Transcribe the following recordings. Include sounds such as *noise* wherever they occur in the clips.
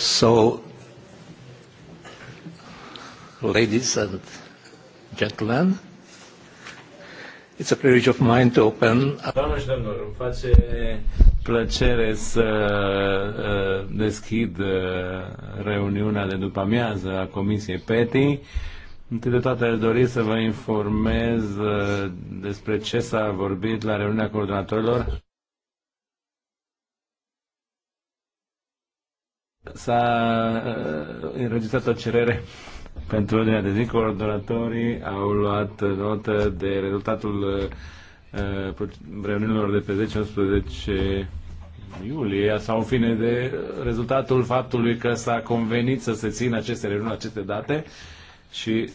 So, ladies and gentlemen, it's a privilege of mine to open. Doamne și domnilor, îmi face plăcere să uh, deschid uh, reuniunea de după amiază a Comisiei PETI. Întâi de toate aș dori să vă informez uh, despre ce s-a vorbit la reuniunea coordonatorilor S-a uh, înregistrat o cerere pentru ordinea de zi. Coordonatorii au luat notă de rezultatul uh, uh, reuniunilor de pe 10-11 iulie sau în fine de rezultatul faptului că s-a convenit să se țină aceste reuniuni, aceste date și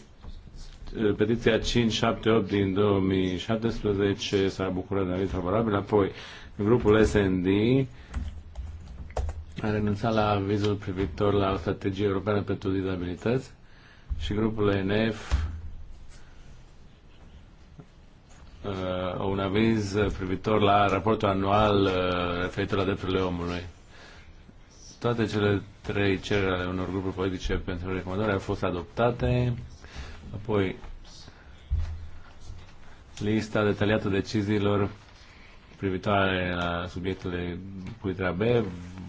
petiția 578 din 2017 s-a bucurat de aviz favorabil, apoi grupul SND a renunțat la avizul privitor la o strategie europeană pentru dizabilități și grupul ENF uh, un aviz privitor la raportul anual uh, referitor la drepturile omului. Toate cele trei cereri ale unor grupuri politice pentru recomandare au fost adoptate, apoi lista detaliată deciziilor privitoare la subiectele cu B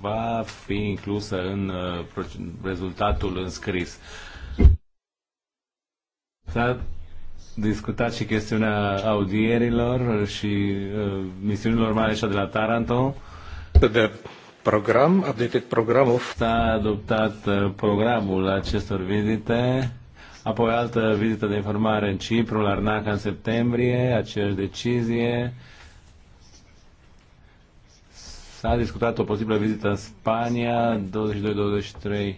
va fi inclusă în uh, rezultatul înscris. S-a discutat și chestiunea audierilor și uh, misiunilor, mai ales de la Taranto. De program, updated programul. S-a adoptat uh, programul acestor vizite, apoi altă vizită de informare în Cipru, la Arnaca în septembrie, aceeași decizie. S-a discutat o posibilă vizită în Spania, 22-23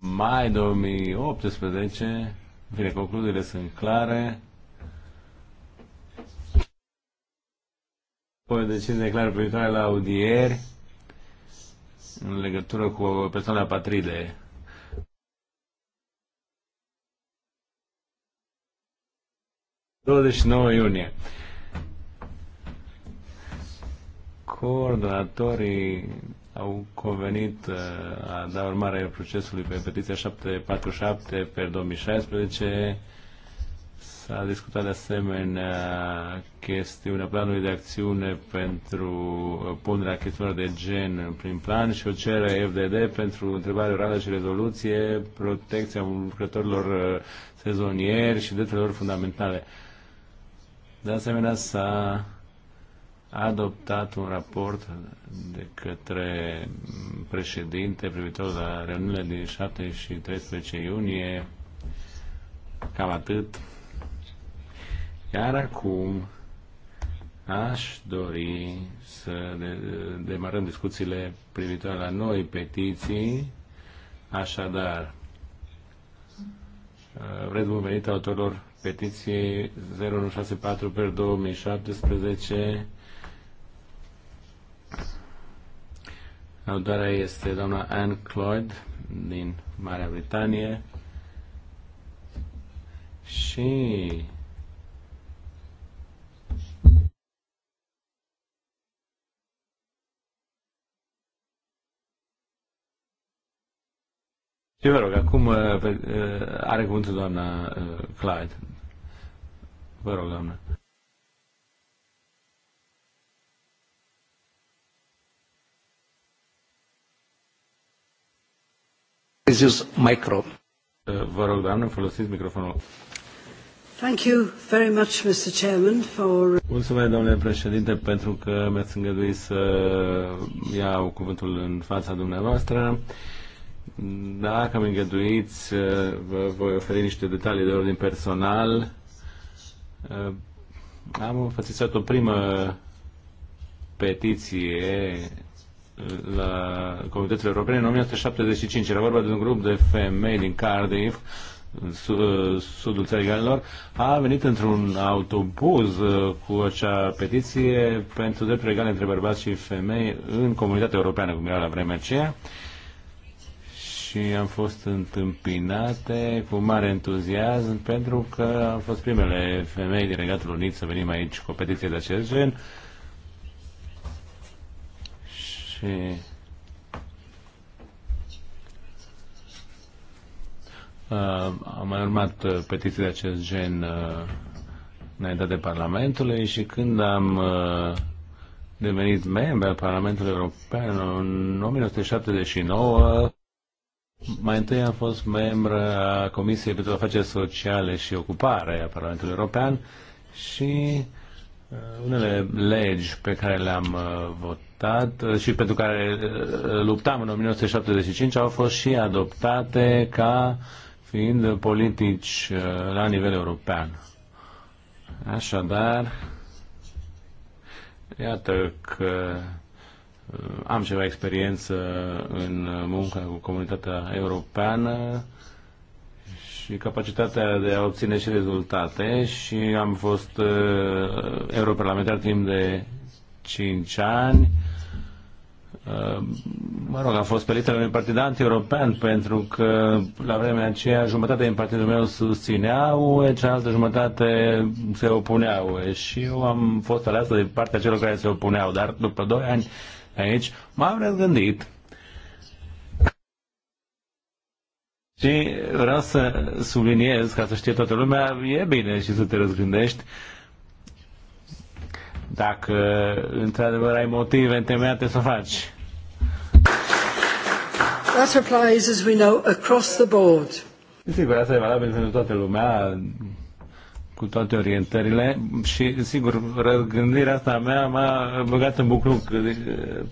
mai 2018. Bine, concluziile sunt clare. O decizie clară privitoare la audieri în legătură cu persoana Patride. 29 iunie. coordonatorii au convenit uh, a da urmare procesului pe petiția 747 pe 2016. S-a discutat de asemenea chestiunea planului de acțiune pentru punerea chestiunilor de gen prin plan și o cere FDD pentru întrebare orală și rezoluție, protecția lucrătorilor uh, sezonieri și drepturile fundamentale. De asemenea, s-a a adoptat un raport de către președinte privitor la reuniunile din 7 și 13 iunie. Cam atât. Iar acum aș dori să demarăm discuțiile privitoare la noi petiții. Așadar, vreți bun venit autorilor petiției 064 pe 2017 Autoarea este doamna Anne Cloyd din Marea Britanie și Și vă rog, acum uh, uh, are cuvântul doamna uh, Clyde. Vă rog, doamna. Vă rog, doamnă, folosiți microfonul. Thank you very much, Mr. Chairman, for... Mulțumesc, domnule președinte, pentru că mi-ați îngăduit să iau cuvântul în fața dumneavoastră. Dacă mi îngăduiți, vă voi oferi niște detalii de ordin personal. Am înfățișat o primă petiție la comunitățile europene în 1975. Era vorba de un grup de femei din Cardiff, în uh, sudul țării Galilor, a venit într-un autobuz uh, cu acea petiție pentru drepturi egale între bărbați și femei în comunitatea europeană, cum era la vremea aceea și am fost întâmpinate cu mare entuziasm pentru că am fost primele femei din Regatul Unit să venim aici cu o petiție de acest gen și uh, am mai urmat uh, petiții de acest gen uh, de Parlamentului și când am uh, devenit membru al Parlamentului European în 1979, mai întâi am fost membru a Comisiei pentru Afaceri Sociale și Ocupare a Parlamentului European și uh, unele legi pe care le-am uh, votat adoptat uh, și pentru care uh, uh, luptam în 1975 au fost și adoptate ca fiind politici la nivel european. Așadar, iată că am ceva experiență în munca cu comunitatea europeană și capacitatea de a obține și rezultate și am fost uh, europarlamentar timp de 5 ani mă rog, am fost pe listele unui partid anti-european pentru că la vremea aceea jumătate din partidul meu susținea UE, cealaltă jumătate se opunea UE și eu am fost aleasă de partea celor care se opuneau, dar după 2 ani aici m-am răzgândit și vreau să subliniez, ca să știe toată lumea, e bine și să te răzgândești dacă într-adevăr ai motive întemeiate să faci that applies, as we know, across the board. Sigur, asta e valabil pentru toată lumea, cu toate orientările și, sigur, răgândirea asta mea m-a băgat în bucluc,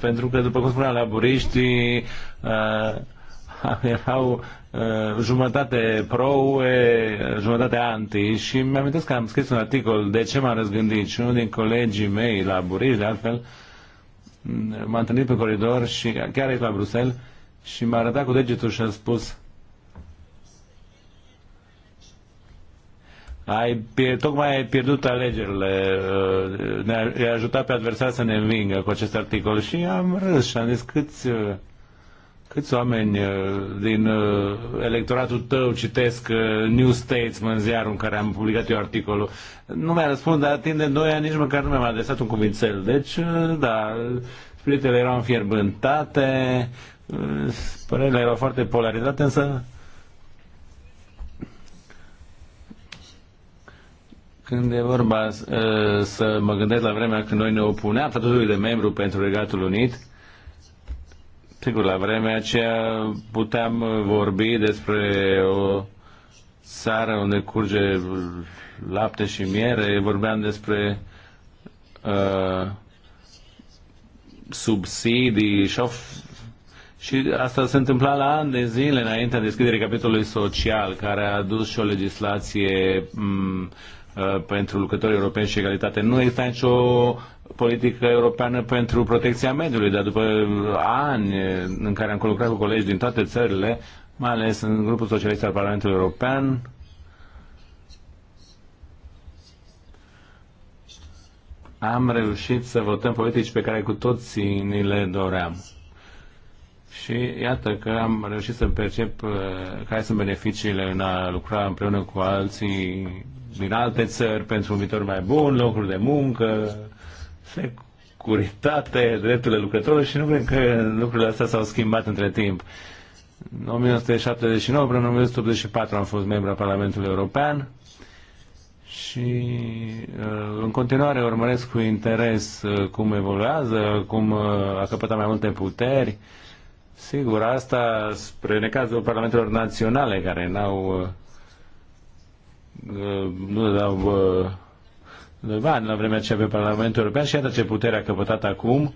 pentru că, după cum spuneam, laburiștii uh, *laughs* erau uh, jumătate pro, jumătate anti și mi-am că am scris un articol de ce m-am răzgândit și unul din colegii mei laburiști, de altfel, m-a întâlnit pe coridor și chiar aici la Bruxelles și m-a arătat cu degetul și a spus Ai, tocmai ai pierdut alegerile, uh, ne-ai ajutat pe adversar să ne învingă cu acest articol și am râs și am zis câți, uh, câți oameni uh, din electoratul tău citesc New Statesman, ziarul în care am publicat eu articolul. Nu mi-a răspuns, dar timp de 2 ani nici măcar nu mi-am adresat un cuvințel. Deci, da, prietele erau înfierbântate, părerile erau foarte polarizate, însă când e vorba uh, să mă gândesc la vremea când noi ne opuneam statutului de membru pentru Regatul Unit, sigur, la vremea aceea puteam vorbi despre o țară unde curge lapte și miere, vorbeam despre uh, subsidii și au și asta se întâmpla la ani de zile înaintea deschiderii capitolului social, care a adus și o legislație mm, uh, pentru lucrătorii europeni și egalitate. Nu exista nicio politică europeană pentru protecția mediului, dar după uh, ani uh, în care am colaborat cu colegi din toate țările, mai ales în grupul socialist al Parlamentului European, am reușit să votăm politici pe care cu toții ni le doream. Și iată că am reușit să percep uh, care sunt beneficiile în a lucra împreună cu alții din alte țări pentru un viitor mai bun, locuri de muncă, securitate, drepturile lucrătorilor și nu cred că lucrurile astea s-au schimbat între timp. În 1979 până în 1984 am fost membru al Parlamentului European și uh, în continuare urmăresc cu interes uh, cum evoluează, cum a căpătat mai multe puteri Sigur, asta spre necazul parlamentelor naționale care n-au uh, nu dau uh, de bani la vremea aceea pe Parlamentul European și iată ce putere a căpătat acum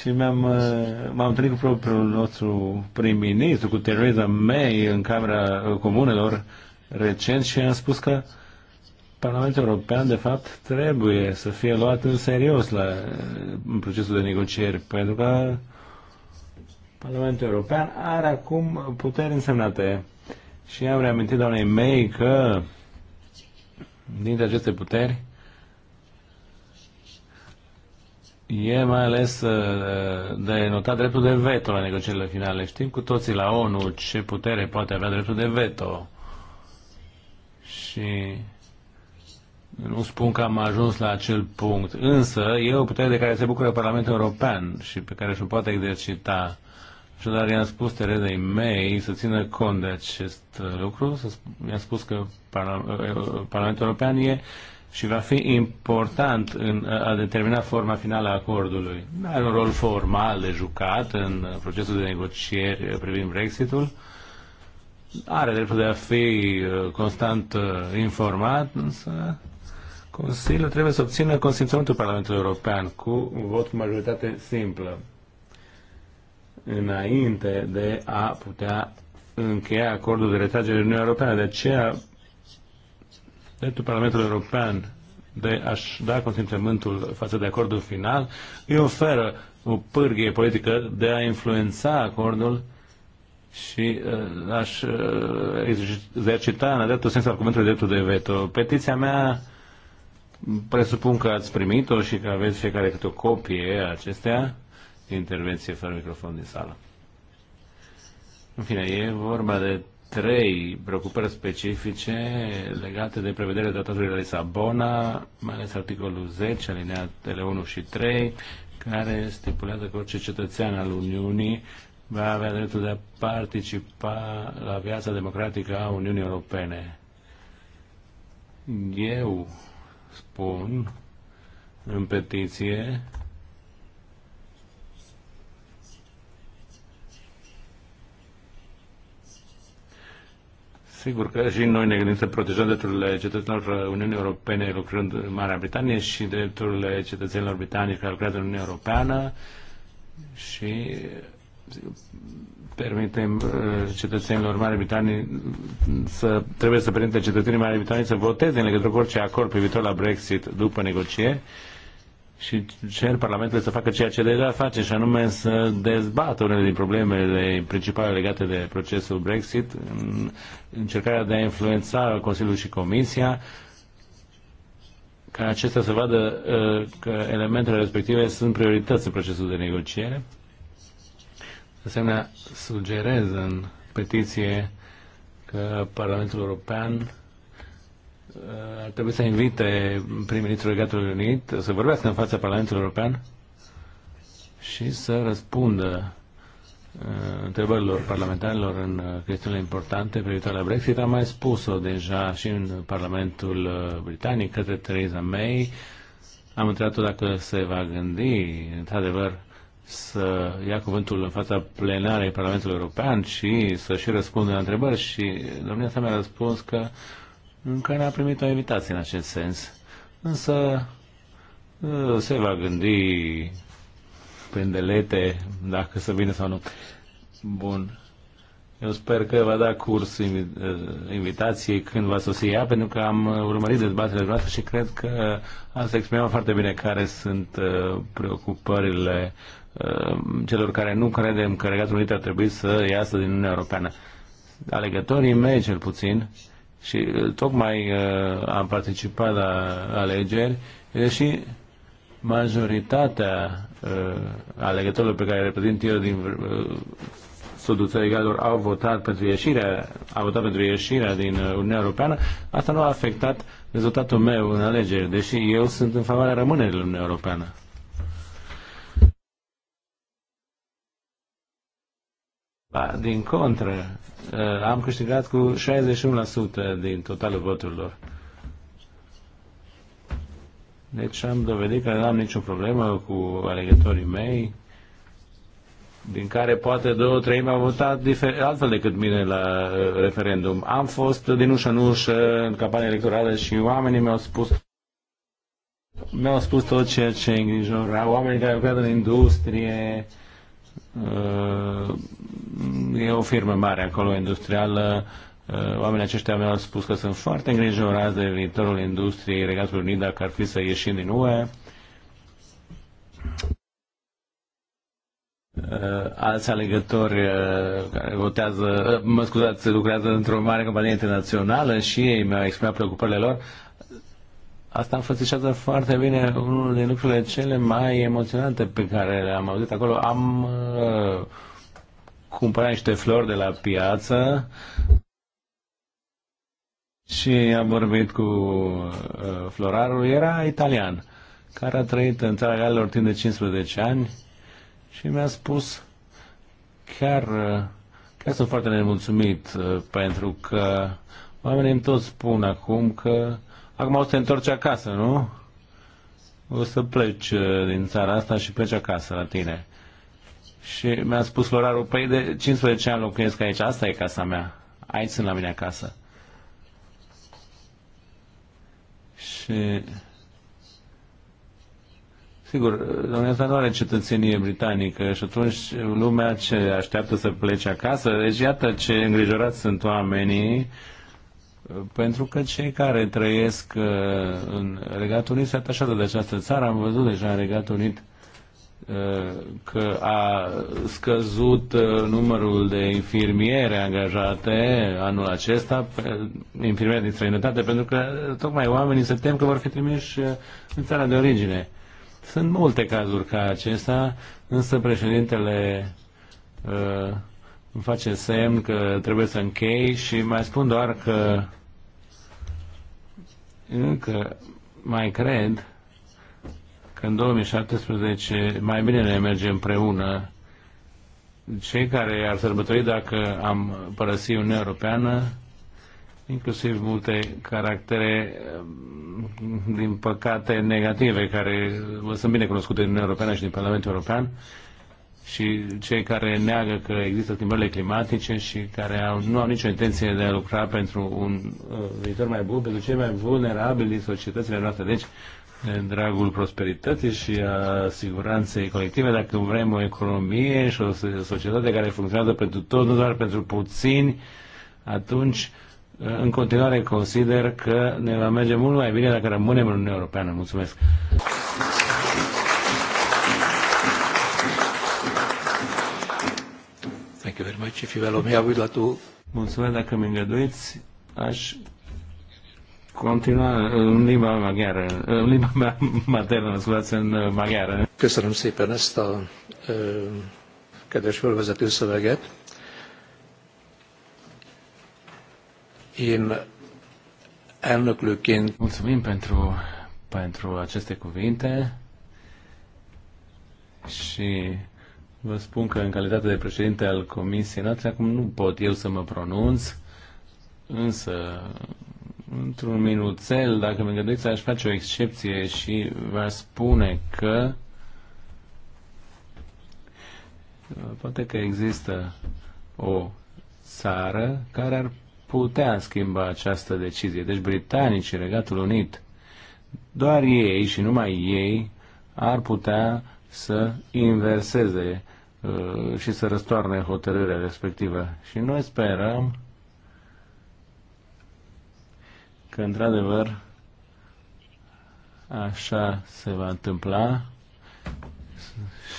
și m am uh, m-am întâlnit cu propriul nostru prim-ministru, cu Theresa May în Camera Comunelor recent și am spus că Parlamentul European, de fapt, trebuie să fie luat în serios la, în procesul de negocieri, pentru că Parlamentul European are acum puteri însemnate. Și am reamintit doamnei mei că dintre aceste puteri e mai ales uh, de notat dreptul de veto la negocierile finale. Știm cu toții la ONU ce putere poate avea dreptul de veto. Și nu spun că am ajuns la acel punct, însă e o putere de care se bucură Parlamentul European și pe care și-o poate exercita Așadar, i-am spus Terezei May să țină cont de acest uh, lucru, i-am spus că uh, Parlamentul European e și va fi important în uh, a determina forma finală a acordului. Are un rol formal de jucat în procesul de negocieri privind Brexitul. Are dreptul de a fi constant informat, însă Consiliul trebuie să obțină consimțământul Parlamentului European cu un vot cu majoritate simplă înainte de a putea încheia acordul de retragere de Uniunea Europeană. De aceea, dreptul Parlamentului European de a-și da consimțământul față de acordul final îi oferă o pârghie politică de a influența acordul și uh, aș uh, exercita în dreptul sens al cuvântului dreptul de veto. Petiția mea presupun că ați primit-o și că aveți fiecare câte o copie acestea intervenție fără microfon din sală. În fine, e vorba de trei preocupări specifice legate de prevederea tratatului de Lisabona, mai ales articolul 10, alineatele 1 și 3, care stipulează că orice cetățean al Uniunii va avea dreptul de a participa la viața democratică a Uniunii Europene. Eu spun în petiție Sigur că și noi ne gândim să protejăm drepturile cetățenilor Uniunii Europene lucrând în Marea Britanie și drepturile cetățenilor britanici care lucrează în Uniunea Europeană și permitem uh, cetățenilor Marea Britanie să trebuie să permite cetățenii Marea Britanie să voteze în legătură cu orice acord privitor la Brexit după negocieri și cer Parlamentului să facă ceea ce deja face, și anume să dezbată unele din problemele principale legate de procesul Brexit, în încercarea de a influența Consiliul și Comisia, ca acestea să vadă uh, că elementele respective sunt priorități în procesul de negociere. De asemenea, sugerez în petiție că Parlamentul European Uh, ar trebui să invite prim-ministrul Regatului Unit să vorbească în fața Parlamentului European și să răspundă uh, întrebărilor parlamentarilor în uh, chestiunile importante privitoare la Brexit. Am mai spus-o deja și în Parlamentul Britanic către Theresa May. Am întrebat-o dacă se va gândi, într-adevăr, să ia cuvântul în fața plenarei Parlamentului European și să și răspundă la întrebări și domnia sa mi-a răspuns că uh, încă n-a primit o invitație în acest sens. Însă ă, se va gândi pendelete dacă să vină sau nu. Bun. Eu sper că va da curs ă, invitației când va sosi ea, pentru că am urmărit dezbaterile noastre și cred că asta exprimat foarte bine care sunt ă, preocupările celor care nu credem că Regatul Unit ar trebui să iasă din Uniunea Europeană. Alegătorii mei, cel puțin, și uh, tocmai uh, am participat la alegeri deși majoritatea uh, alegătorilor pe care reprezint eu din uh, sudul țării Galilor au votat pentru ieșirea, au votat pentru ieșirea din uh, Uniunea Europeană, asta nu a afectat rezultatul meu în alegeri, deși eu sunt în favoarea rămânerii în Uniunea Europeană. Ba, da, din contră, eh, am câștigat cu 61% din totalul voturilor. Deci am dovedit că nu am nicio problemă cu alegătorii mei, din care poate două trei m au votat altfel decât mine la eh, referendum. Am fost din ușă în ușă în campanie electorală și oamenii mi-au spus mi-au spus tot ceea ce îngrijora, oamenii care au în industrie, Uh, e o firmă mare acolo industrială. Uh, oamenii aceștia mi-au spus că sunt foarte îngrijorați de viitorul industriei Regatului Unit dacă ar fi să ieșim din UE. Uh, alți alegători care votează, mă scuzați, lucrează într-o mare companie internațională și ei mi-au exprimat preocupările lor. Asta înfățișează foarte bine unul din lucrurile cele mai emoționante pe care le-am auzit acolo. Am uh, cumpărat niște flori de la piață și am vorbit cu uh, florarul. Era italian, care a trăit în țara Galilor timp de 15 ani și mi-a spus chiar, uh, chiar sunt foarte nemulțumit uh, pentru că oamenii îmi tot spun acum că Acum o să te întorci acasă, nu? O să pleci uh, din țara asta și pleci acasă la tine. Și mi-a spus Floraru, păi de 15 ani locuiesc aici, asta e casa mea. Aici sunt la mine acasă. Și... Sigur, domnia ta nu are cetățenie britanică și atunci lumea ce așteaptă să plece acasă, deci iată ce îngrijorați sunt oamenii pentru că cei care trăiesc uh, în Regatul Unit se atașează de această țară. Am văzut deja în Regatul Unit uh, că a scăzut uh, numărul de infirmiere angajate anul acesta, infirmiere din străinătate, pentru că tocmai oamenii se tem că vor fi trimiși în țara de origine. Sunt multe cazuri ca acesta, însă președintele uh, îmi face semn că trebuie să închei și mai spun doar că încă mai cred că în 2017 mai bine ne merge împreună cei care ar sărbători dacă am părăsit Uniunea Europeană, inclusiv multe caractere, mm, din păcate, negative, care vă sunt bine cunoscute din Uniunea Europeană și din Parlamentul European, și cei care neagă că există schimbările climatice și care au, nu au nicio intenție de a lucra pentru un uh, viitor mai bun, pentru cei mai vulnerabili din societățile noastre. Deci, în dragul prosperității și a siguranței colective, dacă vrem o economie și o societate care funcționează pentru toți, nu doar pentru puțini, atunci uh, în continuare consider că ne va merge mult mai bine dacă rămânem în Uniunea Europeană. Mulțumesc! you very much. If you allow Mulțumesc dacă mi îngăduiți. Aș continua în limba maghiară, în limba *laughs* mea maternă, scuzați, în uh, maghiară. Köszönöm szépen ezt a ö, kedves fölvezető szöveget. Én elnöklőként... Mulțumim pentru, pentru aceste cuvinte și Vă spun că în calitate de președinte al Comisiei noastre acum nu pot eu să mă pronunț, însă într-un minuțel, dacă mă gândesc, aș face o excepție și vă spune că poate că există o țară care ar putea schimba această decizie. Deci britanicii, Regatul Unit, doar ei și numai ei ar putea să inverseze Uh, și să răstoarne hotărârea respectivă. Și noi sperăm că, într-adevăr, așa se va întâmpla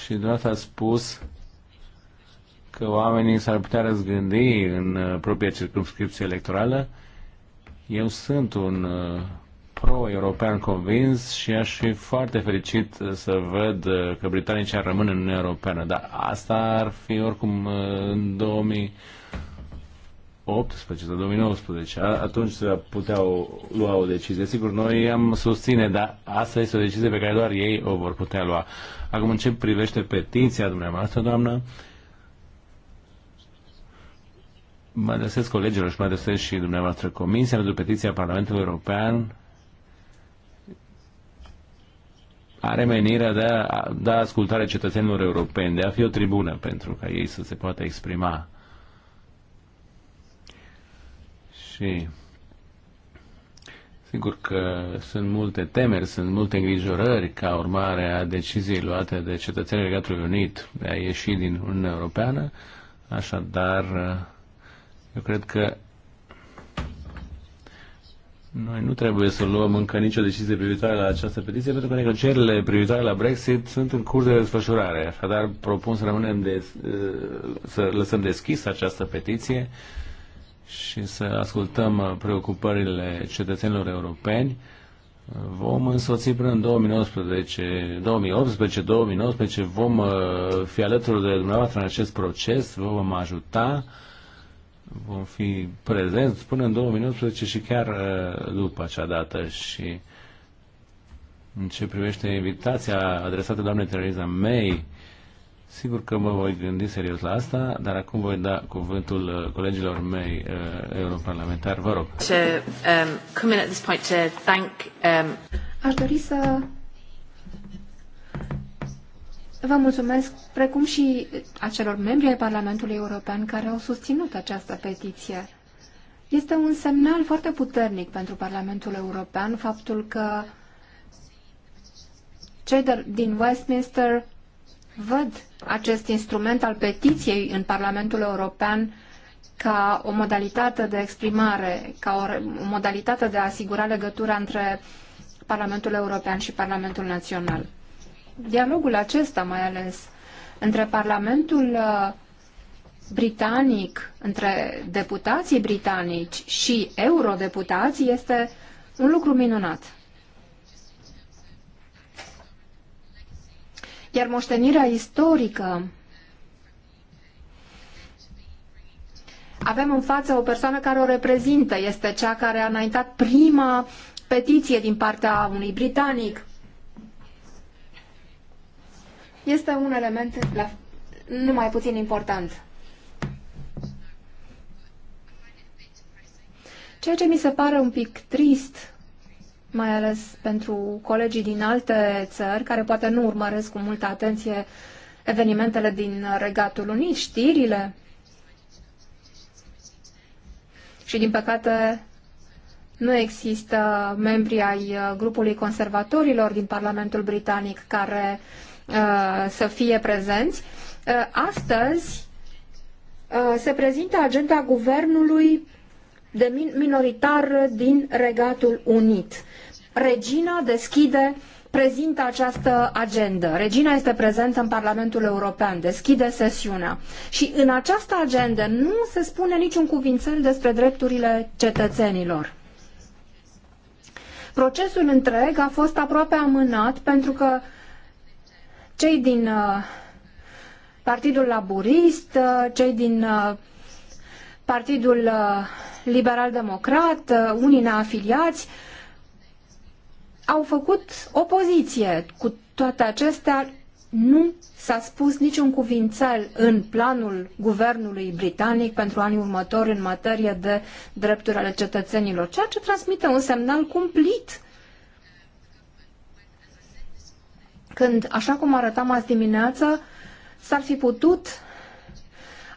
și doar a spus că oamenii s-ar putea răzgândi în uh, propria circumscripție electorală. Eu sunt un uh, pro-european convins și aș fi foarte fericit să văd că britanicii ar rămâne în Uniunea Europeană, dar asta ar fi oricum uh, în 2018 sau 2019, atunci se puteau lua o decizie. Sigur, noi am susține, dar asta este o decizie pe care doar ei o vor putea lua. Acum, în ce privește petiția dumneavoastră, doamnă, mă adresez colegilor și mă adresez și dumneavoastră comisia pentru petiția Parlamentului European are menirea de a da ascultare cetățenilor europeni, de a fi o tribună pentru ca ei să se poată exprima. Și sigur că sunt multe temeri, sunt multe îngrijorări ca urmare a deciziei luate de cetățenii Regatului Unit de a ieși din Uniunea Europeană, așadar eu cred că noi nu trebuie să luăm încă nicio decizie privitoare la această petiție, pentru că negocierile privitoare la Brexit sunt în curs de desfășurare. Așadar, propun să rămânem de, eh, să lăsăm deschis această petiție și să ascultăm eh, preocupările cetățenilor europeni. Vom însoți până în 2019, 2018, 2019, vom eh, fi alături de dumneavoastră în acest proces, vă vom ajuta vom fi prezenți până în 2019 și chiar uh, după acea dată și în ce privește invitația adresată doamnei Theresa May, sigur că mă voi gândi serios la asta, dar acum voi da cuvântul uh, colegilor mei uh, europarlamentari. Vă rog. To, um, come in at this point to thank, um... Aș dori să Vă mulțumesc, precum și acelor membri ai Parlamentului European care au susținut această petiție. Este un semnal foarte puternic pentru Parlamentul European faptul că cei de, din Westminster văd acest instrument al petiției în Parlamentul European ca o modalitate de exprimare, ca o, o modalitate de a asigura legătura între Parlamentul European și Parlamentul Național dialogul acesta mai ales între Parlamentul uh, britanic, între deputații britanici și eurodeputații este un lucru minunat. Iar moștenirea istorică avem în față o persoană care o reprezintă, este cea care a înaintat prima petiție din partea unui britanic este un element la, nu mai puțin important. Ceea ce mi se pare un pic trist, mai ales pentru colegii din alte țări, care poate nu urmăresc cu multă atenție evenimentele din Regatul Unit, știrile, și din păcate nu există membri ai grupului conservatorilor din Parlamentul Britanic care uh, Uh, să fie prezenți. Uh, astăzi uh, se prezintă agenda guvernului de minoritar din Regatul Unit. Regina deschide prezintă această agendă. Regina este prezentă în Parlamentul European, deschide sesiunea. Și în această agendă nu se spune niciun cuvințel despre drepturile cetățenilor. Procesul întreg a fost aproape amânat pentru că cei din uh, Partidul Laburist, uh, cei din uh, Partidul Liberal-Democrat, unii neafiliați, au făcut opoziție. Cu toate acestea, nu s-a spus niciun cuvințel în planul guvernului britanic pentru anii următori în materie de drepturi ale cetățenilor, ceea ce transmite un semnal cumplit când, așa cum arătam azi dimineața, s-ar fi putut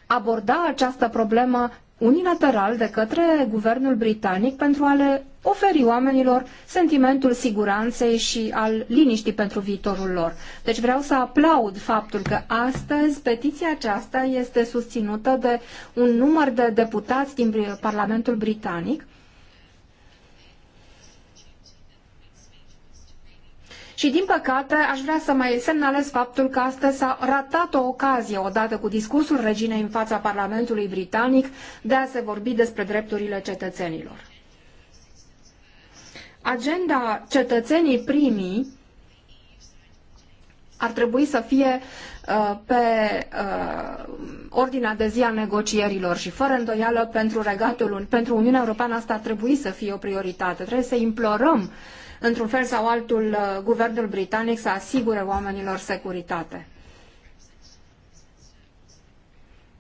aborda această problemă unilateral de către guvernul britanic pentru a le oferi oamenilor sentimentul siguranței și al liniștii pentru viitorul lor. Deci vreau să aplaud faptul că astăzi petiția aceasta este susținută de un număr de deputați din Parlamentul Britanic Și din păcate aș vrea să mai semnalez faptul că astăzi s-a ratat o ocazie odată cu discursul reginei în fața Parlamentului Britanic de a se vorbi despre drepturile cetățenilor. Agenda cetățenii primii ar trebui să fie uh, pe uh, ordinea de zi a negocierilor și fără îndoială pentru regatul, pentru Uniunea Europeană asta ar trebui să fie o prioritate. Trebuie să implorăm uh, într-un fel sau altul, uh, guvernul britanic să asigure oamenilor securitate.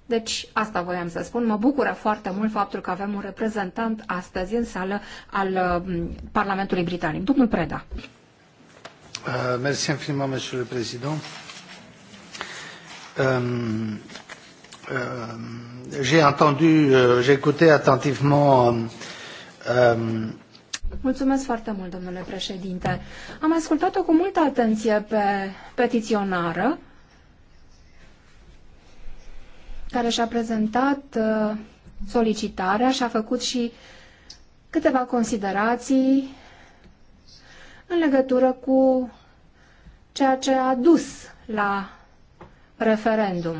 Deci, asta voiam să spun. Mă bucură foarte mult faptul că avem un reprezentant astăzi în sală al uh, Parlamentului Britanic. Domnul Preda. Uh, Mersi infiniment, monsieur le président. Um, um, j'ai entendu, uh, j'ai écouté attentivement um, um Mulțumesc foarte mult, domnule președinte. Am ascultat-o cu multă atenție pe petiționară, care și-a prezentat uh, solicitarea și a făcut și câteva considerații în legătură cu ceea ce a dus la referendum.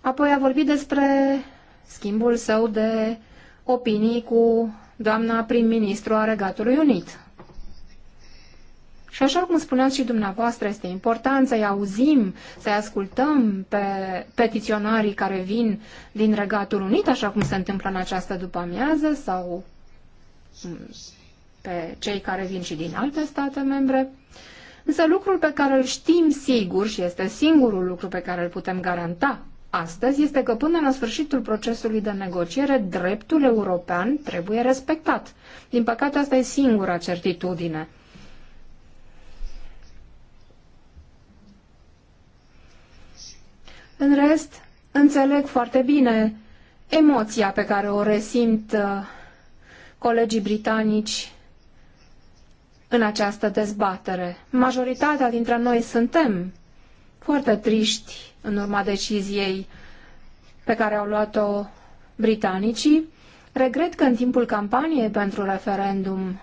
Apoi a vorbit despre schimbul său de opinii cu doamna prim-ministru a Regatului Unit. Și așa cum spuneați și dumneavoastră, este important să-i auzim, să-i ascultăm pe petiționarii care vin din Regatul Unit, așa cum se întâmplă în această după-amiază, sau pe cei care vin și din alte state membre. Însă lucrul pe care îl știm sigur și este singurul lucru pe care îl putem garanta astăzi este că până la sfârșitul procesului de negociere, dreptul european trebuie respectat. Din păcate, asta e singura certitudine. În rest, înțeleg foarte bine emoția pe care o resimt uh, colegii britanici în această dezbatere. Majoritatea dintre noi suntem foarte triști în urma deciziei pe care au luat-o britanicii. Regret că în timpul campaniei pentru referendum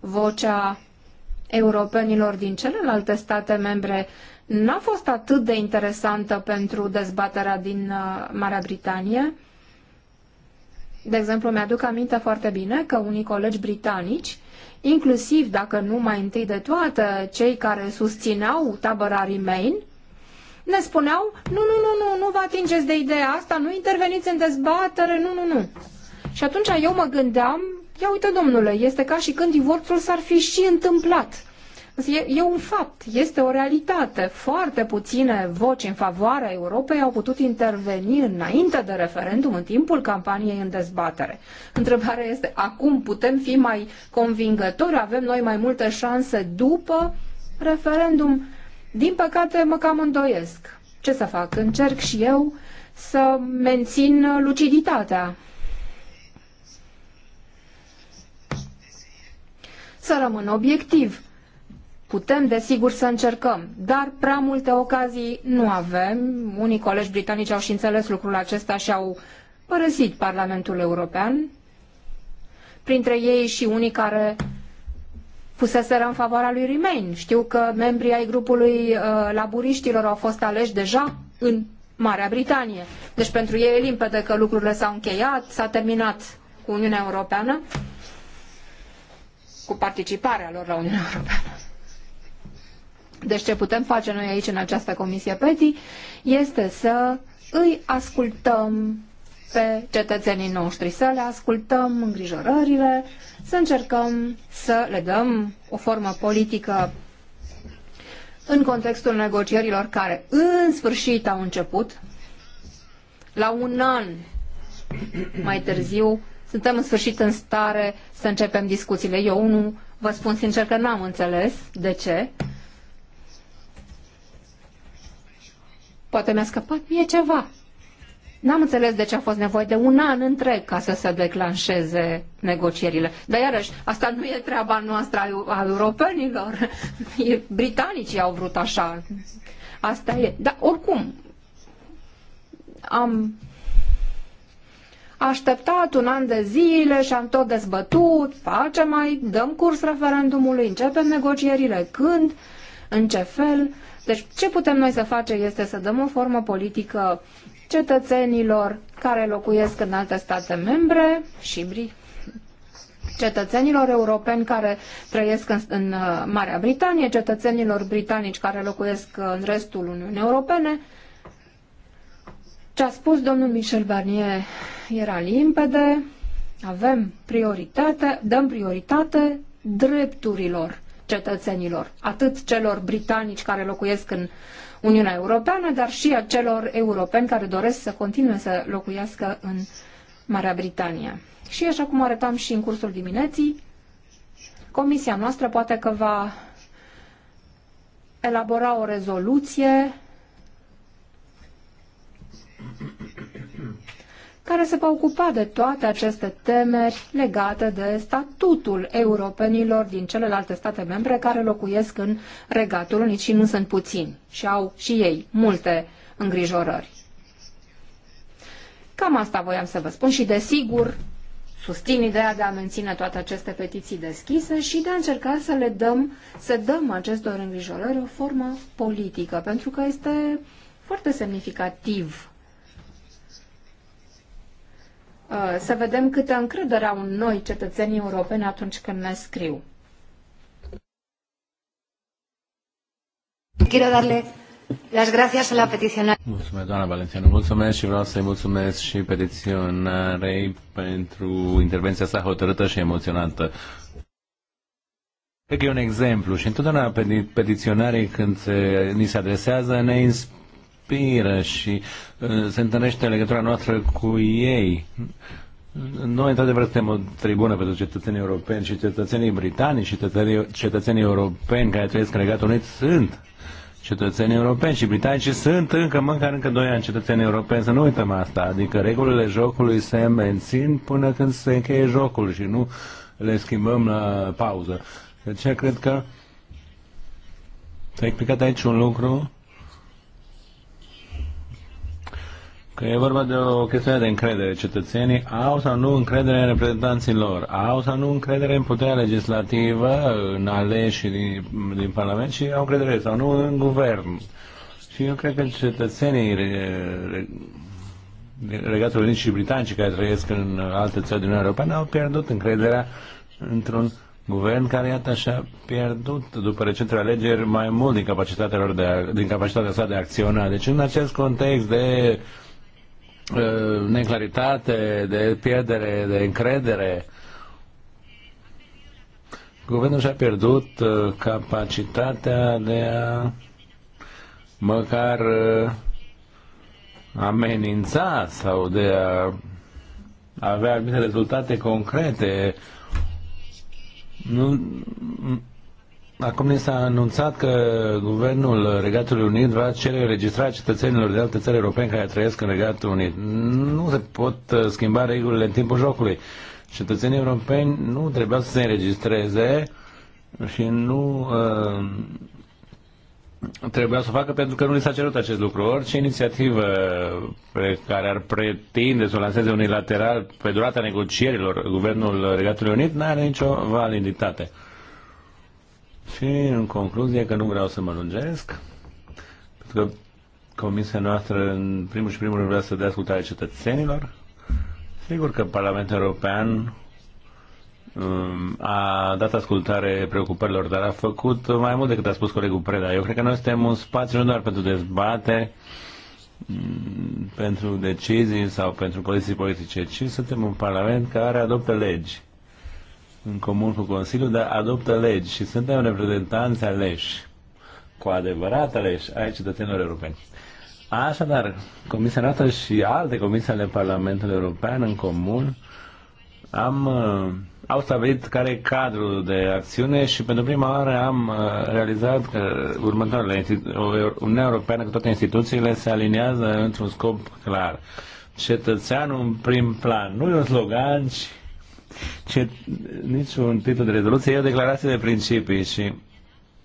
vocea europenilor din celelalte state membre n-a fost atât de interesantă pentru dezbaterea din uh, Marea Britanie. De exemplu, mi-aduc aminte foarte bine că unii colegi britanici, inclusiv dacă nu mai întâi de toate cei care susțineau tabăra Remain, ne spuneau, nu, nu, nu, nu, nu vă atingeți de ideea asta, nu interveniți în dezbatere, nu, nu, nu. Și atunci eu mă gândeam, ia uite domnule, este ca și când divorțul s-ar fi și întâmplat. E, e un fapt, este o realitate. Foarte puține voci în favoarea Europei au putut interveni înainte de referendum, în timpul campaniei în dezbatere. Întrebarea este, acum putem fi mai convingători? Avem noi mai multe șanse după referendum? Din păcate, mă cam îndoiesc. Ce să fac? Încerc și eu să mențin luciditatea. Să rămân obiectiv. Putem, desigur, să încercăm, dar prea multe ocazii nu avem. Unii colegi britanici au și înțeles lucrul acesta și au părăsit Parlamentul European, printre ei și unii care fuseseră în favoarea lui Remain. Știu că membrii ai grupului uh, laburiștilor au fost aleși deja în Marea Britanie. Deci pentru ei e limpede că lucrurile s-au încheiat, s-a terminat cu Uniunea Europeană, cu participarea lor la Uniunea *laughs* Europeană. Deci ce putem face noi aici în această comisie PETI este să îi ascultăm pe cetățenii noștri, să le ascultăm îngrijorările, să încercăm să le dăm o formă politică în contextul negocierilor care în sfârșit au început. La un an mai târziu suntem în sfârșit în stare să începem discuțiile. Eu nu vă spun sincer că n-am înțeles de ce. Poate mi-a scăpat mie ceva. N-am înțeles de ce a fost nevoie de un an întreg ca să se declanșeze negocierile. Dar iarăși, asta nu e treaba noastră a europenilor. *laughs* Britanicii au vrut așa. Asta e. Dar oricum, am așteptat un an de zile și am tot dezbătut, facem mai, dăm curs referendumului, începem negocierile, când, în ce fel. Deci ce putem noi să facem este să dăm o formă politică cetățenilor care locuiesc în alte state membre și cetățenilor europeni care trăiesc în, în uh, Marea Britanie, cetățenilor britanici care locuiesc uh, în restul Uniunii Europene. Ce a spus domnul Michel Barnier era limpede, avem prioritate, dăm prioritate drepturilor cetățenilor, atât celor britanici care locuiesc în Uniunea Europeană, dar și a celor europeni care doresc să continue să locuiască în Marea Britanie. Și așa cum arătam și în cursul dimineții, comisia noastră poate că va elabora o rezoluție care se va ocupa de toate aceste temeri legate de statutul europenilor din celelalte state membre care locuiesc în Regatul Unit și nu sunt puțini și au și ei multe îngrijorări. Cam asta voiam să vă spun și, desigur, susțin ideea de a menține toate aceste petiții deschise și de a încerca să le dăm, să dăm acestor îngrijorări o formă politică, pentru că este foarte semnificativ Uh, să vedem câtă încredere au noi, cetățenii europeni, atunci când ne scriu. Quiero darle las gracias a la peticionaria. Mulțumesc, doamna Valenciano. Mulțumesc și vreau să-i mulțumesc și petiționarei pentru intervenția sa hotărâtă și emoționantă. Cred că e un exemplu și întotdeauna petiționarii când se, ni se adresează ne inspiră inspiră și uh, se întâlnește legătura noastră cu ei. Noi, într-adevăr, suntem o tribună pentru cetățenii europeni și cetățenii britanici și cetățenii, europeni care trăiesc în Regatul Unit sunt cetățenii europeni și britanici sunt încă, măcar încă 2 ani cetățenii europeni, să nu uităm asta, adică regulile jocului se mențin până când se încheie jocul și nu le schimbăm la pauză. De deci, aceea cred că s-a explicat aici un lucru că e vorba de o chestiune de încredere. Cetățenii au sau nu încredere în reprezentanții lor, au sau nu încredere în puterea legislativă, în aleși din, din Parlament și au încredere sau nu în guvern. Și eu cred că cetățenii Regatul Unit și britanici care trăiesc în alte țări din Uniunea Europeană au pierdut încrederea într-un guvern care, iată, și-a pierdut după recentele alegeri mai mult din capacitatea, lor de a, din capacitatea sa de a acționa. Deci, în acest context de Uh, neclaritate, de pierdere de încredere. Guvernul și-a pierdut uh, capacitatea de a măcar uh, amenința sau de a avea anumite rezultate concrete. Nu, Acum ne s-a anunțat că Guvernul Regatului Unit va cere registrarea cetățenilor de alte țări europene care trăiesc în Regatul Unit. Nu se pot uh, schimba regulile în timpul jocului. Cetățenii europeni nu trebuiau să se înregistreze și nu uh, trebuia să o facă pentru că nu li s-a cerut acest lucru. Orice inițiativă pe care ar pretinde să o lanseze unilateral pe durata negocierilor Guvernul Regatului Unit nu are nicio validitate. Și în concluzie, că nu vreau să mă lungesc, pentru că comisia noastră în primul și primul rând vrea să dea ascultare cetățenilor. Sigur că Parlamentul European um, a dat ascultare preocupărilor, dar a făcut mai mult decât a spus colegul Preda. Eu cred că noi suntem un spațiu nu doar pentru dezbate, mm, pentru decizii sau pentru poziții politice, ci suntem un parlament care adoptă legi în comun cu Consiliul, dar adoptă legi și suntem reprezentanți aleși, cu adevărat aleși, ai cetățenilor europeni. Așadar, Comisia noastră și alte comisii ale Parlamentului European în comun am, uh, au stabilit care e cadrul de acțiune și pentru prima oară am uh, realizat că următoarele Uniunea Europeană cu toate instituțiile se aliniază într-un scop clar. Cetățeanul în prim plan. Nu e un slogan, ci ce, niciun titlu de rezoluție, e o declarație de principii și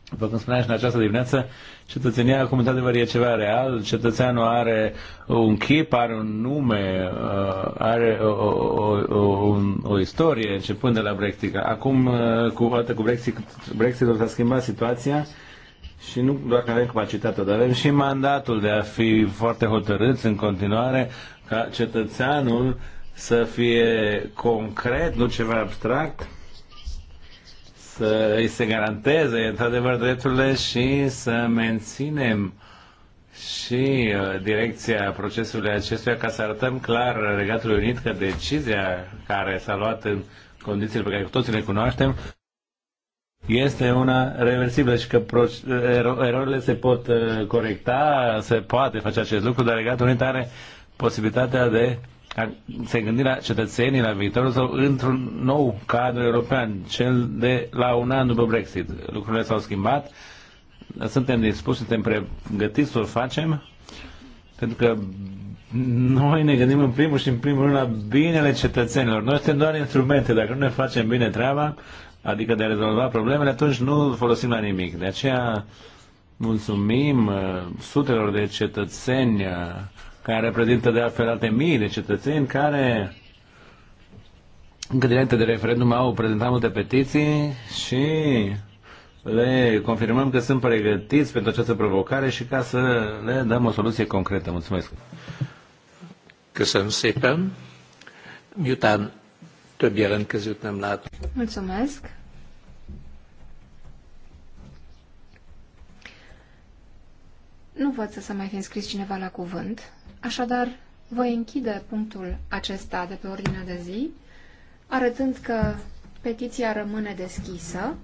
după cum spuneam și în această dimineață, cetățenia, acum, într-adevăr e ceva real, cetățeanul are un chip, are un nume, uh, are o, o, o, o istorie, începând de la Brexit. Acum, uh, cu, odată cu Brexit, Brexitul s-a schimbat situația și nu doar că avem capacitatea, dar avem și mandatul de a fi foarte hotărâți în continuare ca cetățeanul să fie concret, nu ceva abstract, să îi se garanteze într-adevăr drepturile și să menținem și uh, direcția procesului acestuia ca să arătăm clar Regatului Unit că decizia care s-a luat în condițiile pe care cu toții le cunoaștem este una reversibilă și că erorile se pot uh, corecta, se poate face acest lucru, dar Regatul Unit are posibilitatea de se gândi la cetățenii, la viitorul său, într-un nou cadru european, cel de la un an după Brexit. Lucrurile s-au schimbat, suntem dispuși, suntem pregătiți să o facem, pentru că noi ne gândim în primul și în primul rând la binele cetățenilor. Noi suntem doar instrumente. Dacă nu ne facem bine treaba, adică de a rezolva problemele, atunci nu folosim la nimic. De aceea mulțumim uh, sutelor de cetățeni uh, care reprezintă de altfel alte mii de cetățeni care încă dinainte de referendum au prezentat multe petiții și le confirmăm că sunt pregătiți pentru această provocare și ca să le dăm o soluție concretă. Mulțumesc! Köszönöm szépen! Miután több jelentkezőt nem lát. Mulțumesc! Nu văd să mai fi înscris cineva la cuvânt. Așadar, voi închide punctul acesta de pe ordinea de zi, arătând că petiția rămâne deschisă.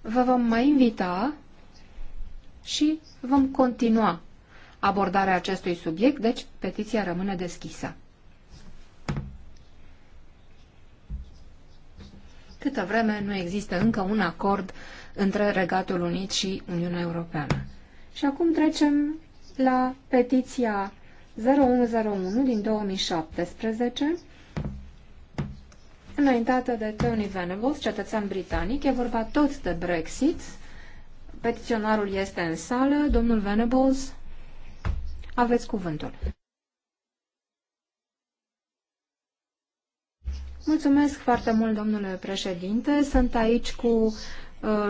Vă vom mai invita și vom continua abordarea acestui subiect, deci petiția rămâne deschisă. Câtă vreme nu există încă un acord între Regatul Unit și Uniunea Europeană. Și acum trecem la petiția 0101 din 2017, înaintată de Tony Venables, cetățean britanic. E vorba tot de Brexit. Petiționarul este în sală. Domnul Venables, aveți cuvântul. Mulțumesc foarte mult, domnule președinte. Sunt aici cu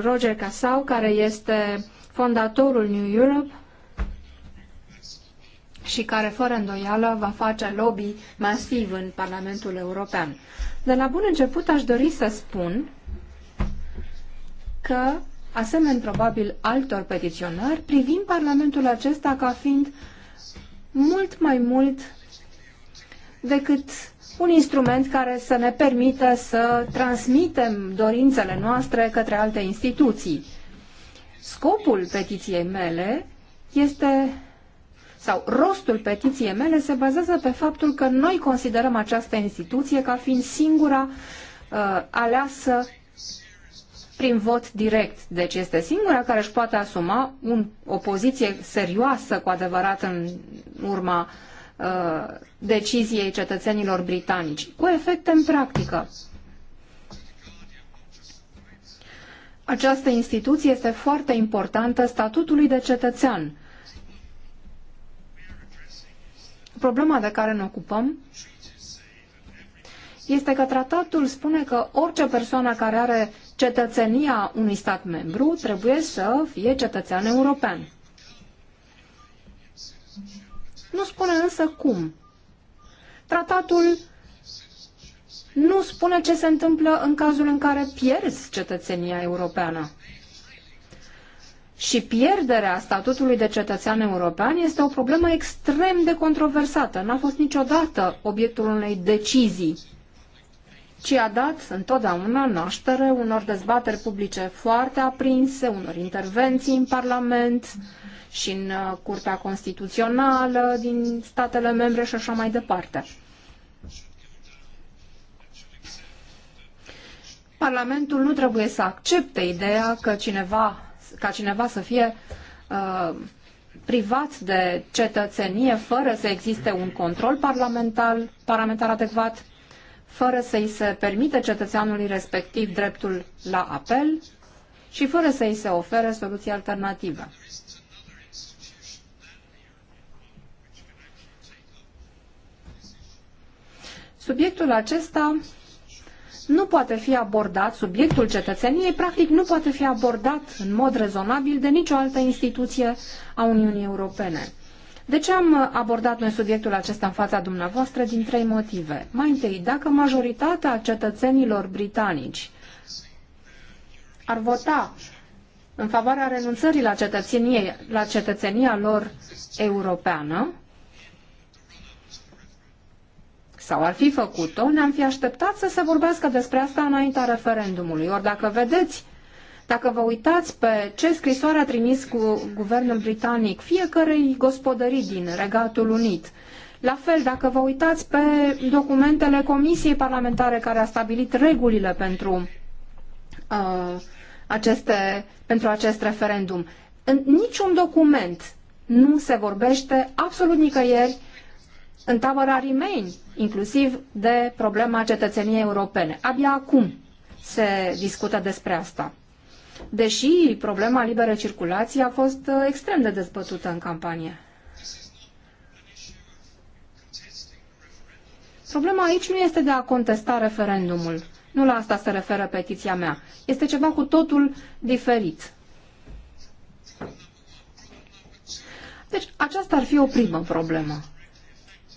Roger Casau, care este fondatorul New Europe și care, fără îndoială, va face lobby masiv în Parlamentul European. De la bun început aș dori să spun că, asemeni probabil altor petiționari, privim Parlamentul acesta ca fiind mult mai mult decât un instrument care să ne permită să transmitem dorințele noastre către alte instituții. Scopul petiției mele este sau rostul petiției mele se bazează pe faptul că noi considerăm această instituție ca fiind singura uh, aleasă prin vot direct. Deci este singura care își poate asuma un, o poziție serioasă cu adevărat în urma uh, Uh, deciziei cetățenilor britanici, cu efecte în practică. Această instituție este foarte importantă statutului de cetățean. Problema de care ne ocupăm este că tratatul spune că orice persoană care are cetățenia unui stat membru trebuie să fie cetățean european. Nu spune însă cum. Tratatul nu spune ce se întâmplă în cazul în care pierzi cetățenia europeană. Și pierderea statutului de cetățean european este o problemă extrem de controversată. N-a fost niciodată obiectul unei decizii ci a dat întotdeauna naștere unor dezbateri publice foarte aprinse, unor intervenții în Parlament și în uh, Curtea Constituțională din statele membre și așa mai departe. Parlamentul nu trebuie să accepte ideea că cineva, ca cineva să fie uh, privat de cetățenie fără să existe un control parlamentar, parlamentar adecvat, fără să-i se permite cetățeanului respectiv dreptul la apel și fără să-i se ofere soluții alternative. Subiectul acesta nu poate fi abordat, subiectul cetățeniei practic nu poate fi abordat în mod rezonabil de nicio altă instituție a Uniunii Europene. De ce am uh, abordat noi subiectul acesta în fața dumneavoastră? Din trei motive. Mai întâi, dacă majoritatea cetățenilor britanici ar vota în favoarea renunțării la cetățenie, la cetățenia lor europeană, sau ar fi făcut-o, ne-am fi așteptat să se vorbească despre asta înaintea referendumului. Ori dacă vedeți dacă vă uitați pe ce scrisoare a trimis cu guvernul britanic fiecarei gospodării din Regatul Unit, la fel, dacă vă uitați pe documentele Comisiei Parlamentare care a stabilit regulile pentru, uh, aceste, pentru acest referendum, în niciun document nu se vorbește absolut nicăieri în tabăra Remain, inclusiv de problema cetățeniei europene. Abia acum se discută despre asta deși problema liberă circulație a fost uh, extrem de dezbătută în campanie. Problema aici nu este de a contesta referendumul. Nu la asta se referă petiția mea. Este ceva cu totul diferit. Deci, aceasta ar fi o primă problemă.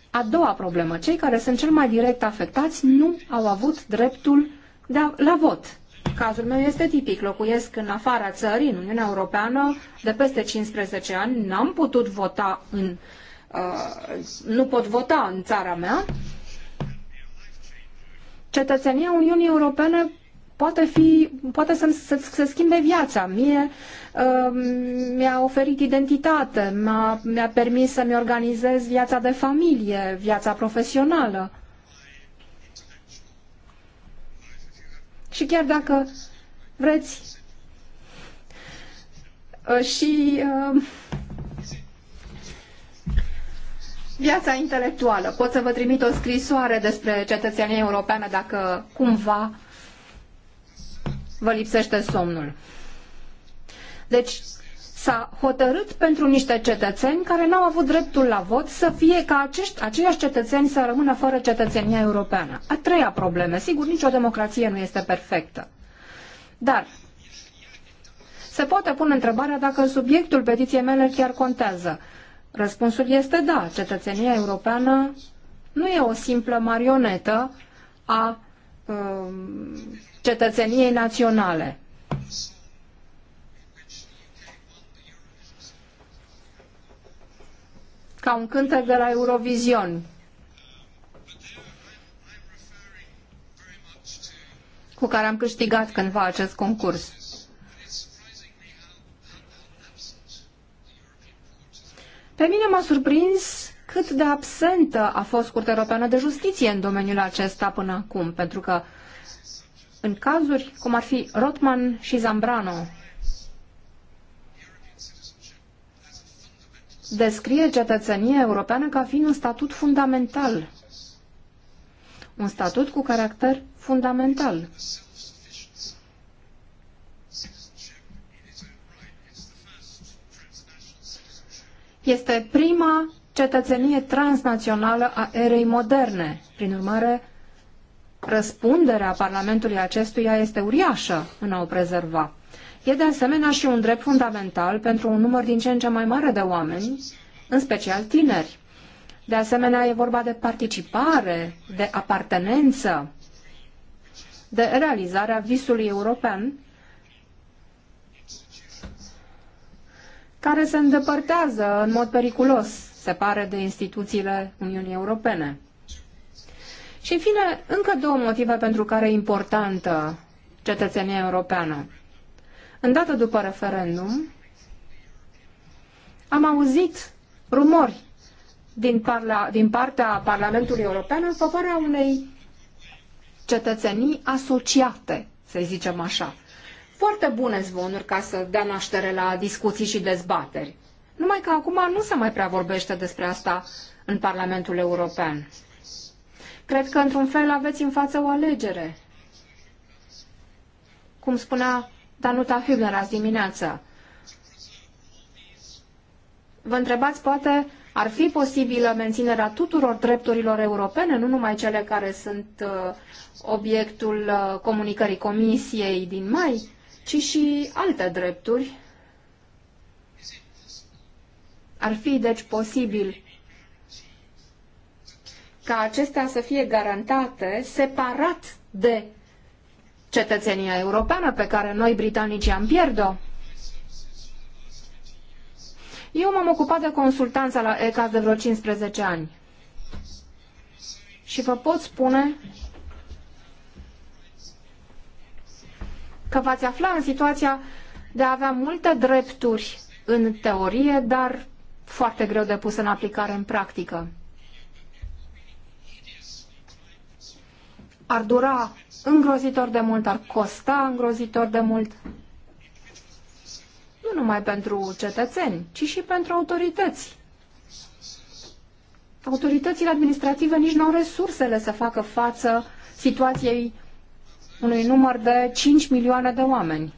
A doua problemă, cei care sunt cel mai direct afectați nu au avut dreptul de a, la vot. Cazul meu este tipic. Locuiesc în afara țării, în Uniunea Europeană, de peste 15 ani. N-am putut vota în... Uh, nu pot vota în țara mea. Cetățenia Uniunii Europene poate, fi, poate să, să, să schimbe viața. Mie uh, mi-a oferit identitate, mi-a, mi permis să-mi organizez viața de familie, viața profesională. Uh, și chiar dacă vreți uh, și uh, viața intelectuală. Pot să vă trimit o scrisoare despre cetățenia europeană dacă cumva vă lipsește somnul. Deci, s-a hotărât pentru niște cetățeni care n-au avut dreptul la vot să fie ca acești, aceiași cetățeni să rămână fără cetățenia europeană. A treia problemă. Sigur, nicio democrație nu este perfectă. Dar se poate pune întrebarea dacă subiectul petiției mele chiar contează. Răspunsul este da. Cetățenia europeană nu e o simplă marionetă a um, cetățeniei naționale. ca un cântec de la Eurovision. cu care am câștigat cândva acest concurs. Pe mine m-a surprins cât de absentă a fost Curtea Europeană de Justiție în domeniul acesta până acum, pentru că în cazuri cum ar fi Rotman și Zambrano, descrie cetățenia europeană ca fiind un statut fundamental. Un statut cu caracter fundamental. Este prima cetățenie transnațională a erei moderne. Prin urmare, răspunderea Parlamentului acestuia este uriașă în a o prezerva. E de asemenea și un drept fundamental pentru un număr din ce în ce mai mare de oameni, în special tineri. De asemenea, e vorba de participare, de apartenență, de realizarea visului european, care se îndepărtează în mod periculos, se pare, de instituțiile Uniunii Europene. Și, în fine, încă două motive pentru care e importantă cetățenia europeană. Îndată după referendum, am auzit rumori din, parla, din partea Parlamentului European în favoarea unei cetățenii asociate, să zicem așa. Foarte bune zvonuri ca să dea naștere la discuții și dezbateri. Numai că acum nu se mai prea vorbește despre asta în Parlamentul European. Cred că, într-un fel, aveți în față o alegere. Cum spunea Danuta Hübner azi dimineață. Vă întrebați poate ar fi posibilă menținerea tuturor drepturilor europene, nu numai cele care sunt uh, obiectul uh, comunicării Comisiei din mai, ci și alte drepturi. Ar fi, deci, posibil ca acestea să fie garantate separat de cetățenia europeană pe care noi britanicii am pierd-o. Eu m-am ocupat de consultanța la ECAS de vreo 15 ani. Și vă pot spune că v-ați afla în situația de a avea multe drepturi în teorie, dar foarte greu de pus în aplicare în practică. Ar dura îngrozitor de mult, ar costa îngrozitor de mult. Nu numai pentru cetățeni, ci și pentru autorități. Autoritățile administrative nici nu au resursele să facă față situației unui număr de 5 milioane de oameni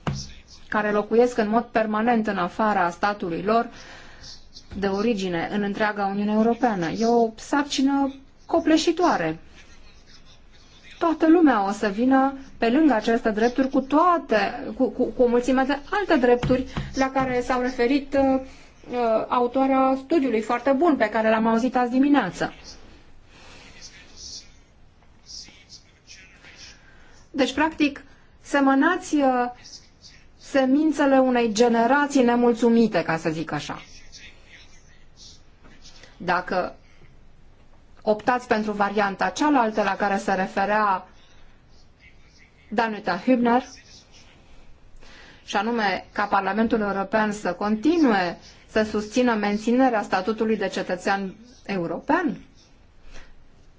care locuiesc în mod permanent în afara statului lor de origine în întreaga Uniune Europeană. E o sarcină copleșitoare toată lumea o să vină pe lângă aceste drepturi cu toate, cu, cu, cu o mulțime de alte drepturi la care s-au referit uh, uh autoarea studiului foarte bun pe care l-am auzit azi dimineață. Deci, practic, semănați uh, semințele unei generații nemulțumite, ca să zic așa. Dacă optați pentru varianta cealaltă la care se referea Danuta Hübner, și anume ca Parlamentul European să continue să susțină menținerea statutului de cetățean european,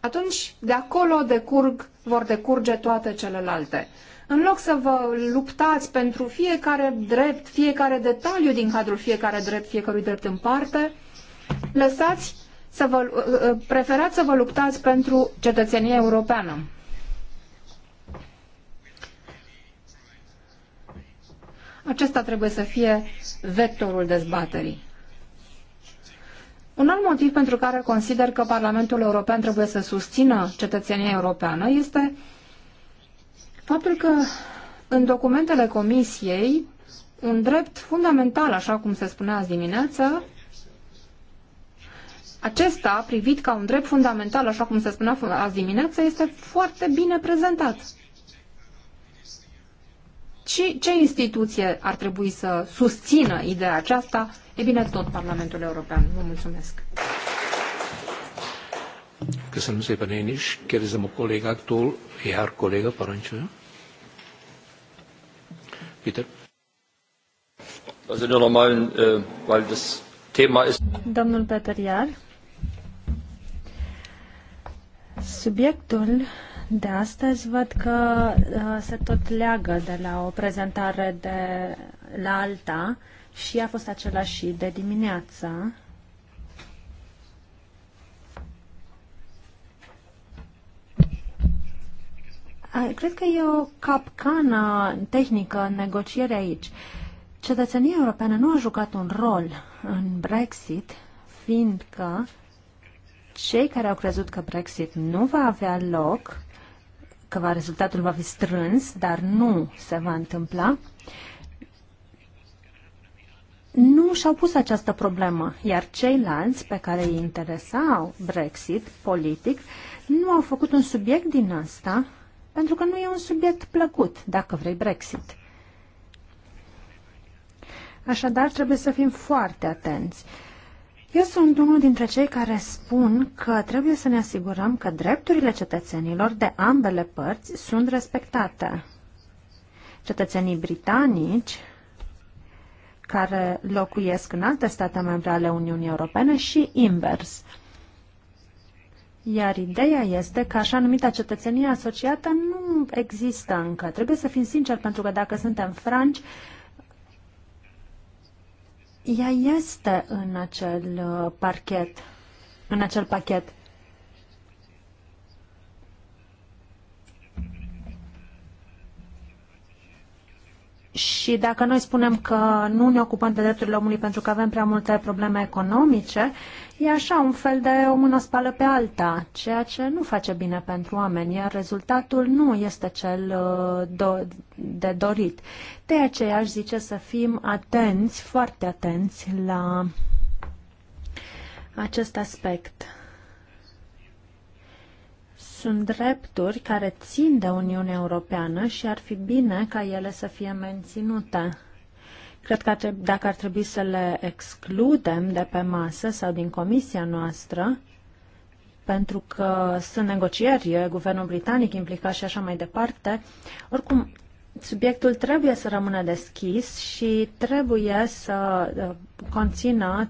atunci de acolo decurg, vor decurge toate celelalte. În loc să vă luptați pentru fiecare drept, fiecare detaliu din cadrul fiecare drept, fiecărui drept în parte, lăsați să vă, uh, preferați să vă luptați pentru cetățenia europeană. Acesta trebuie să fie vectorul dezbaterii. Un alt motiv pentru care consider că Parlamentul European trebuie să susțină cetățenia europeană este faptul că în documentele Comisiei, un drept fundamental, așa cum se spunea azi dimineață, acesta, privit ca un drept fundamental, așa cum se spunea azi dimineață, este foarte bine prezentat. Și ce instituție ar trebui să susțină ideea aceasta? E bine, tot Parlamentul European. Vă mulțumesc. Că szépen én is. Kérdezem nici, chiar să mă parancsolja. Peter. iar colegă, nochmal, weil das Domnul Peter Iar. Subiectul de astăzi văd că uh, se tot leagă de la o prezentare de la alta și a fost același și de dimineață. Cred că e o capcană tehnică în negociere aici. Cetățenia europeană nu a jucat un rol în Brexit, fiindcă uh, cei care au crezut că Brexit nu va avea loc, că va, rezultatul va fi strâns, dar nu se va întâmpla, nu și-au pus această problemă, iar ceilalți pe care îi interesau Brexit politic nu au făcut un subiect din asta, pentru că nu e un subiect plăcut dacă vrei Brexit. Așadar, trebuie să fim foarte atenți. Uh, eu sunt unul dintre cei care spun că trebuie să ne asigurăm că drepturile cetățenilor de ambele părți sunt respectate. Cetățenii britanici care locuiesc în alte state membre ale Uniunii Europene și invers. Iar ideea este că așa numita cetățenie asociată nu există încă. Trebuie să fim sinceri, pentru că dacă suntem franci, ea este în acel uh, parchet, în acel pachet. Și dacă noi spunem că nu ne ocupăm de drepturile omului pentru că avem prea multe probleme economice, E așa un fel de o mână spală pe alta, ceea ce nu face bine pentru oameni, iar rezultatul nu este cel uh, de dorit. De aceea aș zice să fim atenți, foarte atenți la acest aspect. Sunt drepturi care țin de Uniunea Europeană și ar fi bine ca ele să fie menținute. Cred că ar trebui, dacă ar trebui să le excludem de pe masă sau din comisia noastră, pentru că sunt negocieri, guvernul britanic implicat și așa mai departe, oricum subiectul trebuie să rămână deschis și trebuie să uh, conțină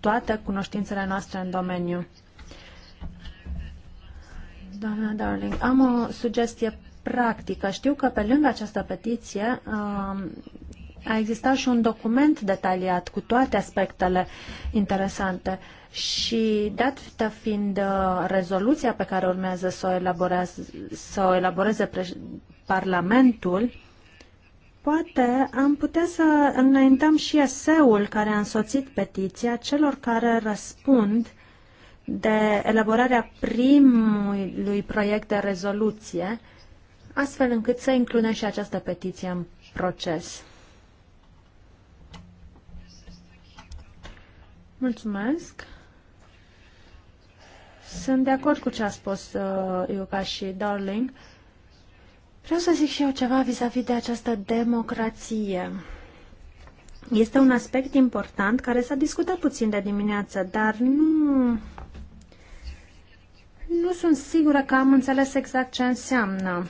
toate cunoștințele noastre în domeniu. Doamna Darling, am o sugestie practică. Știu că pe lângă această petiție um, a existat și un document detaliat cu toate aspectele interesante și dată fiind uh, rezoluția pe care urmează să o, elaboreze, să o elaboreze Parlamentul, poate am putea să înaintăm și eseul care a însoțit petiția celor care răspund de elaborarea primului proiect de rezoluție, astfel încât să includem și această petiție în proces. Mulțumesc. Sunt de acord cu ce a spus uh, Iuca și Darling. Vreau să zic și eu ceva vis-a-vis -vis de această democrație. Este un aspect important care s-a discutat puțin de dimineață, dar nu, nu sunt sigură că am înțeles exact ce înseamnă.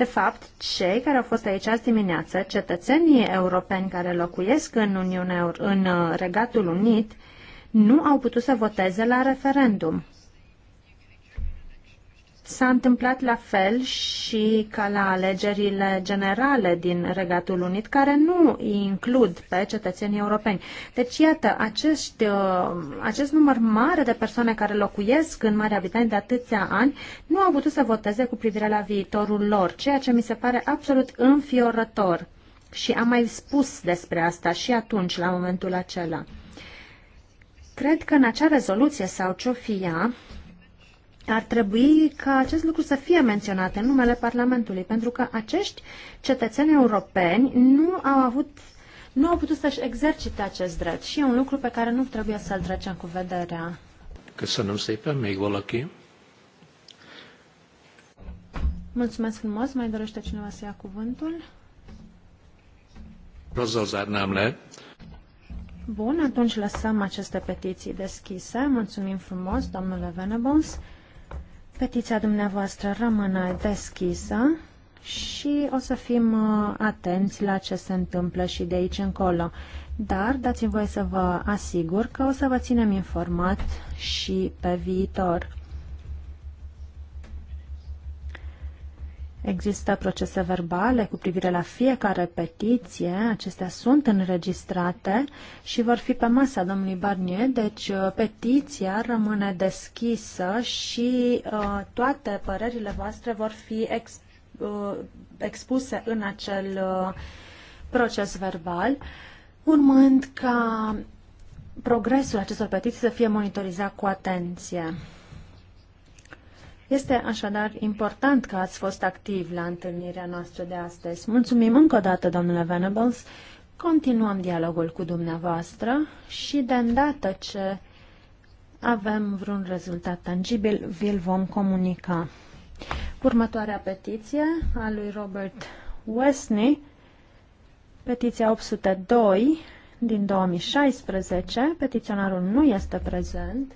De fapt, cei care au fost aici azi dimineață, cetățenii europeni care locuiesc în, Uniunea, în uh, Regatul Unit, nu au putut să voteze la referendum. S-a întâmplat la fel și ca la alegerile generale din Regatul Unit, care nu includ pe cetățenii europeni. Deci, iată, acești, uh, acest număr mare de persoane care locuiesc în Marea Britanie de atâția ani nu au putut să voteze cu privire la viitorul lor, ceea ce mi se pare absolut înfiorător. Și am mai spus despre asta și atunci, la momentul acela. Cred că în acea rezoluție sau ce-o ea, ar trebui ca acest lucru să fie menționat în numele Parlamentului, pentru că acești cetățeni europeni nu au avut nu au putut să-și exercite acest drept și e un lucru pe care nu trebuie să-l trecem cu vederea. Că să nu se pe még valaki. Mulțumesc frumos. Mai dorește cineva să ia cuvântul? Bun, atunci lăsăm aceste petiții deschise. Mulțumim frumos, domnule Venables. Petiția dumneavoastră rămâne deschisă și o să fim uh, atenți la ce se întâmplă și de aici încolo. Dar dați-mi voie să vă asigur că o să vă ținem informat și pe viitor. Există procese verbale cu privire la fiecare petiție, acestea sunt înregistrate și vor fi pe masa domnului Barnier, deci uh, petiția rămâne deschisă și uh, toate părerile voastre vor fi ex, uh, expuse în acel uh, proces verbal, urmând ca progresul acestor petiții să fie monitorizat cu atenție. Este așadar important că ați fost activ la întâlnirea noastră de astăzi. Mulțumim încă o dată, domnule Venables. Continuăm dialogul cu dumneavoastră și de îndată ce avem vreun rezultat tangibil, vi-l vom comunica. Următoarea petiție a lui Robert Wesney, petiția 802 din 2016, petiționarul nu este prezent,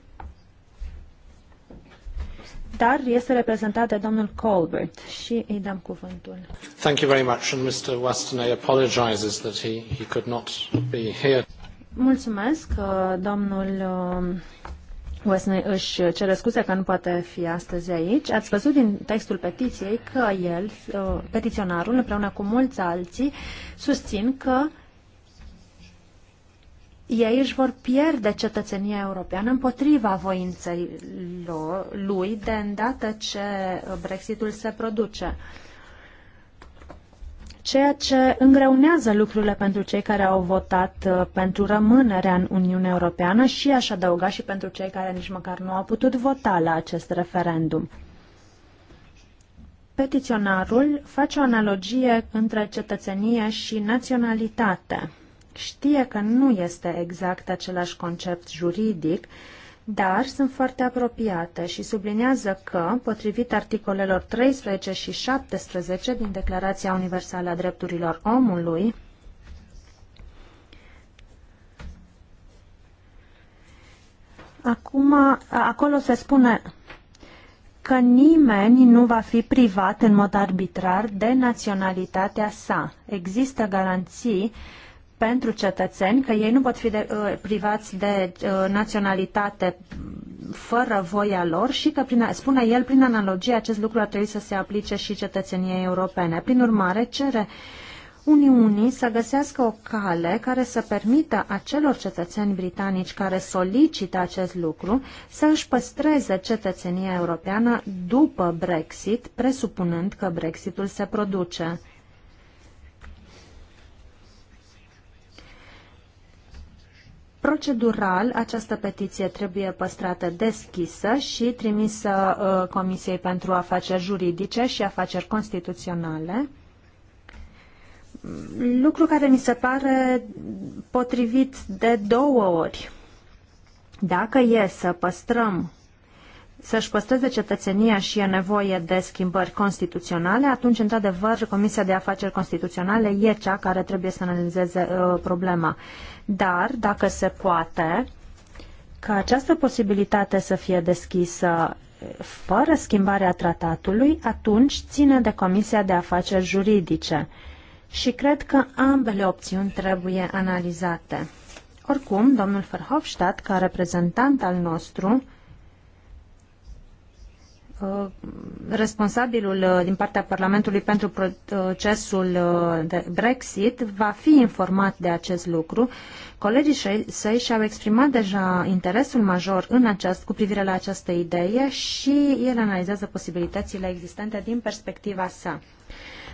dar este reprezentat de domnul Colbert și îi dăm cuvântul. Thank you very much and Mr. Westonay apologizes that he, he could not be here. Mulțumesc, uh, domnul um, Wesley își cere scuze că nu poate fi astăzi aici. Ați văzut din textul petiției că el, uh, petiționarul, împreună cu mulți alții, susțin că ei își vor pierde cetățenia europeană împotriva voinței lui de îndată ce Brexitul se produce. Ceea ce îngreunează lucrurile pentru cei care au votat uh, pentru rămânerea în Uniunea Europeană și aș adăuga și pentru cei care nici măcar nu au putut vota la acest referendum. Petiționarul face o analogie între cetățenie și naționalitate. Știe că nu este exact același concept juridic, dar sunt foarte apropiate și subliniază că, potrivit articolelor 13 și 17 din Declarația Universală a Drepturilor Omului, Acum, acolo se spune că nimeni nu va fi privat în mod arbitrar de naționalitatea sa. Există garanții uh, pentru cetățeni, că ei nu pot fi de, uh, privați de uh, naționalitate fără voia lor și că, prin, spune el, prin analogie, acest lucru ar trebui să se aplice și cetățeniei europene. Prin urmare, cere Uniunii să găsească o cale care să permită acelor cetățeni britanici care solicită acest lucru să își păstreze cetățenia europeană după Brexit, presupunând că Brexitul se produce. Procedural, această petiție trebuie păstrată deschisă și trimisă uh, Comisiei pentru Afaceri Juridice și Afaceri Constituționale, lucru care mi se pare potrivit de două ori. Dacă e să păstrăm să-și păstreze cetățenia și e nevoie de schimbări constituționale, atunci, într-adevăr, Comisia de Afaceri Constituționale e cea care trebuie să analizeze uh, problema. Dar, dacă se poate, ca această posibilitate să fie deschisă uh, fără schimbarea tratatului, atunci ține de Comisia de Afaceri Juridice. Și cred că ambele opțiuni trebuie analizate. Oricum, domnul Verhofstadt, ca reprezentant al nostru, Uh, responsabilul uh, din partea Parlamentului pentru procesul uh, de Brexit va fi informat de acest lucru. Colegii săi și-au exprimat deja interesul major în aceast, cu privire la această idee și el analizează posibilitățile existente din perspectiva sa.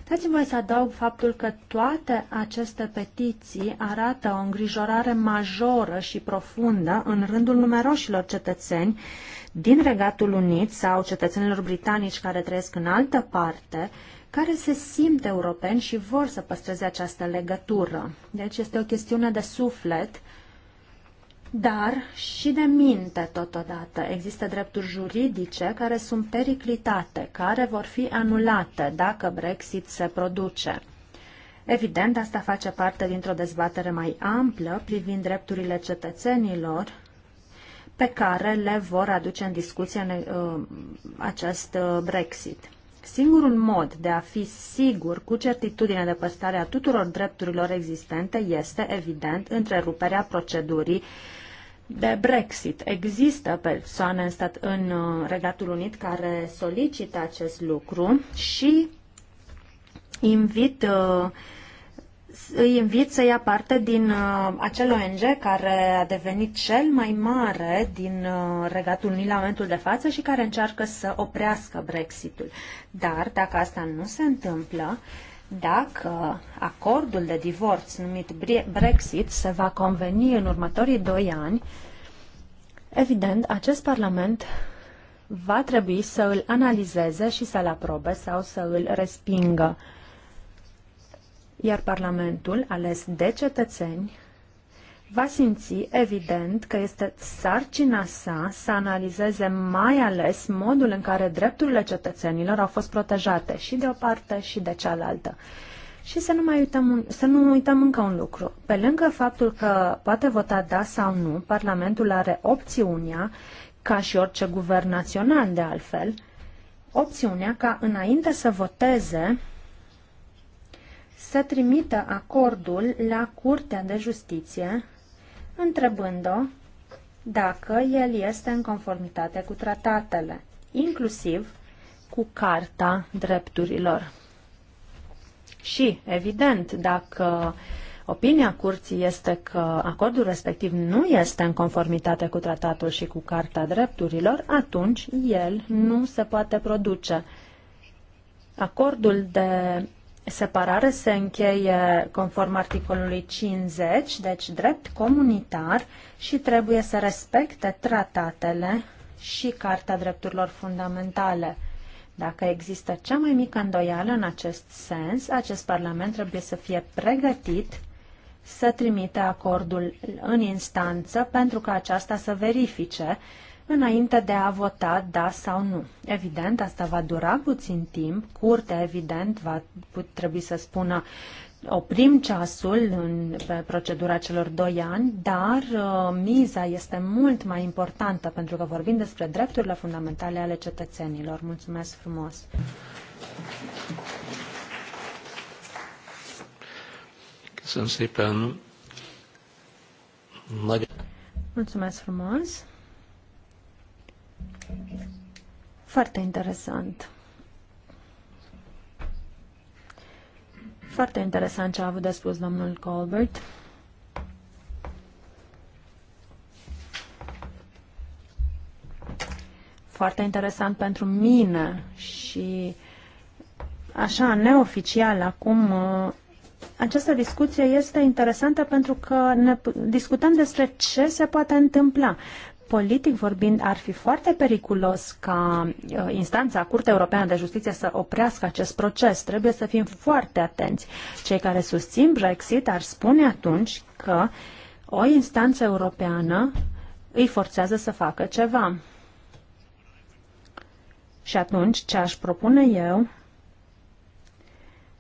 Dați-mi voi să adaug faptul că toate aceste petiții arată o îngrijorare majoră și profundă în rândul numeroșilor cetățeni din Regatul Unit sau cetățenilor britanici care trăiesc în altă parte, care se simt europeni și vor să păstreze această legătură. Deci este o chestiune de suflet, dar și de minte totodată. Există drepturi juridice care sunt periclitate, care vor fi anulate dacă Brexit se produce. Evident, asta face parte dintr-o dezbatere mai amplă privind drepturile cetățenilor pe care le vor aduce în discuție în, uh, acest uh, Brexit. Singurul mod de a fi sigur cu certitudine de păstrare a tuturor drepturilor existente este, evident, întreruperea procedurii de Brexit. Există persoane în, stat, în uh, Regatul Unit care solicită acest lucru și invit uh, îi invit să ia parte din uh, acel ONG care a devenit cel mai mare din uh, Regatul Unit la momentul de față și care încearcă să oprească Brexitul. Dar dacă asta nu se întâmplă, dacă acordul de divorț numit Brexit se va conveni în următorii doi ani, evident, acest Parlament va trebui să îl analizeze și să-l aprobe sau să îl respingă iar Parlamentul, ales de cetățeni, va simți evident că este sarcina sa să analizeze mai ales modul în care drepturile cetățenilor au fost protejate și de o parte și de cealaltă. Și să nu, mai uităm, să nu uităm încă un lucru. Pe lângă faptul că poate vota da sau nu, Parlamentul are opțiunea, ca și orice guvern național de altfel, opțiunea ca înainte să voteze să trimită acordul la Curtea de Justiție, întrebând-o dacă el este în conformitate cu tratatele, inclusiv cu Carta Drepturilor. Și, evident, dacă opinia curții este că acordul respectiv nu este în conformitate cu tratatul și cu Carta Drepturilor, atunci el nu se poate produce. Acordul de separare se încheie conform articolului 50, deci drept comunitar și trebuie să respecte tratatele și Carta Drepturilor Fundamentale. Dacă există cea mai mică îndoială în acest sens, acest Parlament trebuie să fie pregătit să trimite acordul în instanță pentru ca aceasta să verifice înainte de a vota da sau nu. Evident, asta va dura puțin timp. Curtea, evident, va trebui să spună oprim ceasul în, pe procedura celor doi ani, dar uh, miza este mult mai importantă pentru că vorbim despre drepturile fundamentale ale cetățenilor. Mulțumesc frumos! Mulțumesc frumos! Foarte interesant. Foarte interesant ce a avut de spus domnul Colbert. Foarte interesant pentru mine și așa neoficial acum uh, această discuție este interesantă pentru că ne discutăm despre ce se poate întâmpla politic vorbind, ar fi foarte periculos ca uh, instanța Curtea Europeană de Justiție să oprească acest proces. Trebuie să fim foarte atenți. Cei care susțin Brexit ar spune atunci că o instanță europeană îi forțează să facă ceva. Și atunci, ce aș propune eu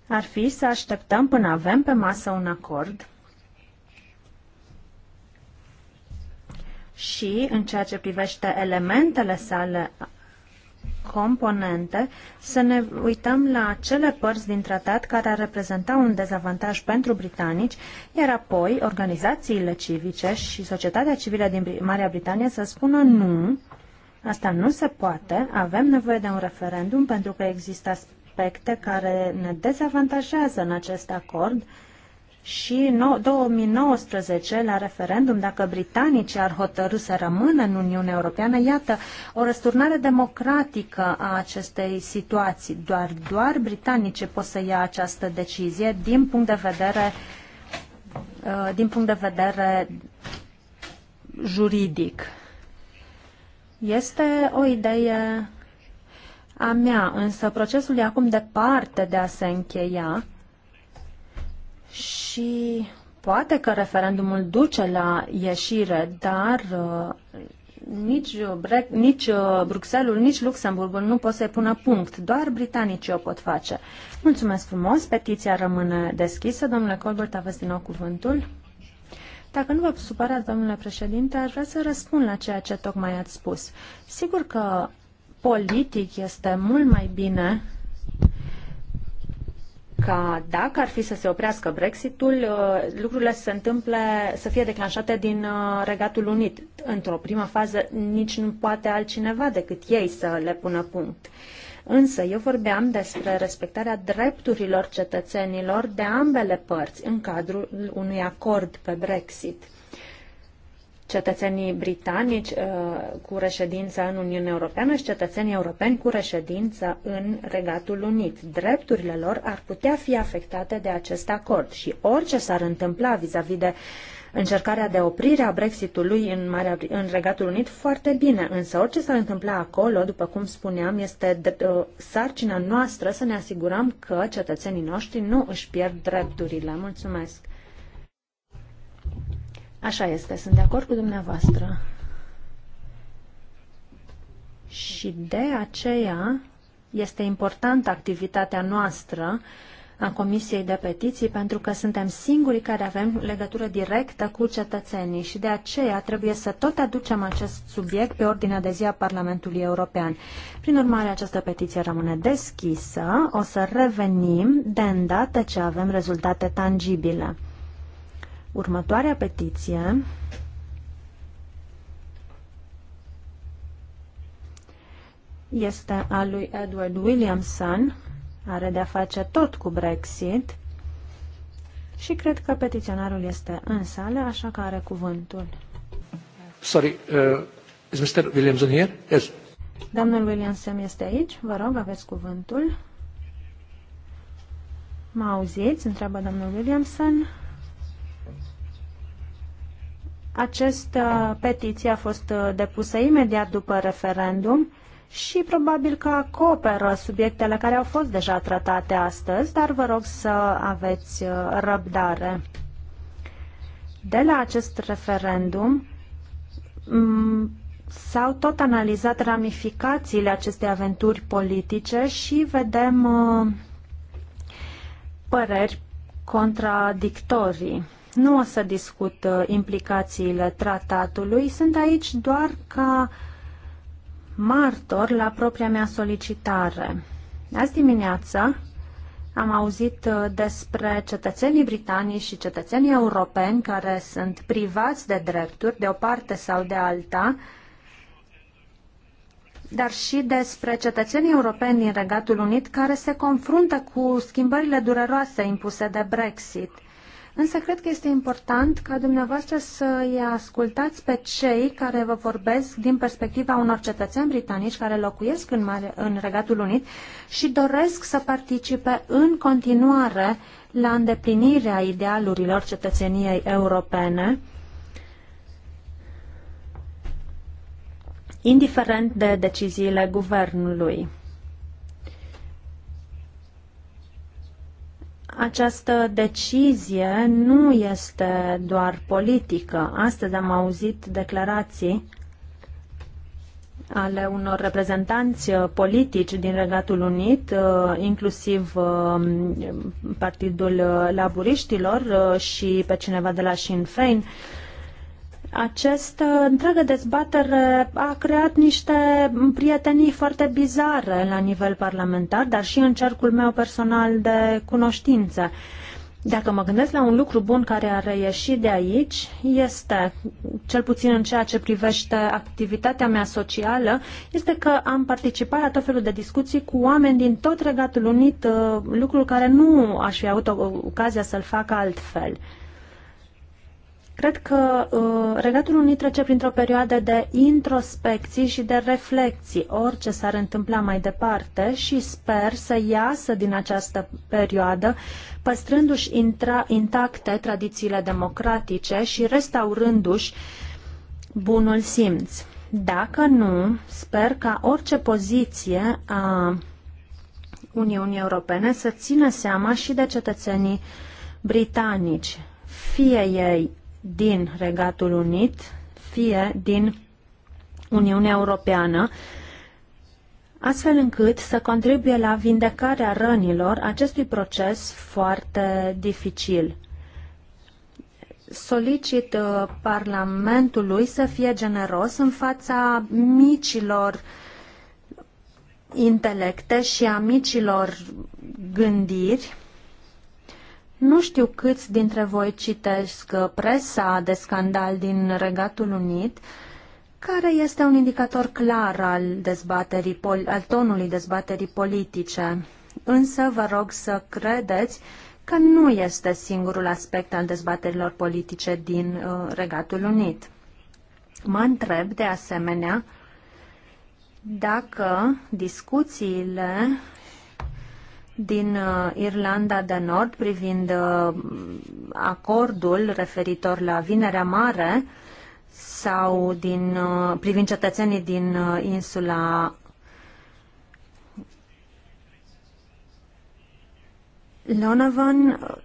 ar fi să așteptăm până avem pe masă un acord și, în ceea ce privește elementele sale componente, să ne uităm la cele părți din tratat care ar reprezenta un dezavantaj pentru britanici, iar apoi organizațiile civice și societatea civilă din Marea Britanie să spună nu, asta nu se poate, avem nevoie de un referendum pentru că există aspecte care ne dezavantajează în acest acord, și 2019, la referendum, dacă britanicii ar hotărâ să rămână în Uniunea Europeană, iată, o răsturnare democratică a acestei situații. Doar, doar britanicii pot să ia această decizie din punct de vedere uh, din punct de vedere juridic. Este o idee a mea, însă procesul e acum departe de a se încheia și poate că referendumul duce la ieșire, dar uh, nici, Bre- nici uh, Bruxelles, nici Luxemburgul nu pot să-i pună punct. Doar britanicii o pot face. Mulțumesc frumos. Petiția rămâne deschisă. Domnule Colbert, aveți din nou cuvântul. Dacă nu vă supărați, domnule președinte, aș vrea să răspund la ceea ce tocmai ați spus. Sigur că politic este mult mai bine ca dacă ar fi să se oprească Brexitul, uh, lucrurile să se întâmple, să fie declanșate din uh, Regatul Unit. Într-o primă fază nici nu poate altcineva decât ei să le pună punct. Însă eu vorbeam despre respectarea drepturilor cetățenilor de ambele părți în cadrul unui acord pe Brexit cetățenii britanici uh, cu reședință în Uniunea Europeană și cetățenii europeni cu reședință în Regatul Unit. Drepturile lor ar putea fi afectate de acest acord și orice s-ar întâmpla vis-a-vis -vis de încercarea de oprire a Brexitului în, Marea, în Regatul Unit foarte bine, însă orice s-ar întâmpla acolo, după cum spuneam, este de, de, uh, sarcina noastră să ne asigurăm că cetățenii noștri nu își pierd drepturile. Mulțumesc! Așa este, sunt de acord cu dumneavoastră. Și de aceea este importantă activitatea noastră a Comisiei de Petiții, pentru că suntem singurii care avem legătură directă cu cetățenii și de aceea trebuie să tot aducem acest subiect pe ordinea de zi a Parlamentului European. Prin urmare, această petiție rămâne deschisă, o să revenim de îndată ce avem rezultate tangibile. Următoarea petiție este a lui Edward Williamson, are de-a face tot cu Brexit și cred că petiționarul este în sală, așa că are cuvântul. Sorry, uh, is Mr. Williamson here? Yes. Domnul Williamson este aici, vă rog, aveți cuvântul. Mă auziți? Întreabă domnul Williamson. Această uh, petiție a fost uh, depusă imediat după referendum și probabil că acoperă subiectele care au fost deja tratate astăzi, dar vă rog să aveți uh, răbdare. De la acest referendum s-au tot analizat ramificațiile acestei aventuri politice și vedem păreri contradictorii. Nu o să discut uh, implicațiile tratatului, sunt aici doar ca martor la propria mea solicitare. Azi dimineață am auzit uh, despre cetățenii britanici și cetățenii europeni care sunt privați de drepturi, de o parte sau de alta, dar și despre cetățenii europeni din Regatul Unit care se confruntă cu schimbările dureroase impuse de Brexit – Însă cred că este important ca dumneavoastră să îi ascultați pe cei care vă vorbesc din perspectiva unor cetățeni britanici care locuiesc în, Mare, în Regatul Unit și doresc să participe în continuare la îndeplinirea idealurilor cetățeniei europene, indiferent de deciziile guvernului. Această decizie nu este doar politică. Astăzi am auzit declarații ale unor reprezentanți politici din Regatul Unit, uh, inclusiv uh, Partidul Laburiștilor uh, și pe cineva de la Sinn Féin, această întreagă dezbatere a creat niște prietenii foarte bizare la nivel parlamentar, dar și în cercul meu personal de cunoștință. Dacă mă gândesc la un lucru bun care a reieșit de aici, este, cel puțin în ceea ce privește activitatea mea socială, este că am participat la tot felul de discuții cu oameni din tot Regatul Unit, uh, lucrul care nu aș fi avut ocazia să-l fac altfel. Cred că uh, Regatul Unit trece printr-o perioadă de introspecții și de reflexii, orice s-ar întâmpla mai departe și sper să iasă din această perioadă păstrându-și intacte tradițiile democratice și restaurându-și bunul simț. Dacă nu, sper ca orice poziție a Uniunii Europene să țină seama și de cetățenii britanici, fie ei din Regatul Unit, fie din Uniunea Europeană, astfel încât să contribuie la vindecarea rănilor acestui proces foarte dificil. Solicit uh, Parlamentului să fie generos în fața micilor intelecte și a micilor gândiri nu știu câți dintre voi citesc presa de scandal din Regatul Unit, care este un indicator clar al, dezbaterii, al tonului dezbaterii politice. Însă vă rog să credeți că nu este singurul aspect al dezbaterilor politice din uh, Regatul Unit. Mă întreb, de asemenea, dacă discuțiile din uh, Irlanda de Nord privind uh, acordul referitor la Vinerea Mare sau din, uh, privind cetățenii din uh, insula Lonovan uh,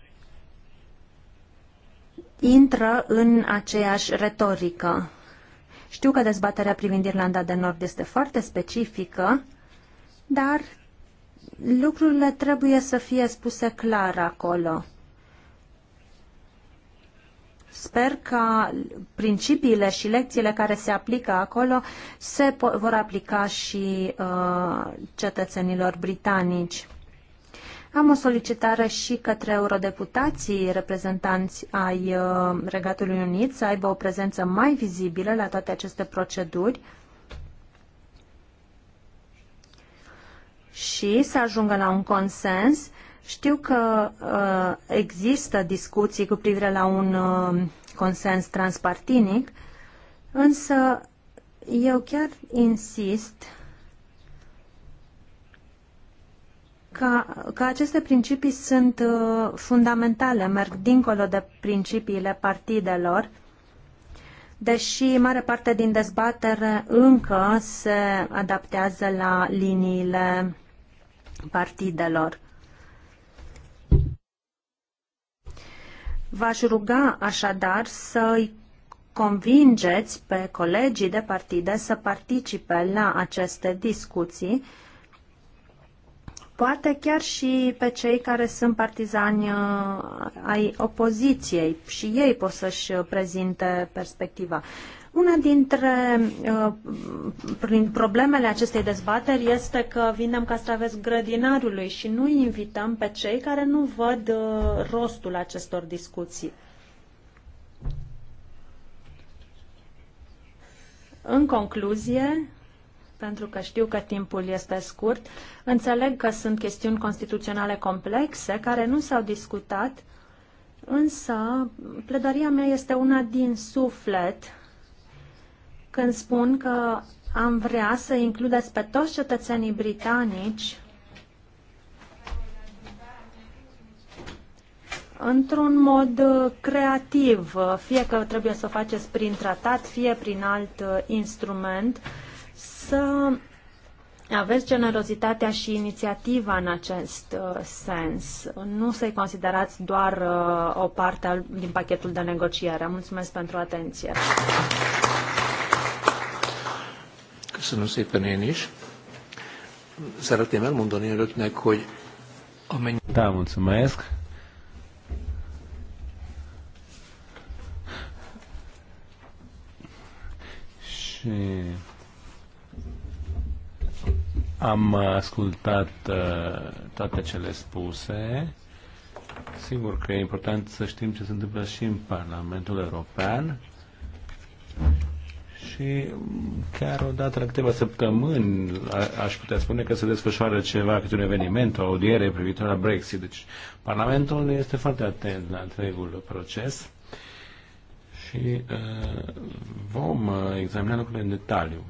intră în aceeași retorică. Știu că dezbaterea privind Irlanda de Nord este foarte specifică, dar lucrurile trebuie să fie spuse clar acolo. Sper că principiile și lecțiile care se aplică acolo se vor aplica și uh, cetățenilor britanici. Am o solicitare și către eurodeputații reprezentanți ai uh, Regatului Unit să aibă o prezență mai vizibilă la toate aceste proceduri. și să ajungă la un consens. Știu că uh, există discuții cu privire la un uh, consens transpartinic, însă eu chiar insist că, că aceste principii sunt uh, fundamentale, merg dincolo de principiile partidelor, deși mare parte din dezbatere încă se adaptează la liniile partidelor. V-aș ruga așadar să-i convingeți pe colegii de partide să participe la aceste discuții, poate chiar și pe cei care sunt partizani uh, ai opoziției și ei pot să-și prezinte perspectiva. Una dintre uh, problemele acestei dezbateri este că vindem castraveți grădinarului și nu invităm pe cei care nu văd uh, rostul acestor discuții. În concluzie, pentru că știu că timpul este scurt, înțeleg că sunt chestiuni constituționale complexe care nu s-au discutat, însă pledoaria mea este una din suflet când spun că am vrea să includeți pe toți cetățenii britanici într-un mod uh, creativ, uh, fie că trebuie să o faceți prin tratat, fie prin alt uh, instrument, să aveți generozitatea și inițiativa în acest sens. Nu să-i considerați doar o parte din pachetul de negociere. Mulțumesc pentru atenție. Köszönöm szépen én is. Szeretném elmondani önöknek, hogy amennyi... Da, mulțumesc. Și am ascultat uh, toate cele spuse. Sigur că e important să știm ce se întâmplă și în Parlamentul European și chiar odată la câteva săptămâni aș putea spune că se desfășoară ceva, câte un eveniment, o audiere privitor la Brexit. Deci Parlamentul este foarte atent la întregul proces și uh, vom uh, examina lucrurile în detaliu.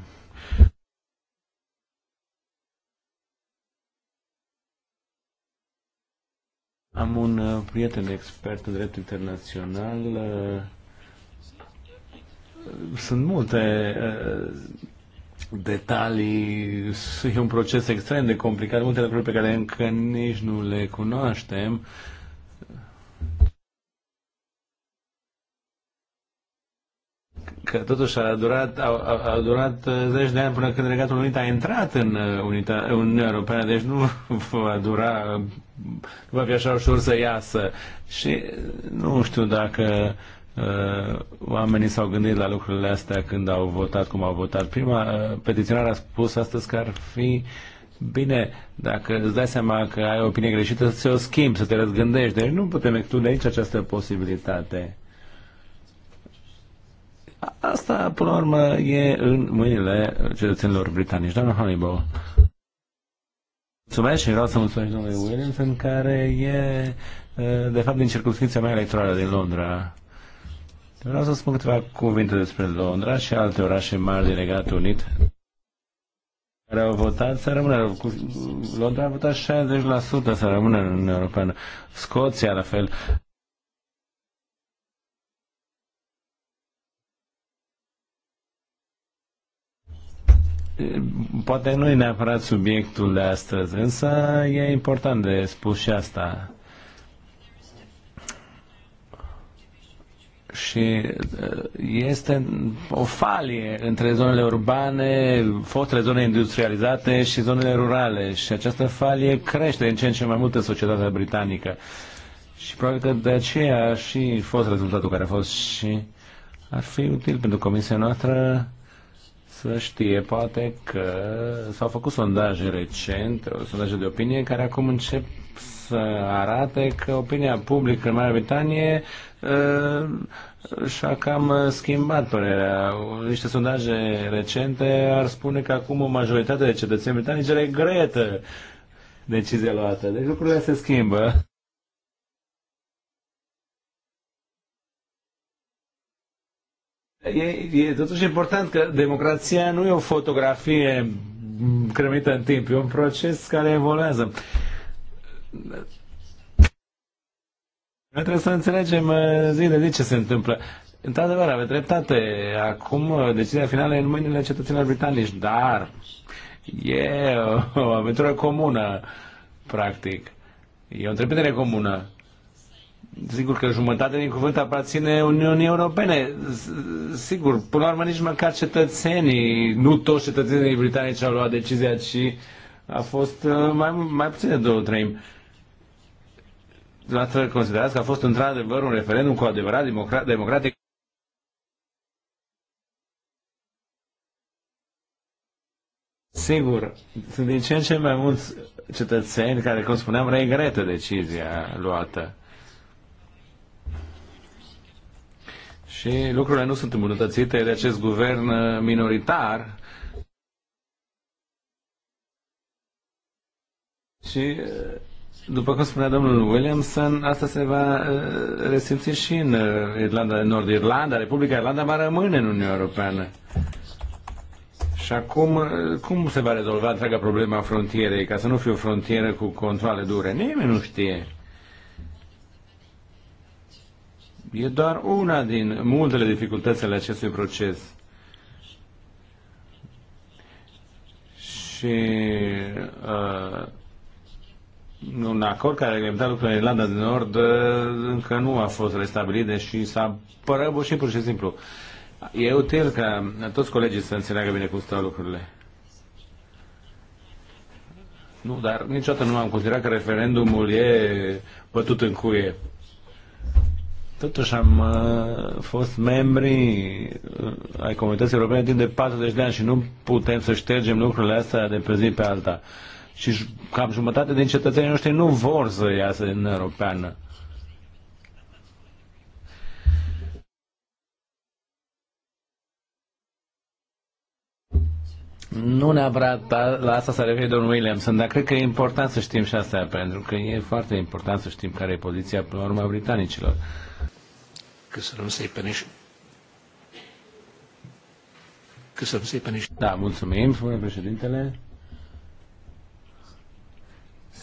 Am un uh, prieten expert în drept internațional uh, sunt multe uh, detalii, e un proces extrem de complicat, multe lucruri pe care încă nici nu le cunoaștem. Că totuși a durat, a, a, a durat uh, zeci de ani până când Regatul Unit a intrat în uh, Unita, Uniunea Europeană, deci nu *laughs* va dura, nu va fi așa ușor să iasă. Și nu știu dacă Uh, oamenii s-au gândit la lucrurile astea când au votat cum au votat. Prima uh, Petiționarea a spus astăzi că ar fi bine, dacă îți dai seama că ai o opinie greșită, să o schimbi, să te răzgândești. Deci nu putem exclude aici această posibilitate. Asta, până la urmă, e în mâinile cetățenilor britanici. Doamna Honeyball. Mulțumesc și vreau să mulțumesc domnului în care e, uh, de fapt, din circunscripția mea electorală din Londra. Vreau să spun câteva cuvinte despre Londra și alte orașe mari din Regatul Unit care au votat să rămână. Londra a votat 60% să rămână în Uniunea Europeană. Scoția, la fel. Poate nu e neapărat subiectul de astăzi, însă e important de spus și asta. și uh, este o falie între zonele urbane, fostele zone industrializate și zonele rurale și această falie crește în ce în ce mai mult în societatea britanică. Și probabil că de aceea și fost rezultatul care a fost și ar fi util pentru comisia noastră să știe poate că s-au făcut sondaje recent, sondaje de opinie, care acum încep să arate că opinia publică în Marea Britanie și-a cam schimbat părerea. Niște sondaje recente ar spune că acum o majoritate de cetățeni britanici regretă decizia luată. Deci lucrurile se schimbă. E, e totuși important că democrația nu e o fotografie cremită în timp, e un proces care evoluează. Noi trebuie să înțelegem uh, zi de zi ce se întâmplă. Într-adevăr, aveți dreptate. Acum uh, decizia finală e în mâinile cetățenilor britanici, dar e uh, o aventură comună, practic. E o întreprindere comună. Sigur că jumătate din cuvânt aparține Uniunii Europene. Sigur, până la urmă nici măcar cetățenii, nu toți cetățenii britanici au luat decizia, ci a fost mai, mai puțin de două treimi dumneavoastră considerați că a fost într-adevăr un referendum cu adevărat democratic? Sigur, sunt din ce în ce mai mulți cetățeni care, cum spuneam, regretă decizia luată. Și lucrurile nu sunt îmbunătățite de acest guvern minoritar. Și după cum spunea domnul Williamson, asta se va uh, resimți și în uh, Irlanda de Nord. Irlanda, Republica Irlanda va rămâne în Uniunea Europeană. Și acum, uh, cum se va rezolva întreaga problema frontierei, ca să nu fie o frontieră cu controle dure? Nimeni nu știe. E doar una din multele dificultăți ale acestui proces. Și uh, un acord care reglementa lucrurile în Irlanda de Nord uh, încă nu a fost restabilit, deși s-a prăbușit pur și simplu. E util ca toți colegii să înțeleagă bine cum stau lucrurile. Nu, dar niciodată nu am considerat că referendumul e bătut în cuie. Totuși am uh, fost membri uh, ai Comunității Europene timp de 40 de ani și nu putem să ștergem lucrurile astea de pe zi pe alta. Uh, și cam jumătate din cetățenii noștri nu vor să iasă din Europeană. Nu neapărat la asta să referi domnul Williamson, dar cred că e important să știm și asta, pentru că e foarte important să știm care e poziția, pe urma urmă, britanicilor. Că să nu se penești. Că să nu se penești. Da, mulțumim, spune președintele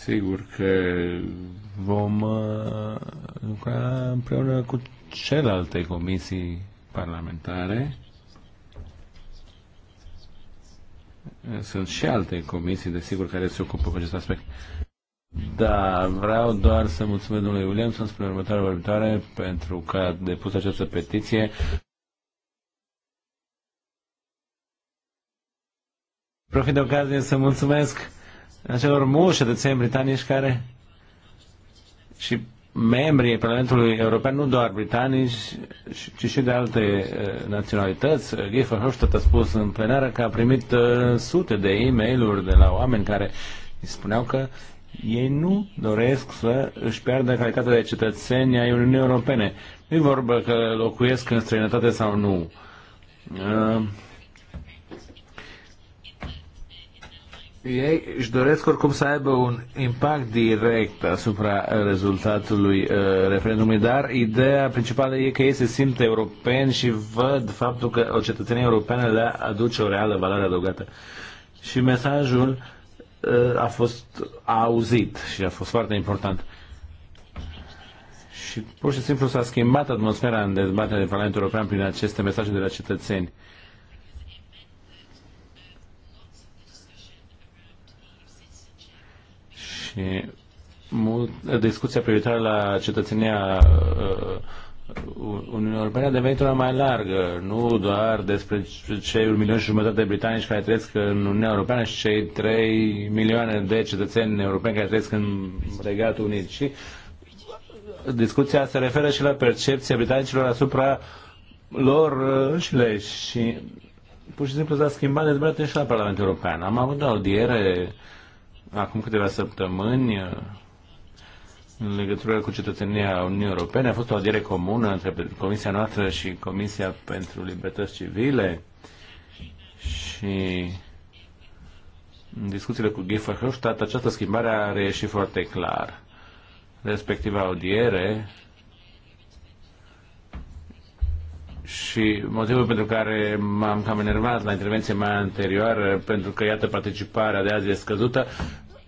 sigur că vom uh, lucra împreună cu celelalte comisii parlamentare. Sunt și alte comisii, desigur, care se ocupă cu acest aspect. Da, vreau doar să mulțumesc domnului Williamson spre următoarea vorbitoare pentru că a depus această petiție. Profit de ocazie să mulțumesc acelor de cetățeni britanici care și membrii Parlamentului European, nu doar britanici, ci și de alte eh, naționalități. Eh, Guy Hofstadt a spus în plenară că a primit eh, sute de e mail de la oameni care îi spuneau că ei nu doresc să își pierdă calitatea de cetățeni ai Uniunii Europene. Nu i vorbă că locuiesc în străinătate sau nu. ei își doresc oricum să aibă un impact direct asupra rezultatului uh, referendumului, dar ideea principală e că ei se simt europeni și văd faptul că o cetățenie europeană le aduce o reală valoare adăugată. Și mesajul uh, a fost auzit și a fost foarte important. Și pur și simplu s-a schimbat atmosfera în dezbaterea de Parlamentul European prin aceste mesaje de la cetățeni. Uh, și mult, discuția privitoare la cetățenia uh, Uniunii Europene a devenit una mai largă, nu doar despre cei un milion și jumătate de britanici care trăiesc în Uniunea Europeană și cei 3 milioane de cetățeni europeni care trăiesc în Regatul Unit, ci discuția se referă și la percepția britanicilor asupra lor înșile și pur și simplu s-a schimbat dezbaterea și la Parlamentul European. Am avut o audiere uh, acum câteva săptămâni în legătură cu cetățenia Uniunii Europene. A fost o adiere comună între Comisia noastră și Comisia pentru Libertăți Civile și în discuțiile cu Guy Verhofstadt această schimbare a reieșit foarte clar. Respectiva audiere Și motivul pentru care m-am cam enervat la intervenția mea anterioară, pentru că, iată, participarea de azi e scăzută,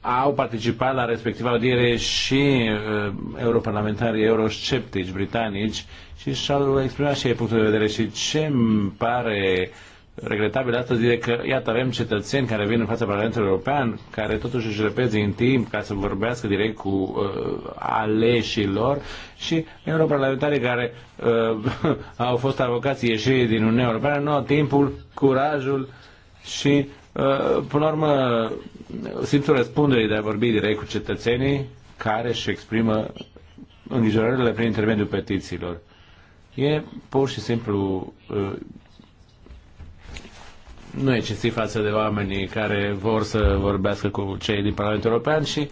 au participat la respectiva audiere și uh, europarlamentarii eurosceptici britanici și și-au exprimat și ei punctul de vedere. Și ce îmi pare uh, regretabil astăzi e că, iată, avem cetățeni care vin în fața Parlamentului European, care totuși își repeze în timp ca să vorbească direct cu uh, aleșii lor și europarlamentarii care uh, *laughs* au fost avocați ieșirii din Uniunea Europeană nu au timpul, curajul și, uh, până la urmă, simțul răspunderii de a vorbi direct cu cetățenii care își exprimă îngrijorările prin intermediul petițiilor. E pur și simplu uh, nu excesiv față de oamenii care vor să vorbească cu cei din Parlamentul European și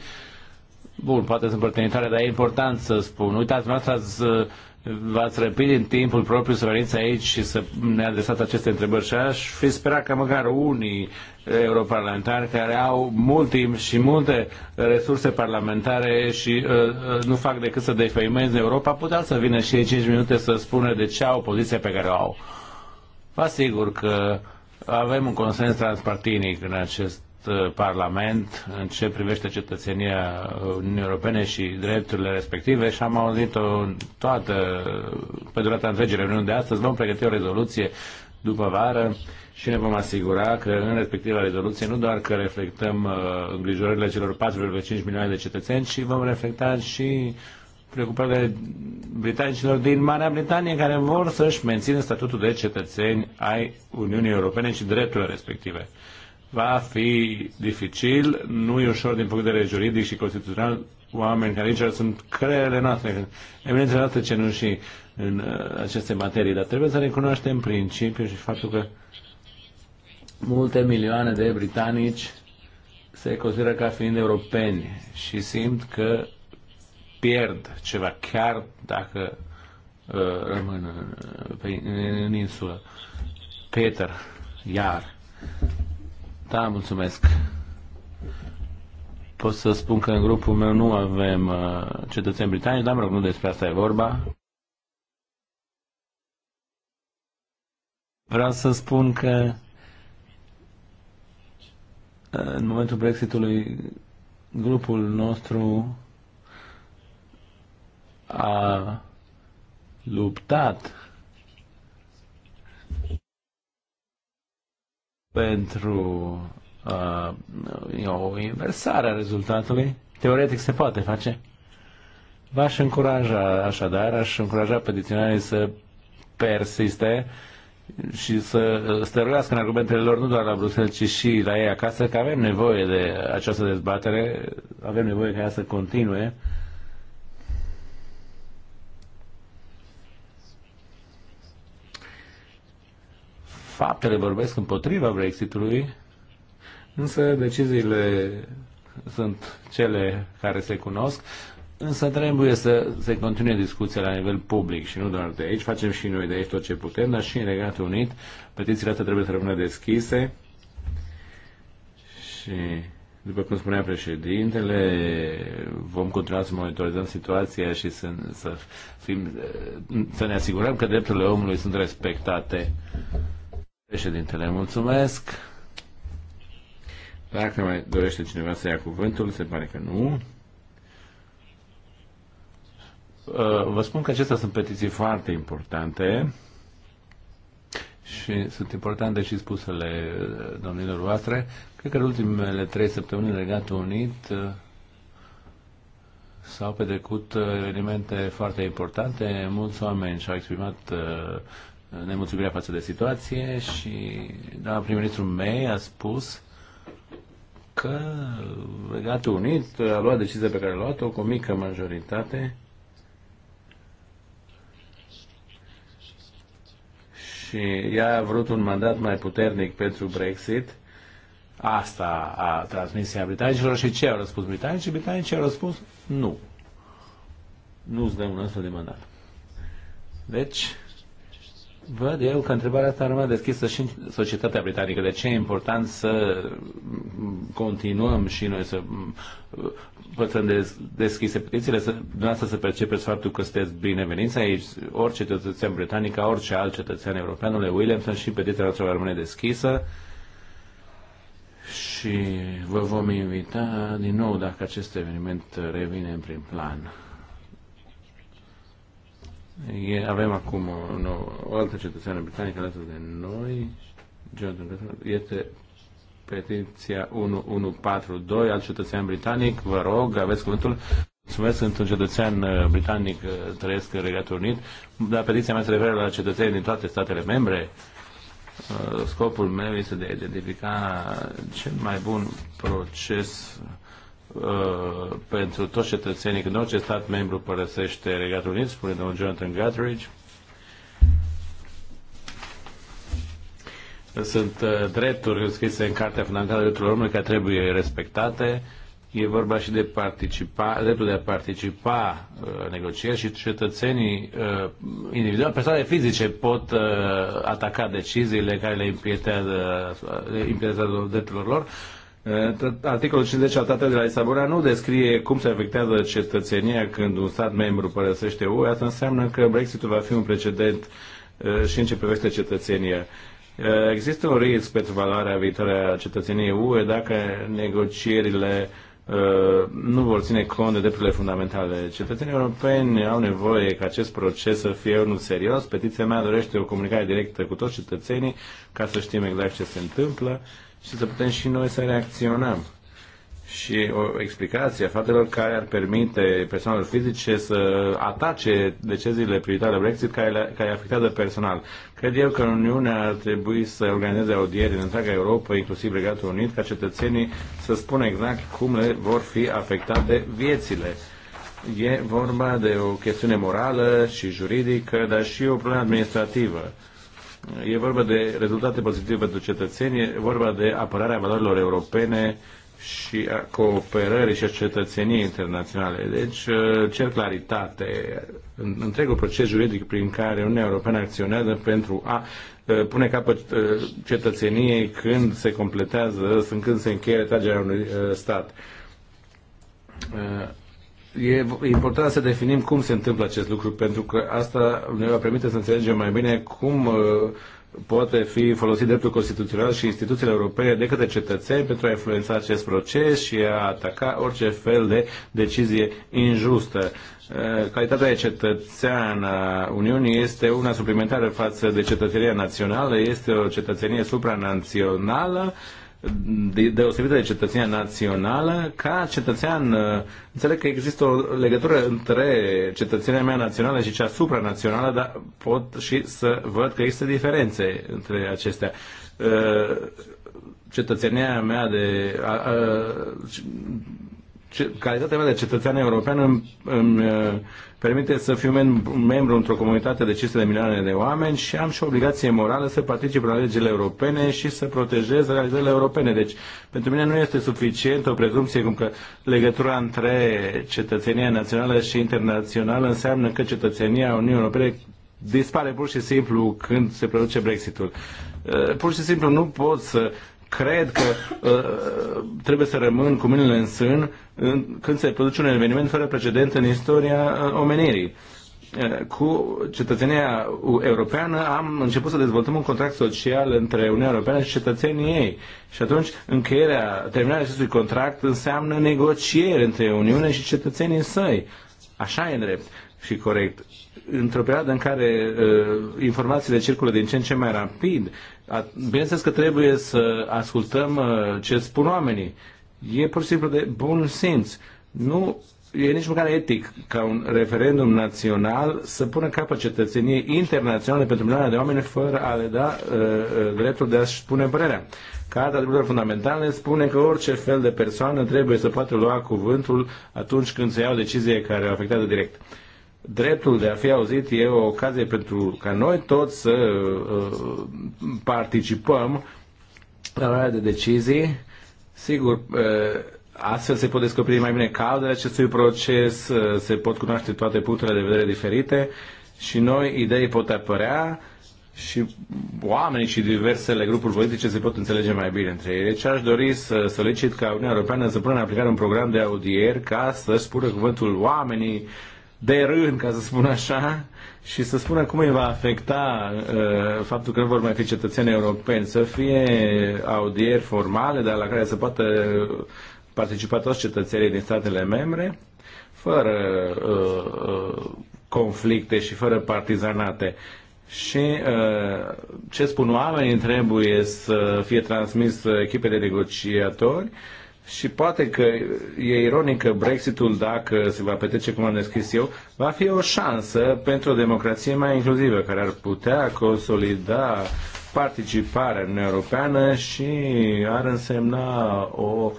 Bun, poate sunt părtenitoare, dar e important să spun. Uitați, noastră ați, v-ați răpit în timpul propriu să veniți aici și să ne adresați aceste întrebări și aș fi sperat că măcar unii europarlamentari care au mult timp și multe resurse parlamentare și uh, uh nu fac decât să defăimeze Europa, puteau să vină și ei 5 minute să spună de ce au poziția pe care o au. Vă asigur că uh, avem un consens transpartinic în acest uh, Parlament în ce privește cetățenia Uniunii Europene și drepturile respective și am auzit-o toată, pe durata întregii reuniuni de astăzi, vom pregăti o rezoluție după vară și ne vom asigura că în respectiva rezoluție nu doar că reflectăm uh, îngrijorările celor 4,5 milioane de cetățeni, ci vom reflecta și preocupările britanicilor din Marea Britanie care vor să-și mențină statutul de cetățeni ai Uniunii Europene și drepturile respective. Va fi dificil, nu e ușor din punct de vedere juridic și constituțional, oameni care aici sunt creierele noastre, eminențele noastre și în uh, aceste materii, dar trebuie să recunoaștem principiul și faptul că multe milioane de britanici se consideră ca fiind europeni și simt că pierd ceva, chiar dacă uh, rămân uh, pe, în insulă. Peter, iar. Da, mulțumesc. Pot să spun că în grupul meu nu avem uh, cetățeni britanici, dar mă rog, nu despre asta e vorba. Vreau să spun că uh, în momentul Brexitului grupul nostru a luptat pentru uh, o inversare a rezultatului, teoretic se poate face. V-aș încuraja, așadar, aș încuraja petiționarii să persiste și să uh, stăruiască în argumentele lor nu doar la Bruxelles, ci și la ei acasă, că avem nevoie de această dezbatere, avem nevoie ca ea să continue faptele vorbesc împotriva Brexitului, însă deciziile sunt cele care se cunosc. Însă trebuie să se continue discuția la nivel public și nu doar de aici. Facem și noi de aici tot ce putem, dar și în Regatul Unit petițiile astea trebuie să rămână deschise și, după cum spunea președintele, vom continua să monitorizăm situația și să, să, fim, să ne asigurăm că drepturile omului sunt respectate. Președintele, mulțumesc. Dacă mai dorește cineva să ia cuvântul, se pare că nu. Ă, vă spun că acestea sunt petiții foarte importante și sunt importante și spusele domnilor voastre. Cred că în ultimele trei săptămâni Regatul Unit ă, s-au petrecut ă, evenimente foarte importante. Mulți oameni și-au exprimat nemulțumirea față de situație și doamna prim-ministru May a spus că Regatul Unit a luat decizia pe care a luat-o cu o mică majoritate și ea a vrut un mandat mai puternic pentru Brexit. Asta a transmis ea britanicilor și ce au răspuns britanicii? Britanicii au răspuns nu. Nu îți dăm un astfel de mandat. Deci, văd eu că întrebarea asta rămâne deschisă și în societatea britanică. De ce e important să continuăm și noi să uh, păstrăm des, deschise petițiile, să, dumneavoastră să percepeți faptul că sunteți bineveniți aici, orice cetățean britanic, orice alt cetățean european, le Williamson, și petiția noastră va rămâne deschisă și vă vom invita din nou dacă acest eveniment revine în prim plan. E, avem acum o, nouă, o altă cetățeană britanică alături de noi, Jordan Redford, este petiția 1142 al cetățean britanic. Vă rog, aveți cuvântul. Mulțumesc, sunt un cetățean uh, britanic, uh, trăiesc în Regatul Unit, dar petiția mea se referă la cetățenii din toate statele membre. Uh, scopul meu este de a identifica cel mai bun proces Uh, pentru toți cetățenii când orice stat membru părăsește Regatul Unit, spune domnul Jonathan Guthridge. Sunt uh, drepturi scrise în Cartea Fundamentală a Drepturilor Omului care trebuie respectate. E vorba și de participa, dreptul de a participa uh, negocieri și cetățenii uh, individuali, persoane fizice pot uh, ataca deciziile care le impietează, uh, le impietează drepturilor lor. Uh, Articolul 50 al Tratatului de la Lisabona nu descrie cum se afectează cetățenia când un stat membru părăsește UE. Asta înseamnă că Brexitul va fi un precedent și în ce privește cetățenia. Există un risc pentru valoarea viitoare a cetățeniei UE dacă negocierile nu vor ține cont de drepturile fundamentale. Cetățenii europeni au nevoie ca acest proces să fie unul serios. Petiția mea dorește o comunicare directă cu toți cetățenii ca să știm exact ce se întâmplă și să putem și noi să reacționăm. Și o explicație a faptelor care ar permite persoanelor fizice să atace deciziile privitoare de Brexit care, le, care afectează personal. Cred eu că Uniunea ar trebui să organizeze audieri în întreaga Europa, inclusiv Regatul Unit, ca cetățenii să spună exact cum le vor fi afectate viețile. E vorba de o chestiune morală și juridică, dar și o problemă administrativă E vorba de rezultate pozitive pentru cetățeni, e vorba de apărarea valorilor europene și a cooperării și a cetățeniei internaționale. Deci uh, cer claritate în întregul proces juridic prin care Uniunea Europeană acționează pentru a uh, pune capăt uh, cetățeniei când se completează, când se încheie tragerea unui stat E important să definim cum se întâmplă acest lucru, pentru că asta ne va permite să înțelegem mai bine cum uh, poate fi folosit dreptul constituțional și instituțiile europene de către cetățeni pentru a influența acest proces și a ataca orice fel de decizie injustă. Uh, calitatea de cetățean a Uniunii este una suplimentară față de cetățenia națională, este o cetățenie supranațională deosebită de cetățenia națională, ca cetățean, uh, înțeleg că există o legătură între cetățenia mea națională și cea supranațională, dar pot și să văd că există diferențe între acestea uh, cetățenia mea de a, a, calitatea mea de cetățean european îmi, îmi uh, permite să fiu membru într-o comunitate de 500 de milioane de oameni și am și o obligație morală să particip la legile europene și să protejez realizările europene. Deci, pentru mine nu este suficient o prezumție cum că legătura între cetățenia națională și internațională înseamnă că cetățenia Uniunii Europene dispare pur și simplu când se produce Brexitul. Uh, pur și simplu nu pot să cred că uh, trebuie să rămân cu mâinile în sân când se produce un eveniment fără precedent în istoria uh, omenirii uh, cu cetățenia europeană am început să dezvoltăm un contract social între Uniunea Europeană și cetățenii ei. Și atunci încheierea, terminarea acestui contract înseamnă negocieri între Uniune și cetățenii săi. Așa e drept și corect. Într-o perioadă în care uh, informațiile circulă din ce în ce mai rapid Bineînțeles că trebuie să ascultăm uh, ce spun oamenii. E pur și simplu de bun simț. Nu e nici măcar etic ca un referendum național să pună capăt cetățeniei internaționale pentru milioane de oameni fără a le da uh, uh dreptul de a-și spune părerea. Carta drepturilor fundamentale spune că orice fel de persoană trebuie să poată lua cuvântul atunci când se iau decizie care o afectează direct. Uh, dreptul de a fi auzit e o ocazie pentru ca noi toți să uh, participăm la luarea de decizii. Sigur, uh, astfel se pot descoperi mai bine cauzele acestui proces, uh, se pot cunoaște toate punctele de vedere diferite și noi idei pot apărea și oamenii și diversele grupuri politice se pot înțelege mai bine între ele. Deci aș dori să solicit ca Uniunea Europeană să pună în aplicare un program de audieri ca să spună cuvântul oamenii de rând, ca să spun așa, și să spună cum îi va afecta uh, faptul că nu vor mai fi cetățeni europeni, să fie audieri formale, dar la care să poată participa toți cetățenii din statele membre, fără uh, uh conflicte și fără partizanate. Și uh, ce spun oamenii trebuie să fie transmis echipe de negociatori uh, și poate că e ironic că Brexitul, dacă se va petrece cum am descris eu, va fi o șansă pentru o democrație mai inclusivă, care ar putea consolida participarea în Europeană și ar însemna o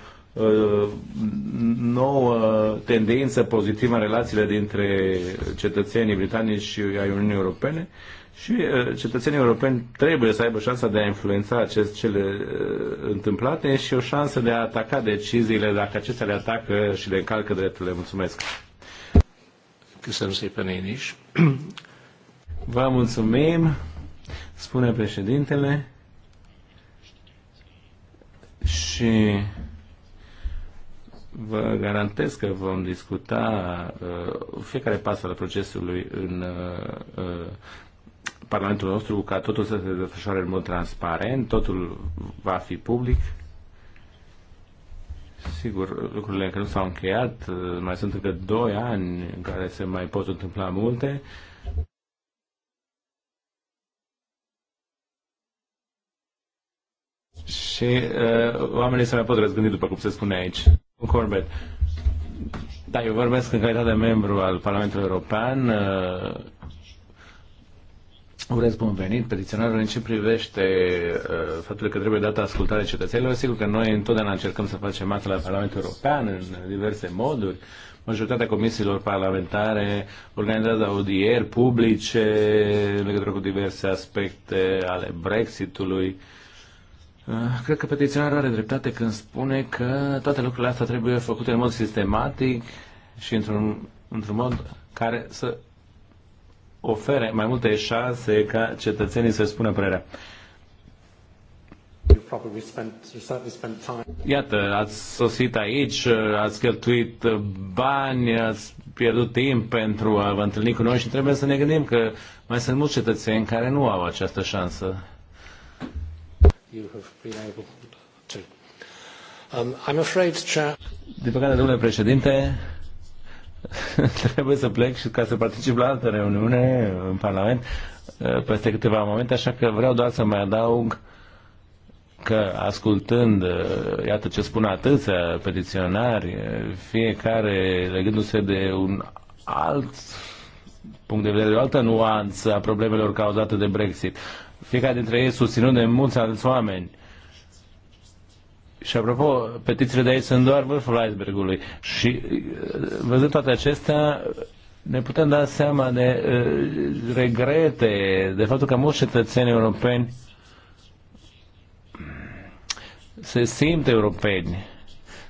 nouă tendință pozitivă în relațiile dintre cetățenii britanici și ai Uniunii Europene și uh, cetățenii europeni trebuie să aibă șansa de a influența acest, cele uh, întâmplate și o șansă de a ataca deciziile dacă acestea le atacă și le încalcă drepturile. Mulțumesc! Vă mulțumim, spune președintele. Și vă garantez că vom discuta uh, fiecare pas al procesului în uh, uh, Parlamentul nostru ca totul să se desfășoare în mod transparent, totul va fi public. Sigur, lucrurile încă nu s-au încheiat, mai sunt încă doi ani în care se mai pot întâmpla multe. Și uh, oamenii se mai pot răzgândi, după cum se spune aici. Corbett. Da, eu vorbesc în calitate de membru al Parlamentului European. Uh, Urez bun venit petiționarul în ce privește uh, faptul că trebuie dată ascultare cetățenilor. Sigur că noi întotdeauna încercăm să facem asta la Parlamentul European în diverse moduri. Majoritatea comisiilor parlamentare organizează audieri publice în legătură cu diverse aspecte ale Brexitului. Uh, cred că petiționarul are dreptate când spune că toate lucrurile astea trebuie făcute în mod sistematic și într-un într, -un, într -un mod care să ofere mai multe șanse ca cetățenii să spună părerea. Iată, ați sosit aici, ați cheltuit bani, ați pierdut timp pentru a vă întâlni cu noi și trebuie să ne gândim că mai sunt mulți cetățeni care nu au această șansă. Um, Din păcate, domnule președinte, *laughs* trebuie să plec și ca să particip la altă reuniune în Parlament eh, peste câteva momente, așa că vreau doar să mai adaug că ascultând, eh, iată ce spun atâția petiționari, eh, fiecare legându-se de un alt punct de vedere, o altă nuanță a problemelor cauzate de Brexit, fiecare dintre ei susținut de mulți alți oameni, și apropo, petițiile de aici sunt doar vârful icebergului. Și uh, văzând toate acestea, ne putem da seama de uh, regrete, de faptul că mulți cetățeni europeni se simt europeni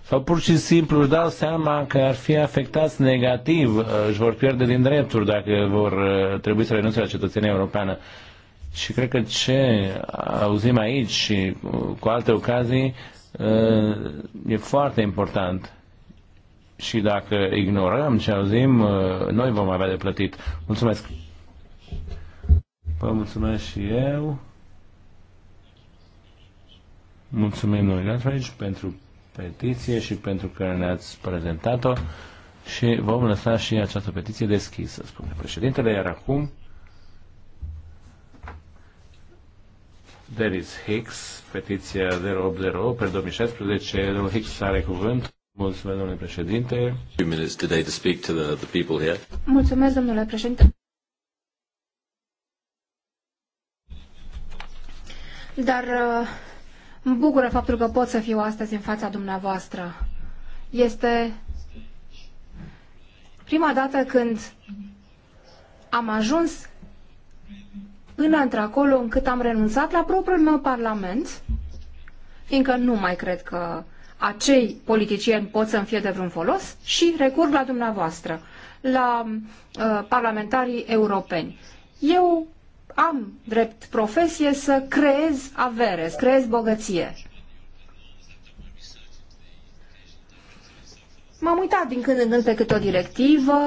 sau pur și simplu își dau seama că ar fi afectați negativ, uh, își vor pierde din drepturi dacă vor uh, trebui să renunțe la cetățenia europeană. Și cred că ce auzim aici și cu alte ocazii Uh, e foarte important. Și dacă ignorăm ce auzim, uh, noi vom avea de plătit. Mulțumesc! Vă mulțumesc și eu. Mulțumim noi aici pentru petiție și pentru că ne-ați prezentat-o și vom lăsa și această petiție deschisă, spune președintele, iar acum Dennis Hicks, petiția 080 pe 2016. Domnul Hicks are cuvânt. Mulțumesc, domnule președinte. Mulțumesc, domnule președinte. Dar uh, îmi bucură faptul că pot să fiu astăzi în fața dumneavoastră. Este prima dată când am ajuns până într-acolo încât am renunțat la propriul meu parlament, fiindcă nu mai cred că acei politicieni pot să-mi fie de vreun folos și recurg la dumneavoastră, la uh, parlamentarii europeni. Eu am drept profesie să creez avere, să creez bogăție. M-am uitat din când în când pe câte o directivă,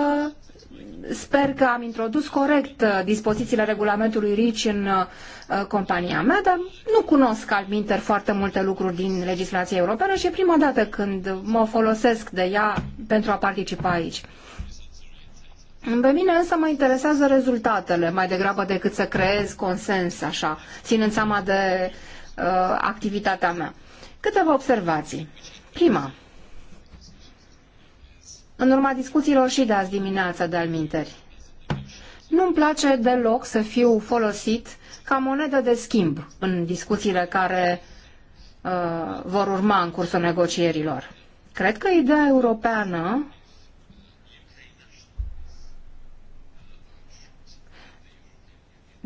sper că am introdus corect uh, dispozițiile regulamentului RICI în uh, compania mea, dar nu cunosc alminter foarte multe lucruri din legislația europeană și e prima dată când mă folosesc de ea pentru a participa aici. Pe mine însă mă interesează rezultatele mai degrabă decât să creez consens așa, ținând seama de uh, activitatea mea. Câteva observații. Prima, în urma discuțiilor și de azi dimineață, de alminteri. Nu-mi place deloc să fiu folosit ca monedă de schimb în discuțiile care uh, vor urma în cursul negocierilor. Cred că ideea europeană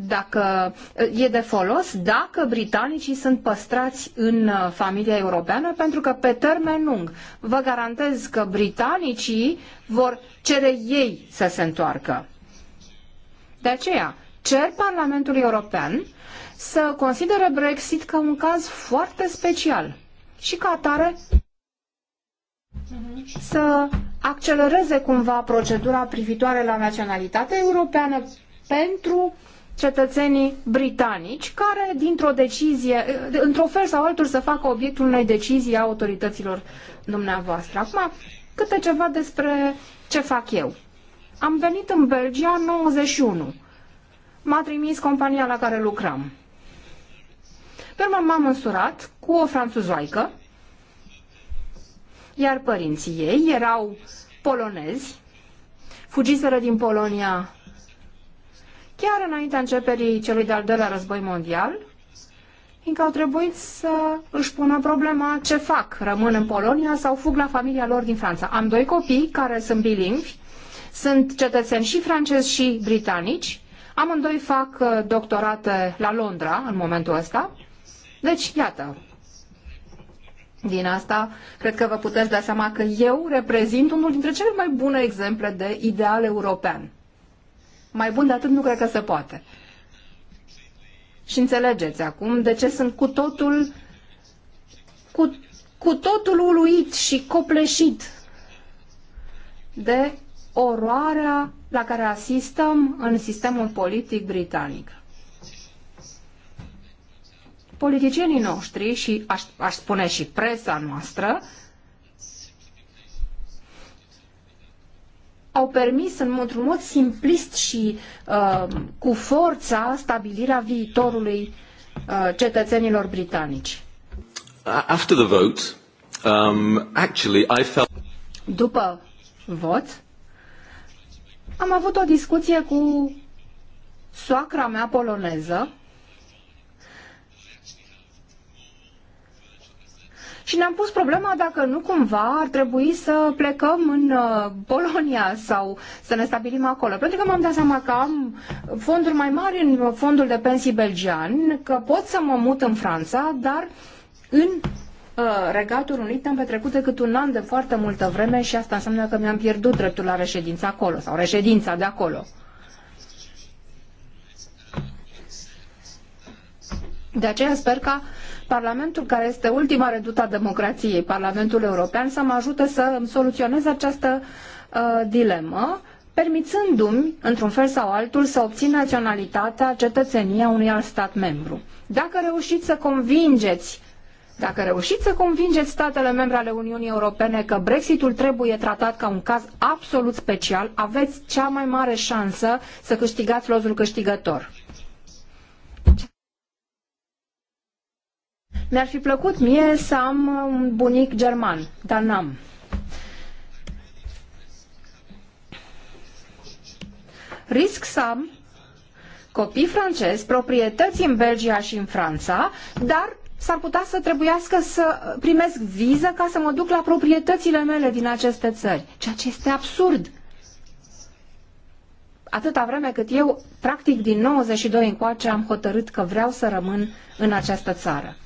dacă e de folos dacă britanicii sunt păstrați în uh, familia europeană, pentru că pe termen lung vă garantez că britanicii vor cere ei să se întoarcă. De aceea, cer Parlamentului European să considere Brexit ca un caz foarte special și ca atare să accelereze cumva procedura privitoare la naționalitatea europeană pentru cetățenii britanici, care dintr-o decizie, într-un fel sau altul, să facă obiectul unei decizii a autorităților dumneavoastră. Acum, câte ceva despre ce fac eu. Am venit în Belgia în 91. M-a trimis compania la care lucram. Pe urmă m-am însurat cu o franțuzoaică, iar părinții ei erau polonezi, fugiseră din Polonia chiar înaintea începerii celui de-al doilea război mondial, fiindcă au trebuit să își pună problema ce fac, rămân în Polonia sau fug la familia lor din Franța. Am doi copii care sunt bilingvi, sunt cetățeni și francezi și britanici, amândoi fac uh, doctorate la Londra în momentul ăsta, deci iată, din asta, cred că vă puteți da seama că eu reprezint unul dintre cele mai bune exemple de ideal european. Mai bun de atât nu cred că se poate. Și înțelegeți acum de ce sunt cu totul cu, cu totul uluit și copleșit de oroarea la care asistăm în sistemul politic britanic. Politicienii noștri și aș, aș spune și presa noastră au permis în, într-un mod simplist și uh, cu forța stabilirea viitorului uh, cetățenilor britanici. After the vote, um, actually I felt... După vot, am avut o discuție cu soacra mea poloneză, și ne-am pus problema dacă nu cumva ar trebui să plecăm în uh, Polonia sau să ne stabilim acolo. Pentru că m-am dat seama că am fonduri mai mari în fondul de pensii belgian, că pot să mă mut în Franța, dar în uh, Regatul Unit am petrecut decât un an de foarte multă vreme și asta înseamnă că mi-am pierdut dreptul la reședința acolo sau reședința de acolo. De aceea sper ca Parlamentul, care este ultima redută a democrației, Parlamentul European, să mă ajute să îmi soluționez această uh, dilemă, permițându-mi, într-un fel sau altul, să obțin naționalitatea, cetățenia unui alt stat membru. Dacă reușiți să convingeți dacă reușiți să convingeți statele membre ale Uniunii Europene că Brexitul trebuie tratat ca un caz absolut special, aveți cea mai mare șansă să câștigați lozul câștigător. Mi-ar fi plăcut mie să am un bunic german, dar n-am. Risc să am copii francezi, proprietăți în Belgia și în Franța, dar s-ar putea să trebuiască să primesc viză ca să mă duc la proprietățile mele din aceste țări, ceea ce este absurd. Atâta vreme cât eu, practic din 92 încoace, am hotărât că vreau să rămân în această țară.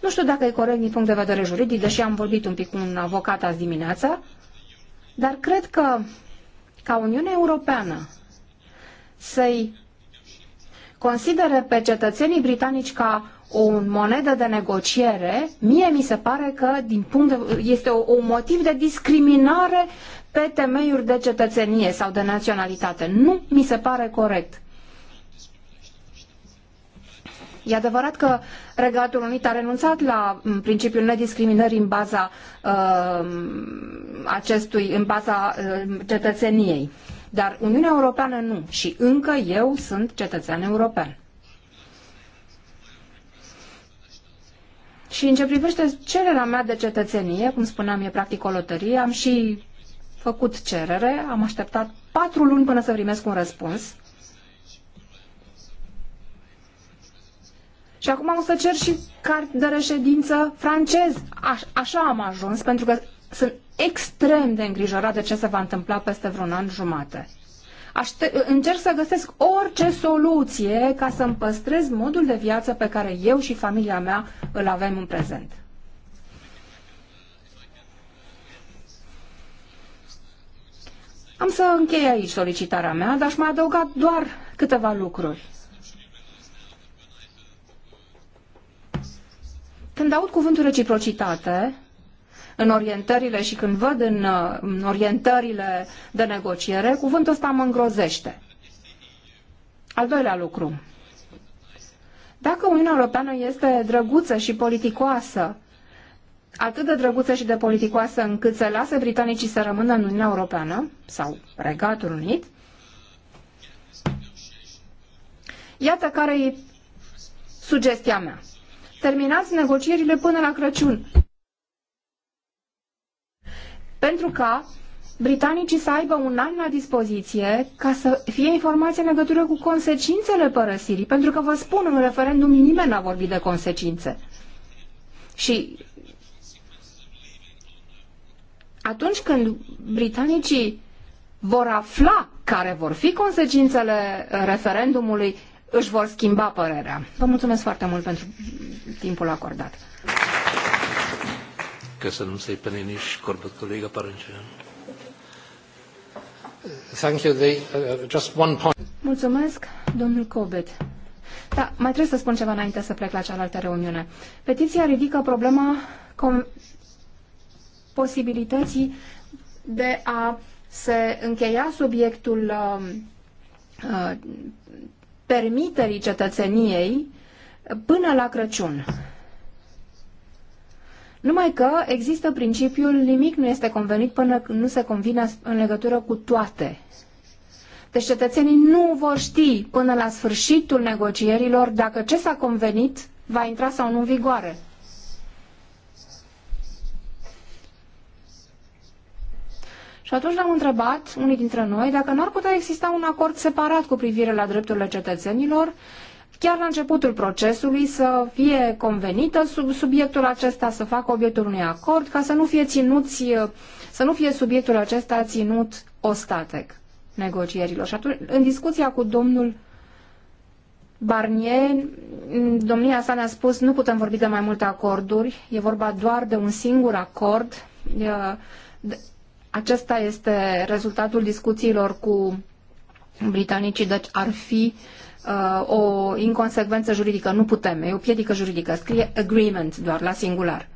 Nu știu dacă e corect din punct de vedere juridic, deși am vorbit un pic cu un avocat azi dimineața, dar cred că ca Uniunea Europeană să-i considere pe cetățenii britanici ca o monedă de negociere, mie mi se pare că din punct de, este un motiv de discriminare pe temeiuri de cetățenie sau de naționalitate. Nu mi se pare corect. E adevărat că Regatul Unit a renunțat la principiul nediscriminării în baza uh, acestui, în baza uh, cetățeniei. Dar Uniunea Europeană nu. Și încă eu sunt cetățean european. Și în ce privește cererea mea de cetățenie, cum spuneam, e practic o lotărie, am și făcut cerere, am așteptat patru luni până să primesc un răspuns. Și acum o să cer și card de reședință francez. Aș, așa am ajuns, pentru că sunt extrem de îngrijorat de ce se va întâmpla peste vreun an jumate. Aște- încerc să găsesc orice soluție ca să-mi păstrez modul de viață pe care eu și familia mea îl avem în prezent. Am să închei aici solicitarea mea, dar aș mai adăuga doar câteva lucruri. Când aud cuvântul reciprocitate, în orientările și când văd în, în orientările de negociere, cuvântul ăsta mă îngrozește. Al doilea lucru. Dacă Uniunea Europeană este drăguță și politicoasă, atât de drăguță și de politicoasă încât să lasă britanicii să rămână în Uniunea Europeană sau Regatul Unit, iată care e sugestia mea terminați negocierile până la Crăciun. Pentru ca britanicii să aibă un an la dispoziție ca să fie informația în legătură cu consecințele părăsirii, pentru că vă spun, în referendum nimeni n-a vorbit de consecințe. Și atunci când britanicii vor afla care vor fi consecințele referendumului, își vor schimba părerea. Vă mulțumesc foarte mult pentru timpul acordat. nu se én is, Korbett kolléga parancsoljon. Thank you. The, uh, just one point. Mulțumesc, domnul Cobet. Da, mai trebuie să spun ceva înainte să plec la cealaltă reuniune. Petiția ridică problema posibilității de a se încheia subiectul um, uh, uh, permiterii cetățeniei până la Crăciun. Numai că există principiul nimic nu este convenit până nu se convine în legătură cu toate. Deci cetățenii nu vor ști până la sfârșitul negocierilor dacă ce s-a convenit va intra sau nu în vigoare. Și atunci ne-am întrebat, unii dintre noi, dacă nu ar putea exista un acord separat cu privire la drepturile cetățenilor, chiar la începutul procesului să fie convenită sub subiectul acesta, să facă obiectul unui acord, ca să nu fie ținuți, să nu fie subiectul acesta ținut ostatec negocierilor. Și atunci, în discuția cu domnul Barnier, domnia sa ne-a spus nu putem vorbi de mai multe acorduri, e vorba doar de un singur acord. Acesta este rezultatul discuțiilor cu britanicii, deci ar fi uh, o inconsecvență juridică. Nu putem, e o piedică juridică. Scrie agreement doar la singular.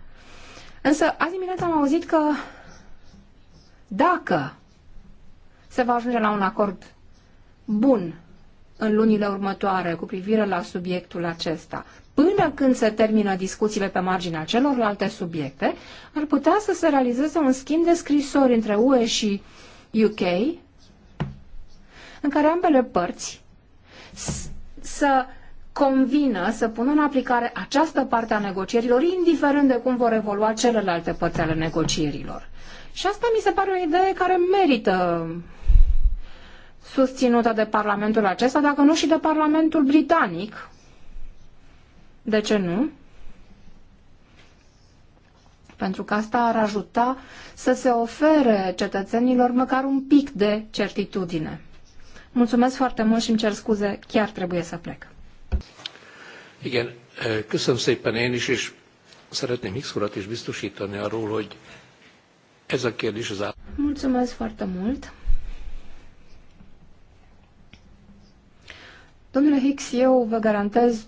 Însă, azi dimineața am auzit că dacă se va ajunge la un acord bun în lunile următoare cu privire la subiectul acesta, până când se termină discuțiile pe marginea celorlalte subiecte, ar putea să se realizeze un schimb de scrisori între UE și UK, în care ambele părți să convină să pună în aplicare această parte a negocierilor, indiferent de cum vor evolua celelalte părți ale negocierilor. Și asta mi se pare o idee care merită susținută de Parlamentul acesta, dacă nu și de Parlamentul Britanic, de ce nu? Pentru că asta ar ajuta să se ofere cetățenilor măcar un pic de certitudine. Mulțumesc foarte mult și îmi cer scuze, chiar trebuie să plec. Igen, köszönöm szépen én is, és szeretném Hicks is biztosítani arról, hogy ez a kérdés az áll... Mulțumesc foarte mult. Domnule Hicks, eu vă garantez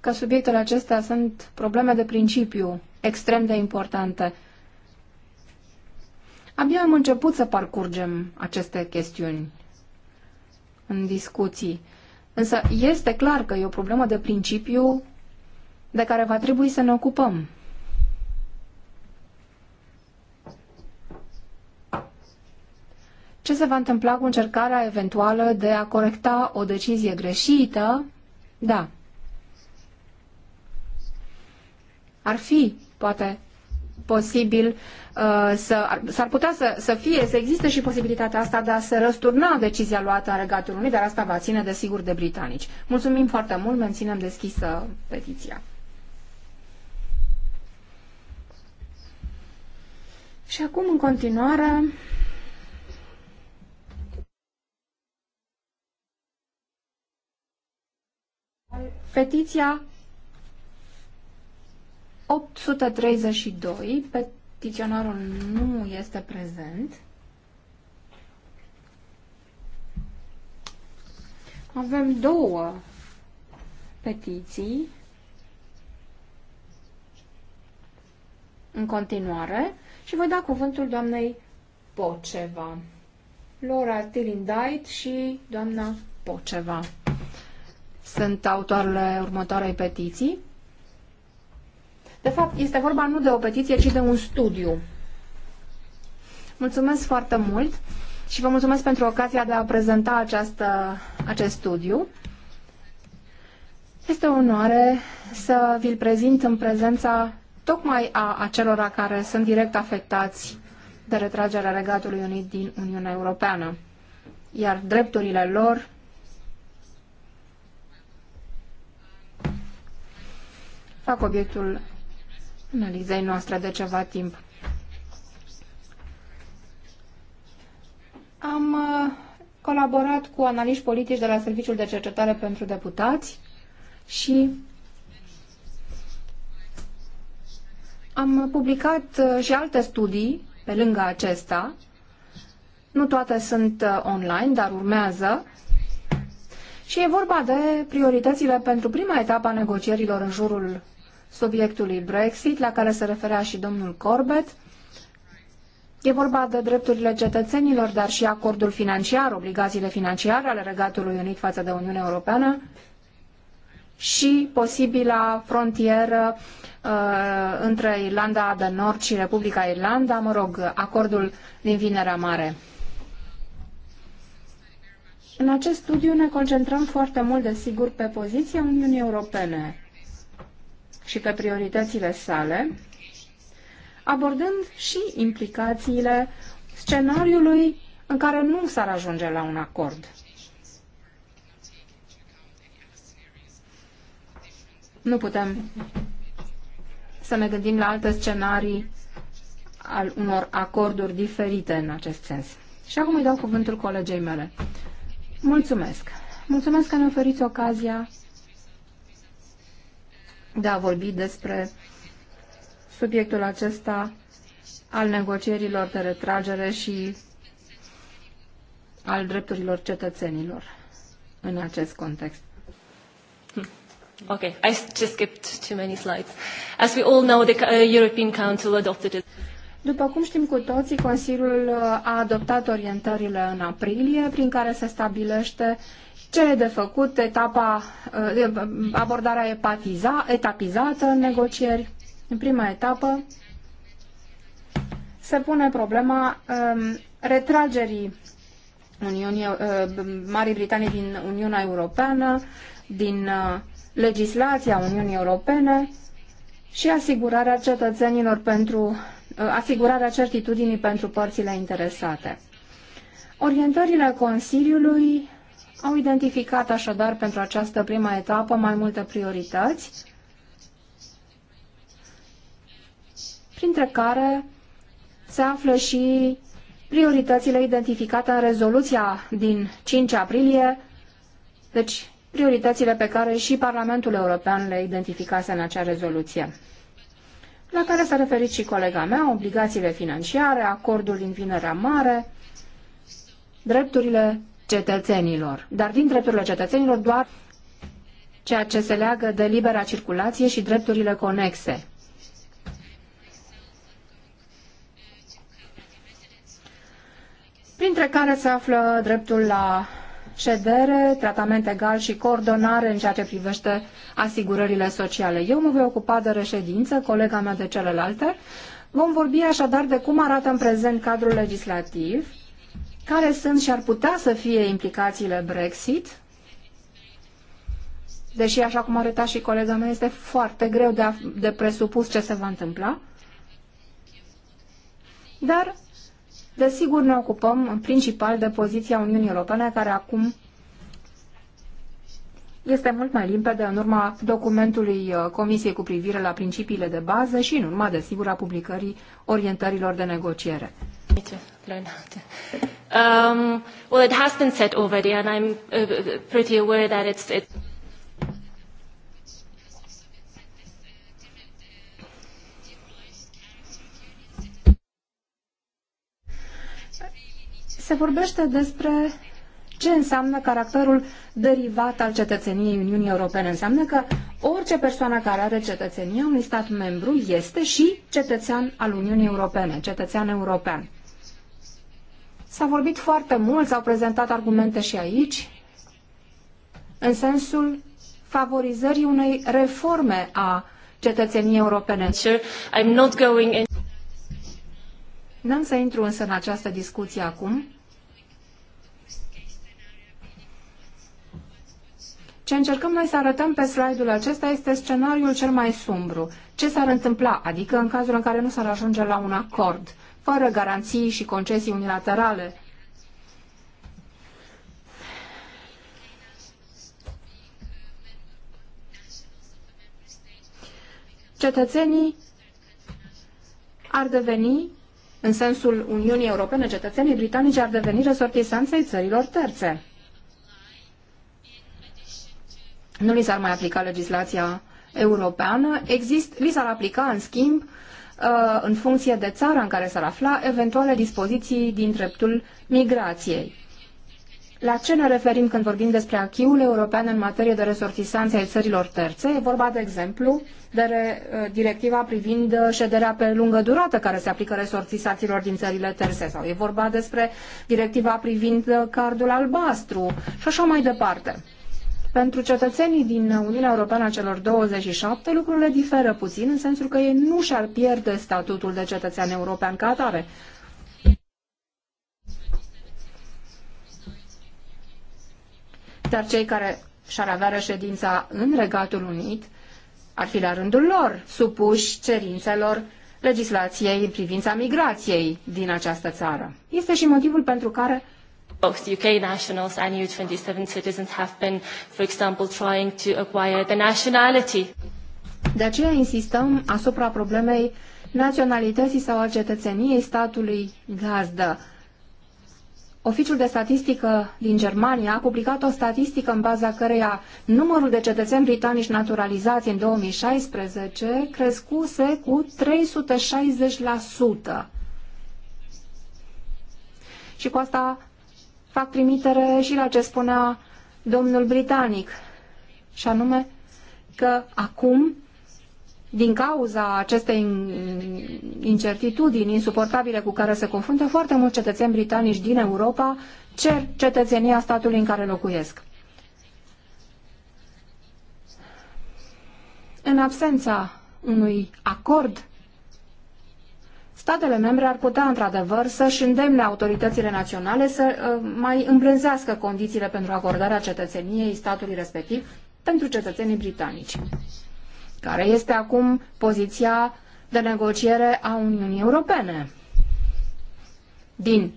că subiectele acestea sunt probleme de principiu extrem de importante. Abia am început să parcurgem aceste chestiuni în discuții, însă este clar că e o problemă de principiu de care va trebui să ne ocupăm. Ce se va întâmpla cu încercarea eventuală de a corecta o decizie greșită? Da, ar fi, poate, posibil uh, să, s-ar putea să, să fie, să existe și posibilitatea asta de a se răsturna decizia luată a Regatului Unit, dar asta va ține de sigur de britanici. Mulțumim foarte mult, menținem deschisă petiția. Și acum, în continuare, petiția 832, petiționarul nu este prezent. Avem două petiții în continuare și voi da cuvântul doamnei Poceva. Laura Tilindait și doamna Poceva sunt autoarele următoarei petiții. De fapt, este vorba nu de o petiție, ci de un studiu. Mulțumesc foarte mult și vă mulțumesc pentru ocazia de a prezenta această, acest studiu. Este o onoare să vi-l prezint în prezența tocmai a acelora care sunt direct afectați de retragerea Regatului Unit din Uniunea Europeană, iar drepturile lor fac obiectul analizei noastre de ceva timp. Am uh, colaborat cu analiști politici de la Serviciul de Cercetare pentru Deputați și am publicat uh, și alte studii pe lângă acesta. Nu toate sunt uh, online, dar urmează. Și e vorba de prioritățile pentru prima etapă a negocierilor în jurul subiectului Brexit, la care se referea și domnul Corbett. E vorba de drepturile cetățenilor, dar și acordul financiar, obligațiile financiare ale Regatului Unit față de Uniunea Europeană și posibila frontieră uh, între Irlanda de Nord și Republica Irlanda, mă rog, acordul din Vinerea Mare. În acest studiu ne concentrăm foarte mult, desigur, pe poziția Uniunii Europene și pe prioritățile sale, abordând și implicațiile scenariului în care nu s-ar ajunge la un acord. Nu putem să ne gândim la alte scenarii al unor acorduri diferite în acest sens. Și acum îi dau cuvântul colegei mele. Mulțumesc! Mulțumesc că ne oferiți ocazia de a vorbi despre subiectul acesta al negocierilor de retragere și al drepturilor cetățenilor în acest context. Hmm. Okay, I just skipped too many slides. As we all know, the uh, European Council adopted it. După cum știm cu toții, Consiliul uh, a adoptat orientările în aprilie, prin care se stabilește ce e de făcut, etapa, uh, abordarea epatiza, etapizată în negocieri. În prima etapă se pune problema um, retragerii Uniunii, uh, Marii Britanii din Uniunea Europeană, din uh, legislația Uniunii Europene și asigurarea cetățenilor pentru uh, asigurarea certitudinii pentru părțile interesate. Orientările Consiliului au identificat așadar pentru această prima etapă mai multe priorități, printre care se află și prioritățile identificate în rezoluția din 5 aprilie, deci prioritățile pe care și Parlamentul European le identificase în acea rezoluție la care s-a referit și colega mea, obligațiile financiare, acordul din Vinerea Mare, drepturile cetățenilor. Dar din drepturile cetățenilor doar ceea ce se leagă de libera circulație și drepturile conexe. Printre care se află dreptul la ședere, tratament egal și coordonare în ceea ce privește asigurările sociale. Eu mă voi ocupa de reședință, colega mea de celelalte. Vom vorbi așadar de cum arată în prezent cadrul legislativ, care sunt și ar putea să fie implicațiile Brexit, deși, așa cum arăta și colega mea, este foarte greu de, a, de presupus ce se va întâmpla. Dar, desigur, ne ocupăm în principal de poziția Uniunii Europene, care acum este mult mai limpede în urma documentului uh, Comisiei cu privire la principiile de bază și în urma, desigur, a publicării orientărilor de negociere. Learn how to. Um, well, it has been said already, and I'm uh, pretty aware that it's. it's Se vorbește despre ce înseamnă caracterul derivat al cetățeniei Uniunii Europene. Înseamnă că orice persoană care are cetățenia unui stat membru este și cetățean al Uniunii Europene, cetățean european. S-a vorbit foarte mult, s-au prezentat argumente și aici, în sensul favorizării unei reforme a cetățeniei europene. I'm not going N-am să intru însă în această discuție acum. Ce încercăm noi să arătăm pe slide-ul acesta este scenariul cel mai sumbru. Ce s-ar întâmpla, adică în cazul în care nu s-ar ajunge la un acord fără garanții și concesii unilaterale. Cetățenii ar deveni, în sensul Uniunii Europene, cetățenii britanici ar deveni resortisanței țărilor terțe. Nu li s-ar mai aplica legislația europeană, exist, li s-ar aplica, în schimb, Uh, în funcție de țara în care s-ar afla, eventuale dispoziții din dreptul migrației. La ce ne referim când vorbim despre achiul european în materie de resortisanțe ai țărilor terțe? E vorba, de exemplu, de uh, directiva privind uh, șederea pe lungă durată care se aplică resortisanților din țările terțe sau e vorba despre directiva privind cardul albastru și așa mai departe. Pentru cetățenii din Uniunea Europeană a celor 27, lucrurile diferă puțin, în sensul că ei nu și-ar pierde statutul de cetățean european ca atare. Dar cei care și-ar avea reședința în Regatul Unit ar fi la rândul lor supuși cerințelor legislației în privința migrației din această țară. Este și motivul pentru care Both UK nationals and EU27 citizens have been, for example, trying to acquire the nationality. De aceea insistăm asupra problemei naționalității sau a cetățeniei statului gazdă. Oficiul de statistică din Germania a publicat o statistică în baza căreia numărul de cetățeni britanici naturalizați în 2016 crescuse cu 360%. Și cu asta fac trimitere și la ce spunea domnul britanic, și anume că acum, din cauza acestei incertitudini insuportabile cu care se confruntă foarte mulți cetățeni britanici din Europa, cer cetățenia statului în care locuiesc. În absența unui acord statele membre ar putea, într-adevăr, să-și îndemne autoritățile naționale să uh, mai îmbrânzească condițiile pentru acordarea cetățeniei statului respectiv pentru cetățenii britanici, care este acum poziția de negociere a Uniunii Europene. Din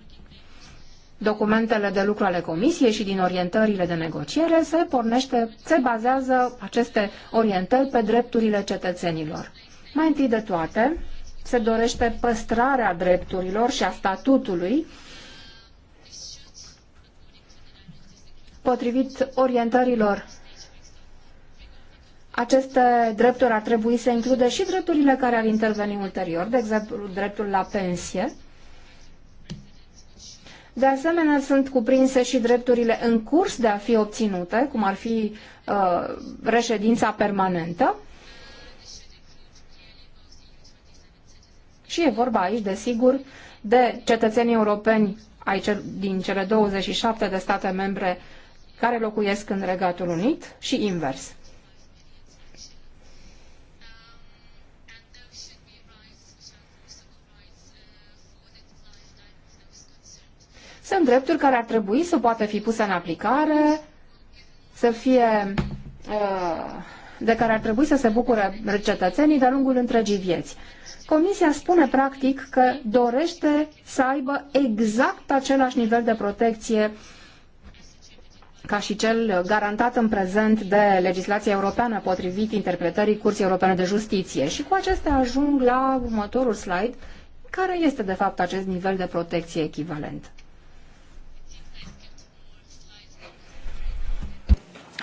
documentele de lucru ale Comisiei și din orientările de negociere se pornește, se bazează aceste orientări pe drepturile cetățenilor. Mai întâi de toate, se dorește păstrarea drepturilor și a statutului potrivit orientărilor aceste drepturi ar trebui să includă și drepturile care ar interveni ulterior, de exemplu dreptul la pensie. De asemenea, sunt cuprinse și drepturile în curs de a fi obținute, cum ar fi uh, reședința permanentă. Și e vorba aici, desigur, de cetățenii europeni ai din cele 27 de state membre care locuiesc în Regatul Unit și invers. Sunt drepturi care ar trebui să poată fi puse în aplicare, să fie uh, de care ar trebui să se bucure cetățenii de-a lungul întregii vieți. Comisia spune practic că dorește să aibă exact același nivel de protecție ca și cel garantat în prezent de legislația europeană potrivit interpretării Curții Europene de Justiție. Și cu acestea ajung la următorul slide, care este de fapt acest nivel de protecție echivalent.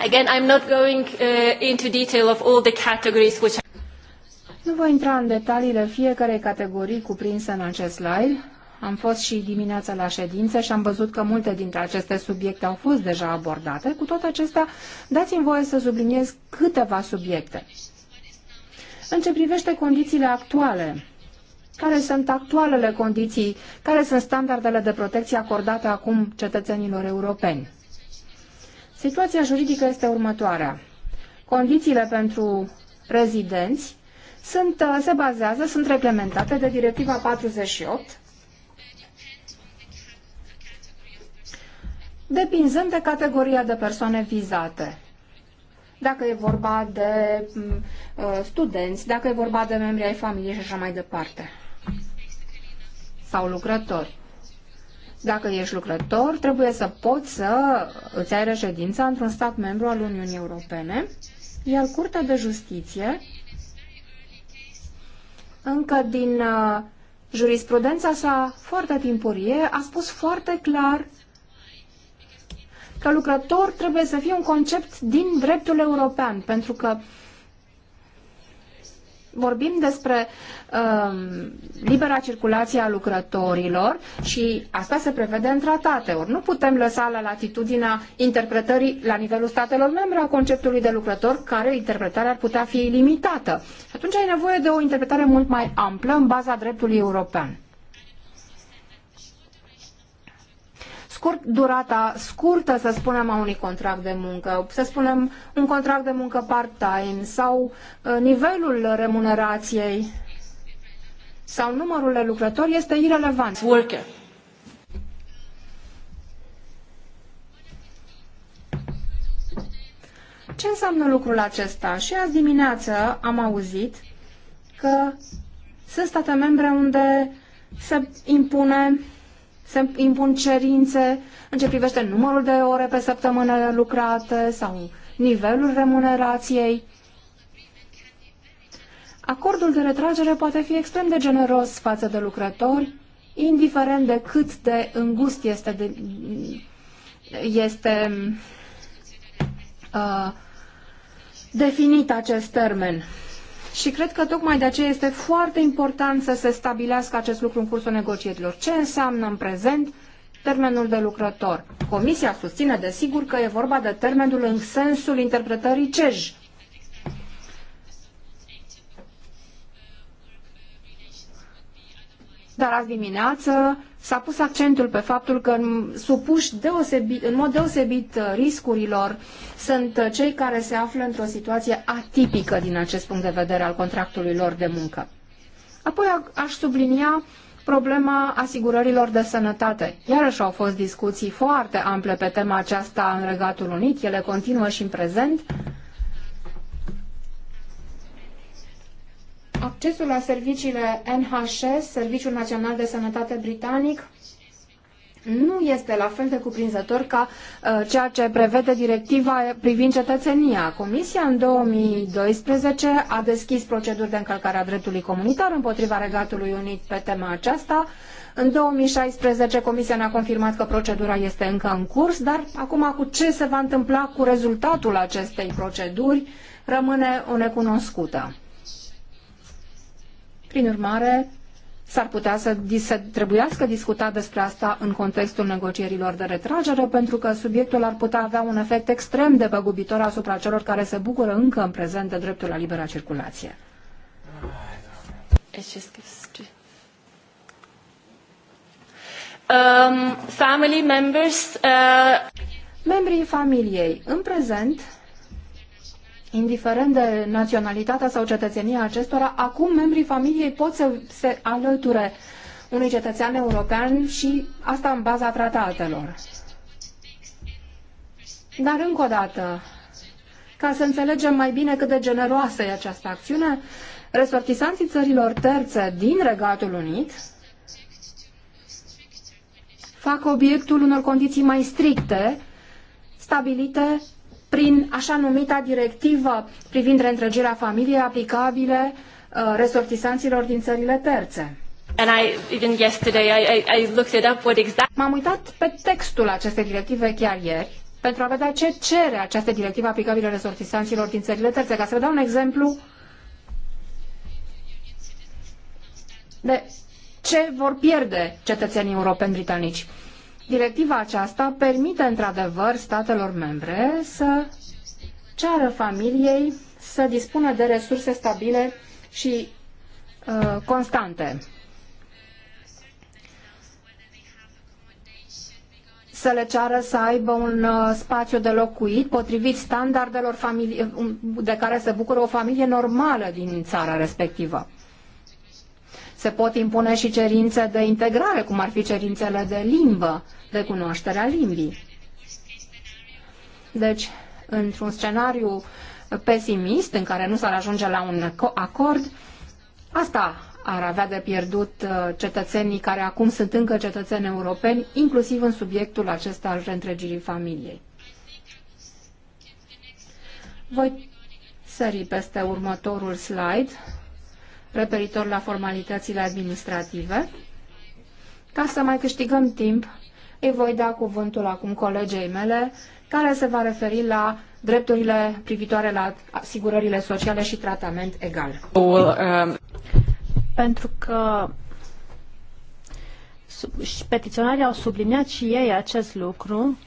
Again, I'm not going uh, into detail of all the categories which nu voi intra în detaliile fiecarei categorii cuprinse în acest slide. Am fost și dimineața la ședințe și am văzut că multe dintre aceste subiecte au fost deja abordate. Cu tot acestea, dați-mi voie să subliniez câteva subiecte. În ce privește condițiile actuale, care sunt actualele condiții, care sunt standardele de protecție acordate acum cetățenilor europeni. Situația juridică este următoarea. Condițiile pentru rezidenți sunt, uh, se bazează, sunt reglementate de Directiva 48, depinzând de categoria de persoane vizate. Dacă e vorba de mm, uh, studenți, dacă e vorba de membri ai familiei și așa mai departe. Sau lucrători. Dacă ești lucrător, trebuie să poți să îți ai reședința într-un stat membru al Uniunii Europene, iar Curtea de Justiție încă din uh, jurisprudența sa foarte timpurie, a spus foarte clar că lucrător trebuie să fie un concept din dreptul european, pentru că vorbim despre um, libera circulație a lucrătorilor și asta se prevede în tratate. Ori nu putem lăsa la latitudinea interpretării la nivelul statelor membre a conceptului de lucrător, care interpretarea ar putea fi limitată. atunci ai nevoie de o interpretare mult mai amplă în baza dreptului european. scurt, durata scurtă, să spunem, a unui contract de muncă, să spunem un contract de muncă part-time sau uh, nivelul remunerației sau numărul de lucrători este irelevant. Worker. Ce înseamnă lucrul acesta? Și azi dimineață am auzit că sunt state membre unde se impune se impun cerințe în ce privește numărul de ore pe săptămână lucrate sau nivelul remunerației. Acordul de retragere poate fi extrem de generos față de lucrători, indiferent de cât de îngust este, de, este uh, definit acest termen. Și cred că tocmai de aceea este foarte important să se stabilească acest lucru în cursul negocierilor. Ce înseamnă în prezent termenul de lucrător? Comisia susține, desigur, că e vorba de termenul în sensul interpretării CEJ. Dar azi dimineață s-a pus accentul pe faptul că supuși deosebit, în mod deosebit uh, riscurilor sunt uh, cei care se află într-o situație atipică din acest punct de vedere al contractului lor de muncă. Apoi aș sublinia problema asigurărilor de sănătate. Iarăși au fost discuții foarte ample pe tema aceasta în Regatul Unit, ele continuă și în prezent Accesul la serviciile NHS, Serviciul Național de Sănătate Britanic, nu este la fel de cuprinzător ca uh, ceea ce prevede directiva privind cetățenia. Comisia în 2012 a deschis proceduri de încălcare a dreptului comunitar împotriva Regatului Unit pe tema aceasta. În 2016 Comisia ne-a confirmat că procedura este încă în curs, dar acum cu ce se va întâmpla cu rezultatul acestei proceduri rămâne o necunoscută. Prin urmare, s-ar putea să, să trebuiască discutat despre asta în contextul negocierilor de retragere, pentru că subiectul ar putea avea un efect extrem de băgubitor asupra celor care se bucură încă în prezent de dreptul la libera circulație. Um, family members, uh... Membrii familiei. În prezent, indiferent de naționalitatea sau cetățenia acestora, acum membrii familiei pot să se alăture unui cetățean european și asta în baza tratatelor. Dar încă o dată, ca să înțelegem mai bine cât de generoasă e această acțiune, resortisanții țărilor terțe din Regatul Unit fac obiectul unor condiții mai stricte stabilite prin așa numita directivă privind reîntregirea familiei aplicabile uh, resortisanților din țările terțe. Exact- M-am uitat pe textul acestei directive chiar ieri pentru a vedea ce cere această directivă aplicabilă resortisanților din țările terțe. Ca să vă dau un exemplu de ce vor pierde cetățenii europeni britanici. Directiva aceasta permite într-adevăr statelor membre să ceară familiei să dispună de resurse stabile și uh, constante. să le ceară să aibă un uh, spațiu de locuit potrivit standardelor um, de care se bucură o familie normală din țara respectivă se pot impune și cerințe de integrare, cum ar fi cerințele de limbă, de cunoașterea limbii. Deci, într-un scenariu pesimist, în care nu s-ar ajunge la un acord, asta ar avea de pierdut uh, cetățenii care acum sunt încă cetățeni europeni, inclusiv în subiectul acesta al reîntregirii familiei. Voi sări peste următorul slide, referitor la formalitățile administrative. Ca să mai câștigăm timp, îi voi da cuvântul acum colegei mele, care se va referi la drepturile privitoare la asigurările sociale și tratament egal. Um, Pentru că și petiționarii au subliniat și ei acest lucru,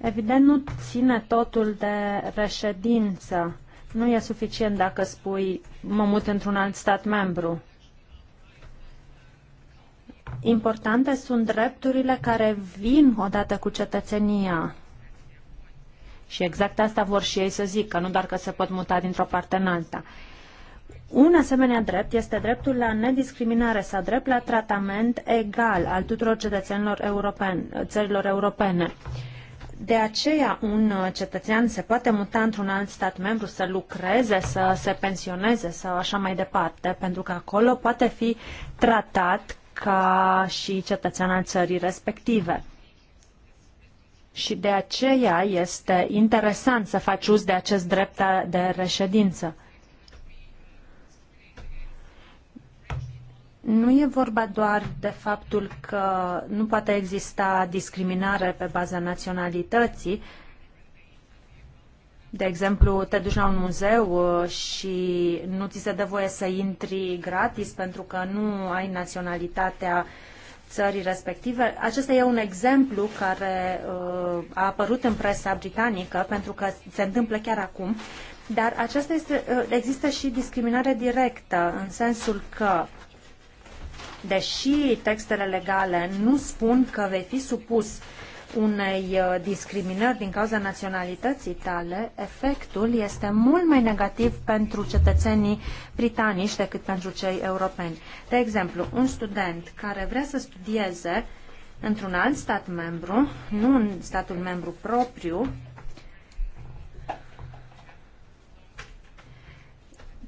evident nu ține totul de reședință. Nu e suficient dacă spui mă mut într-un alt stat membru. Importante sunt drepturile care vin odată cu cetățenia. Și exact asta vor și ei să zică, nu doar că se pot muta dintr-o parte în alta. Un asemenea drept este dreptul la nediscriminare sau drept la tratament egal al tuturor cetățenilor europeni, țărilor europene. De aceea un uh, cetățean se poate muta într-un alt stat membru să lucreze, să se pensioneze sau așa mai departe, pentru că acolo poate fi tratat ca și cetățean al țării respective. Și de aceea este interesant să faci uz de acest drept de reședință. Nu e vorba doar de faptul că nu poate exista discriminare pe baza naționalității. De exemplu, te duci la un muzeu uh, și nu ți se dă voie să intri gratis pentru că nu ai naționalitatea țării respective. Acesta e un exemplu care uh, a apărut în presa britanică pentru că se întâmplă chiar acum. Dar aceasta este, uh, există și discriminare directă în sensul că deși textele legale nu spun că vei fi supus unei uh, discriminări din cauza naționalității tale, efectul este mult mai negativ pentru cetățenii britanici decât pentru cei europeni. De exemplu, un student care vrea să studieze într-un alt stat membru, nu în statul membru propriu,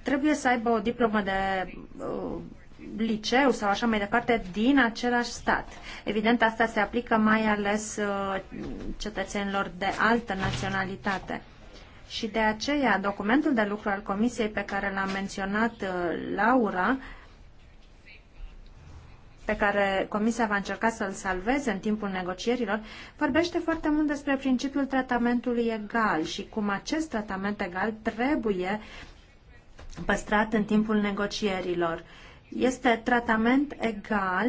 trebuie să aibă o diplomă de uh, liceu sau așa mai departe din același stat. Evident, asta se aplică mai ales uh, cetățenilor de altă naționalitate. Și de aceea, documentul de lucru al comisiei pe care l-a menționat uh, Laura, pe care Comisia va încerca să-l salveze în timpul negocierilor, vorbește foarte mult despre principiul tratamentului egal și cum acest tratament egal trebuie păstrat în timpul negocierilor. Este tratament egal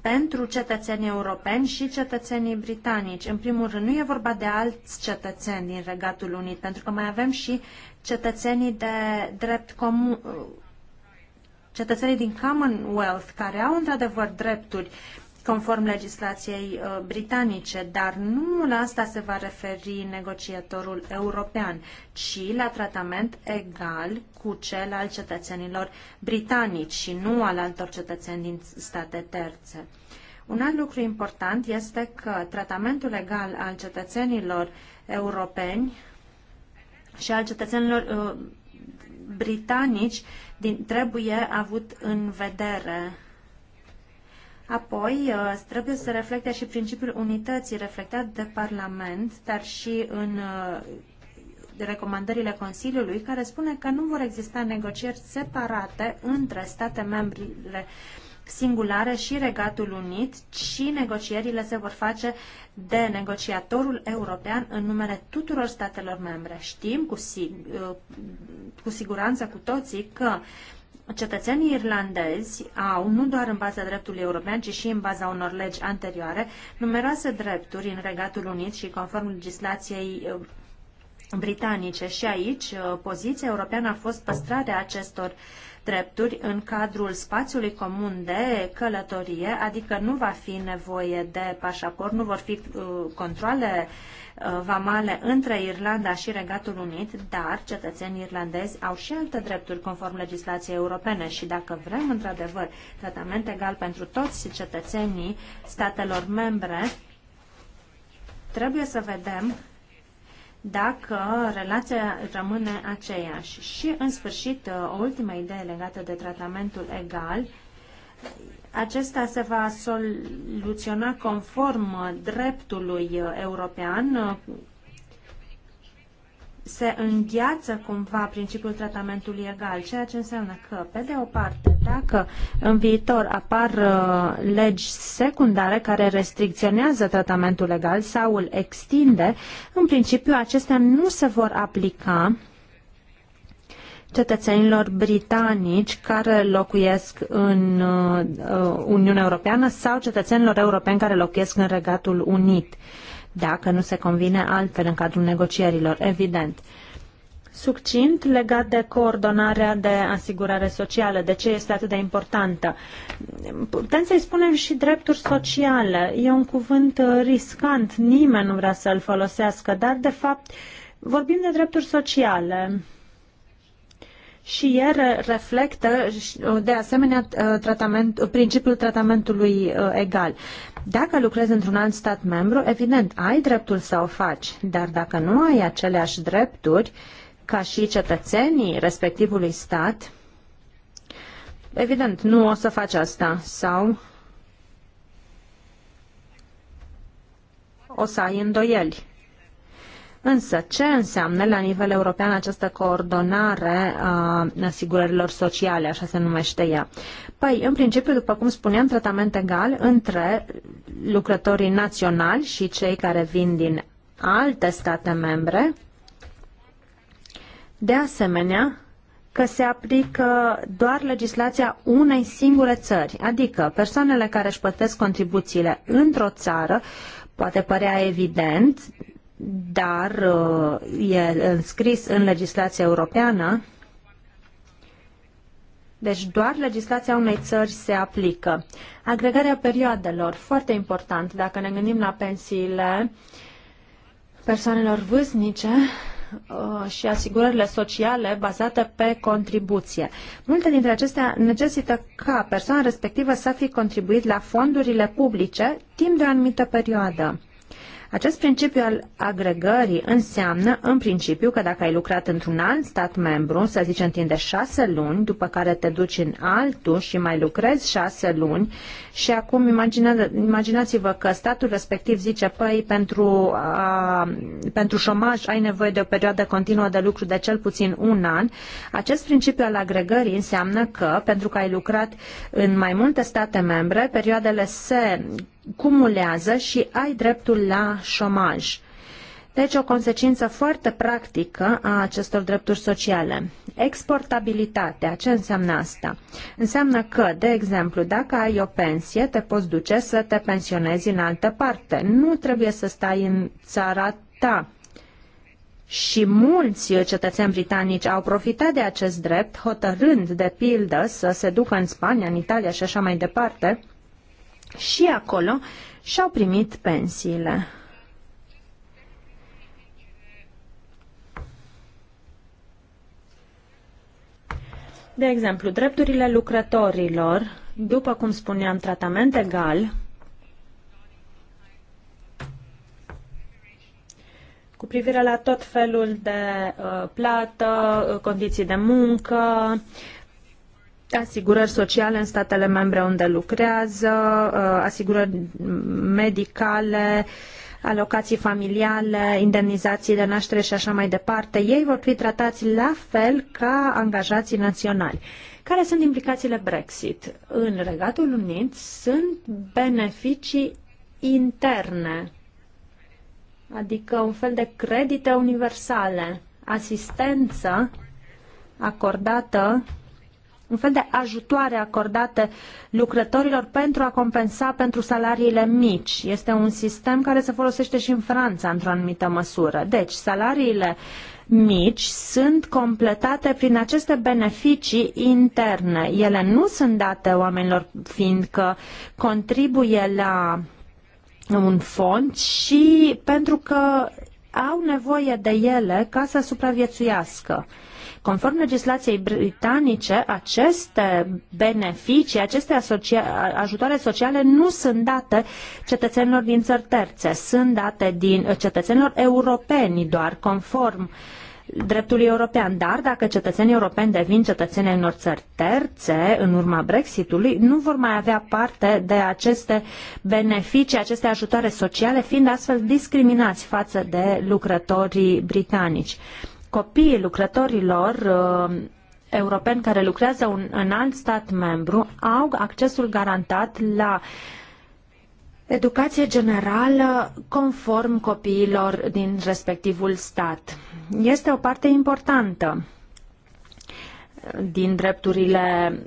pentru cetățenii europeni și cetățenii britanici. În primul rând, nu e vorba de alți cetățeni din Regatul Unit, pentru că mai avem și cetățenii de drept comun, cetățenii din Commonwealth, care au într-adevăr drepturi conform legislației uh, britanice, dar nu la asta se va referi negociatorul european, ci la tratament egal cu cel al cetățenilor britanici și nu al altor cetățeni din state terțe. Un alt lucru important este că tratamentul egal al cetățenilor europeni și al cetățenilor uh, britanici din, trebuie avut în vedere Apoi, uh, trebuie să reflecte și principiul unității reflectat de Parlament, dar și în uh, recomandările Consiliului, care spune că nu vor exista negocieri separate între state membre singulare și Regatul Unit, ci negocierile se vor face de negociatorul european în numele tuturor statelor membre. Știm cu, sig- uh, cu siguranță cu toții că uh, cetățenii irlandezi au, nu doar în baza dreptului european, ci și în baza unor legi anterioare, numeroase drepturi în Regatul Unit și conform legislației uh, britanice. Și aici uh, poziția europeană a fost păstrarea acestor drepturi în cadrul spațiului comun de călătorie, adică nu va fi nevoie de pașaport, nu vor fi uh, controle uh, Uh, vamale între Irlanda și Regatul Unit, dar cetățenii irlandezi au și alte drepturi conform legislației europene și dacă vrem într-adevăr tratament egal pentru toți cetățenii statelor membre, trebuie să vedem dacă relația rămâne aceeași. Și, în sfârșit, uh, o ultimă idee legată de tratamentul egal acesta se va soluționa conform dreptului european. Se îngheață cumva principiul tratamentului egal, ceea ce înseamnă că, pe de o parte, dacă în viitor apar uh, legi secundare care restricționează tratamentul legal sau îl extinde, în principiu acestea nu se vor aplica cetățenilor britanici care locuiesc în uh, Uniunea Europeană sau cetățenilor europeni care locuiesc în Regatul Unit, dacă nu se convine altfel în cadrul negocierilor, evident. Succint legat de coordonarea de asigurare socială, de ce este atât de importantă. Putem să-i spunem și drepturi sociale. E un cuvânt uh, riscant, nimeni nu vrea să-l folosească, dar de fapt vorbim de drepturi sociale și el reflectă uh, de asemenea uh, tratament, principiul tratamentului uh, egal. Dacă lucrezi într-un alt stat membru, evident, ai dreptul să o faci, dar dacă nu ai aceleași drepturi ca și cetățenii respectivului stat, evident, nu o să faci asta sau o să ai îndoieli. Însă, ce înseamnă la nivel european această coordonare a asigurărilor sociale, așa se numește ea? Păi, în principiu, după cum spuneam, tratament egal între lucrătorii naționali și cei care vin din alte state membre. De asemenea, că se aplică doar legislația unei singure țări, adică persoanele care își plătesc contribuțiile într-o țară, poate părea evident, dar uh, e înscris în legislația europeană, deci doar legislația unei țări se aplică. Agregarea perioadelor, foarte important, dacă ne gândim la pensiile persoanelor vâznice, uh, și asigurările sociale bazate pe contribuție. Multe dintre acestea necesită ca persoana respectivă să fi contribuit la fondurile publice timp de o anumită perioadă. Acest principiu al agregării înseamnă, în principiu, că dacă ai lucrat într-un alt stat membru, să zicem timp de șase luni, după care te duci în altul și mai lucrezi șase luni și acum imagine, imaginați-vă că statul respectiv zice, păi pentru, a, pentru șomaj ai nevoie de o perioadă continuă de lucru de cel puțin un an. Acest principiu al agregării înseamnă că, pentru că ai lucrat în mai multe state membre, perioadele se cumulează și ai dreptul la șomaj. Deci o consecință foarte practică a acestor drepturi sociale. Exportabilitatea, ce înseamnă asta? Înseamnă că, de exemplu, dacă ai o pensie, te poți duce să te pensionezi în altă parte. Nu trebuie să stai în țara ta. Și mulți cetățeni britanici au profitat de acest drept, hotărând, de pildă, să se ducă în Spania, în Italia și așa mai departe, și acolo și-au primit pensiile. De exemplu, drepturile lucrătorilor, după cum spuneam, tratament egal, cu privire la tot felul de uh, plată, uh, condiții de muncă, asigurări sociale în statele membre unde lucrează, uh, asigurări medicale, alocații familiale, indemnizații de naștere și așa mai departe, ei vor fi tratați la fel ca angajații naționali. Care sunt implicațiile Brexit? În Regatul Unit sunt beneficii interne, adică un fel de credite universale, asistență acordată un fel de ajutoare acordate lucrătorilor pentru a compensa pentru salariile mici. Este un sistem care se folosește și în Franța într-o anumită măsură. Deci, salariile mici sunt completate prin aceste beneficii interne. Ele nu sunt date oamenilor fiindcă contribuie la un fond și pentru că au nevoie de ele ca să supraviețuiască. Conform legislației britanice, aceste beneficii, aceste asocia- ajutoare sociale nu sunt date cetățenilor din țări terțe, sunt date din cetățenilor europeni doar conform dreptului european, dar dacă cetățenii europeni devin cetățeni ai unor țări terțe în urma Brexitului, nu vor mai avea parte de aceste beneficii, aceste ajutoare sociale, fiind astfel discriminați față de lucrătorii britanici copiii lucrătorilor uh, europeni care lucrează un, în alt stat membru au accesul garantat la educație generală conform copiilor din respectivul stat. Este o parte importantă din drepturile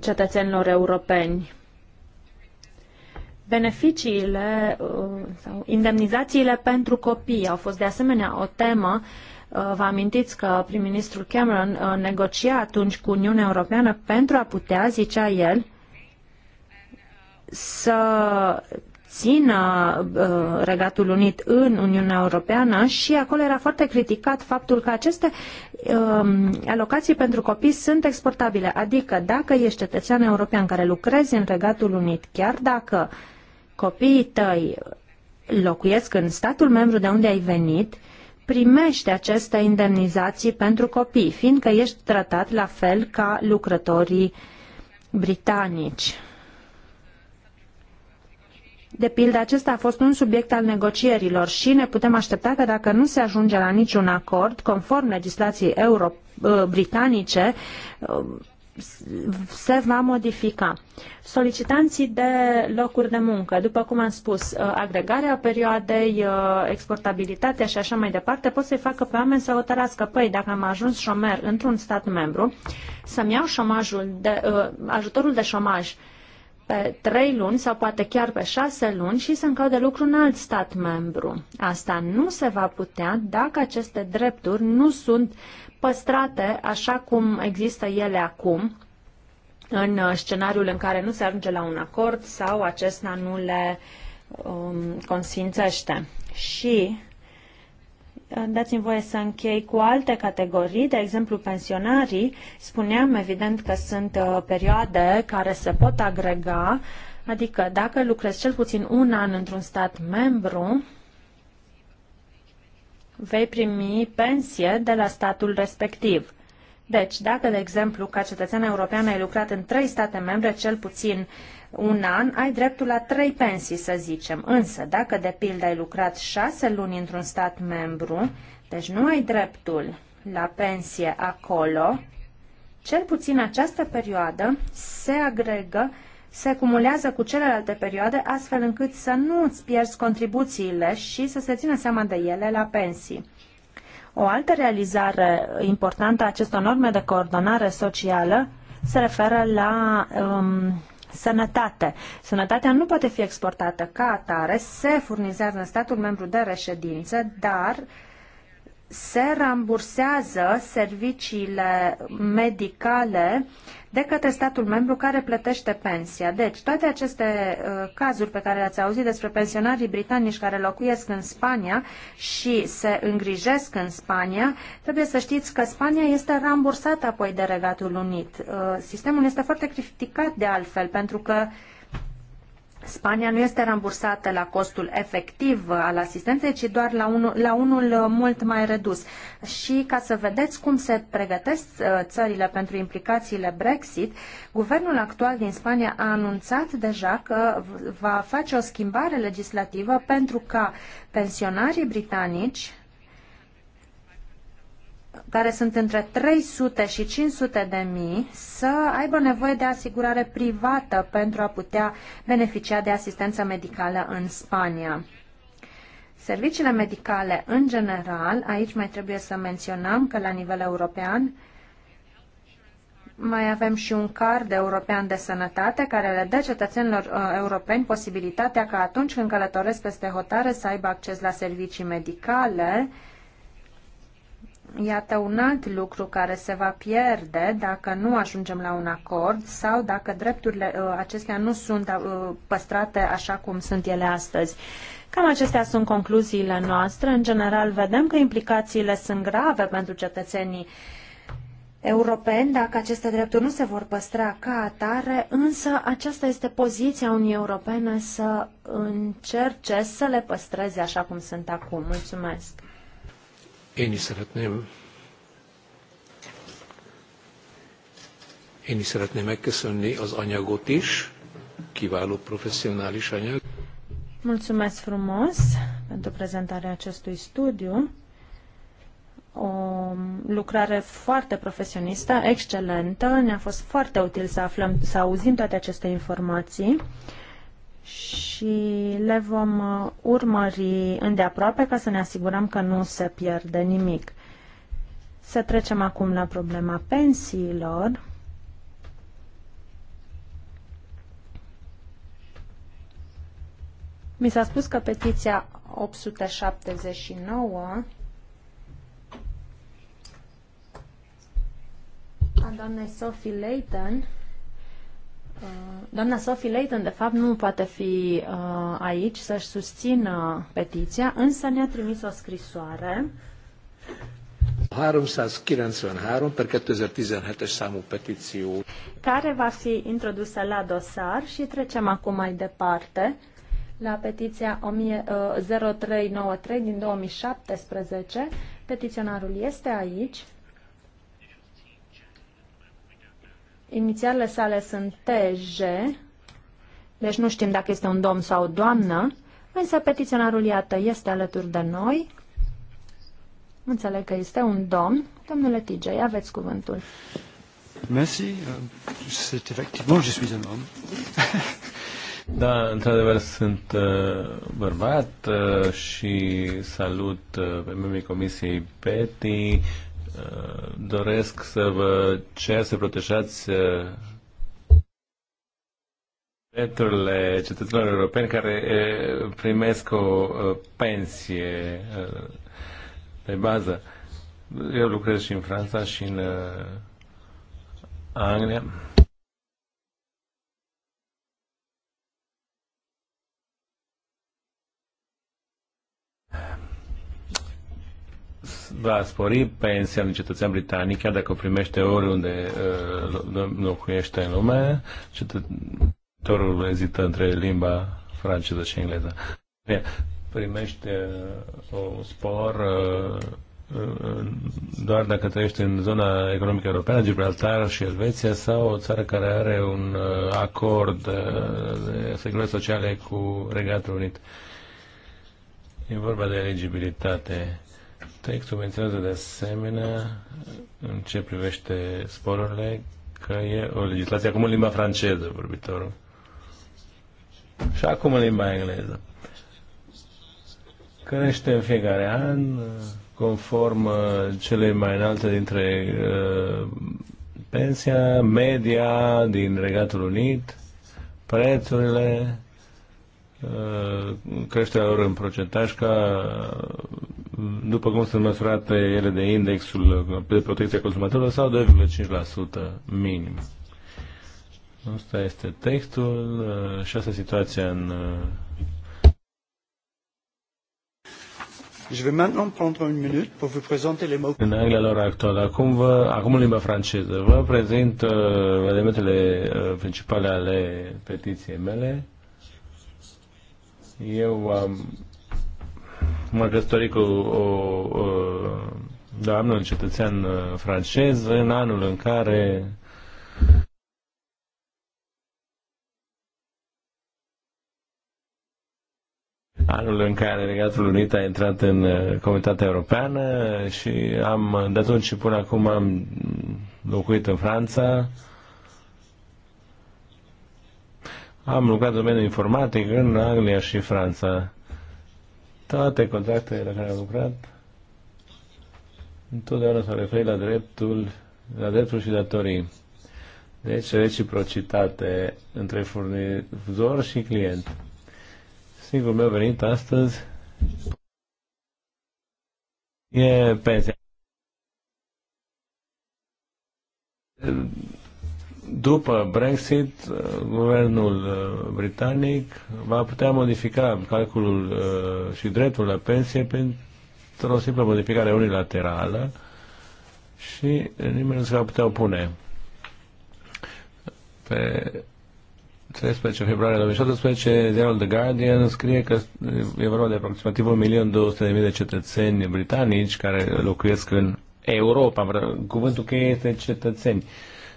cetățenilor europeni. Beneficiile uh, sau indemnizațiile pentru copii au fost de asemenea o temă uh, Vă amintiți că prim-ministrul Cameron uh, negocia atunci cu Uniunea Europeană pentru a putea, zicea el, să țină uh, Regatul Unit în Uniunea Europeană și acolo era foarte criticat faptul că aceste um, alocații pentru copii sunt exportabile. Adică dacă ești cetățean european care lucrezi în Regatul Unit, chiar dacă copiii tăi locuiesc în statul membru de unde ai venit, primește aceste indemnizații pentru copii, fiindcă ești tratat la fel ca lucrătorii britanici. De pildă, acesta a fost un subiect al negocierilor și ne putem aștepta că dacă nu se ajunge la niciun acord, conform legislației euro britanice, se va modifica. Solicitanții de locuri de muncă, după cum am spus, uh, agregarea perioadei, uh, exportabilitatea și așa mai departe, pot să-i facă pe oameni să hotărască, păi, dacă am ajuns șomer într-un stat membru, să-mi iau șomajul de, uh, ajutorul de șomaj pe trei luni sau poate chiar pe șase luni și să-mi caut de lucru în alt stat membru. Asta nu se va putea dacă aceste drepturi nu sunt păstrate așa cum există ele acum, în scenariul în care nu se ajunge la un acord sau acesta nu le um, consfințește. Și uh, dați-mi voie să închei cu alte categorii, de exemplu pensionarii. Spuneam evident că sunt uh, perioade care se pot agrega, adică dacă lucrezi cel puțin un an într-un stat membru, vei primi pensie de la statul respectiv. Deci, dacă, de exemplu, ca cetățean european ai lucrat în trei state membre, cel puțin un an, ai dreptul la trei pensii, să zicem. Însă, dacă, de pildă, ai lucrat șase luni într-un stat membru, deci nu ai dreptul la pensie acolo, cel puțin această perioadă se agregă se cumulează cu celelalte perioade, astfel încât să nu îți pierzi contribuțiile și să se țină seama de ele la pensii. O altă realizare importantă a acestor norme de coordonare socială se referă la um, sănătate. Sănătatea nu poate fi exportată ca atare, se furnizează în statul membru de reședință, dar se rambursează serviciile medicale uh, de către statul membru care plătește pensia. Deci, toate aceste uh, cazuri pe care le-ați auzit despre pensionarii britanici care locuiesc în Spania și se îngrijesc în Spania, trebuie să știți că Spania este rambursată apoi de Regatul Unit. Uh, sistemul este foarte criticat de altfel, pentru că uh, Spania nu este rambursată la costul efectiv al asistenței, ci doar la, la unul mult mai redus. Și ca să vedeți cum se pregătesc uh, țările pentru implicațiile Brexit, guvernul actual din Spania a anunțat deja că va face o schimbare legislativă pentru ca pensionarii britanici care sunt între 300 și 500 de mii să aibă nevoie de asigurare privată pentru a putea beneficia de asistență medicală în Spania. Serviciile medicale, în general, aici mai trebuie să menționăm că la nivel european mai avem și un card european de sănătate care le dă cetățenilor uh, europeni posibilitatea ca atunci când călătoresc peste hotare să aibă acces la servicii medicale, uh, Iată un alt lucru care se va pierde dacă nu ajungem la un acord sau dacă drepturile uh, acestea nu sunt uh, păstrate așa cum sunt ele astăzi. Cam acestea sunt concluziile noastre. În general, vedem că implicațiile sunt grave pentru cetățenii europeni dacă aceste drepturi nu se vor păstra ca atare, însă aceasta este poziția Unii Europene să încerce să le păstreze așa cum sunt acum. Mulțumesc! Én is szeretném Én is szeretném megköszönni az anyagot is. Kiváló professzionális anyag. Mulțumesc frumos pentru prezentarea acestui studiu. O lucrare foarte profesionistă, excelentă. Ne-a fost foarte util să aflăm, să auzim toate aceste informații și le vom uh, urmări îndeaproape ca să ne asigurăm că nu se pierde nimic. Să trecem acum la problema pensiilor. Mi s-a spus că petiția 879 a doamnei Sophie Layton Uh, doamna Sophie Layton, de fapt, nu poate fi uh, aici să-și susțină petiția, însă ne-a trimis o scrisoare. 393 per 2017 számú petíció. Care va fi introdusă la dosar și trecem acum mai departe la petiția 0393 uh, din 2017. Petiționarul este aici. Inițialele sale sunt TJ, deci nu știm dacă este un domn sau o doamnă, însă petiționarul, iată, este alături de noi. Înțeleg că este un domn. Domnule TJ, aveți cuvântul. Merci. C'est effectivement, je suis un homme. *laughs* Da, într-adevăr sunt uh, bărbat uh, și salut uh, pe membrii Comisiei PETI doresc să vă cer să protejați uh, drepturile cetățenilor europeni care uh, primesc o uh, pensie pe bază. Eu lucrez și în Franța și în Anglia. va spori pensia unui cetățean britanic, chiar dacă o primește oriunde uh, locuiește în lume, cetătorul ezită între limba franceză și engleză. Bine, primește uh, un spor uh, doar dacă trăiești în zona economică europeană, Gibraltar și Elveția sau o țară care are un uh, acord uh, de securitate sociale cu Regatul Unit. E vorba de eligibilitate. Textul menționează de asemenea, în ce privește sporurile, că e o legislație acum în limba franceză, vorbitorul. Și acum în limba engleză. Crește în fiecare an, conform uh, cele mai înalte dintre uh, pensia, media din Regatul Unit, prețurile, uh, creșterea lor în procentaj ca după cum sunt măsurate ele de indexul de protecție a consumatorilor sau 2,5% minim. Asta este textul uh, și asta situația în uh, Je vais maintenant prendre une minute pour vous présenter les mots. În angla lor actuală, acum, vă, acum în limba franceză, vă prezint uh, elementele uh, principale ale petiției mele. Eu am mă căsătorit cu o, o doamnă, un cetățean uh, francez, în anul în care anul în care Regatul Unit a intrat în uh, Comunitatea Europeană și am, uh, de atunci și până acum am locuit în Franța. Am lucrat în domeniul informatic în Anglia și Franța. Toate contractele la care am lucrat întotdeauna s-au referit la dreptul, la dreptul și datorii. Deci reciprocitate între furnizor și client. Singurul meu venit astăzi e pensia după Brexit, uh, guvernul uh, britanic va putea modifica calculul uh, și dreptul la pensie pentru o simplă modificare unilaterală și nimeni nu se va putea opune. Pe 13 februarie 2018, ziarul The Guardian scrie că e vorba de aproximativ 1.200.000 de cetățeni britanici care locuiesc în Europa. Cuvântul că este cetățeni. Uh,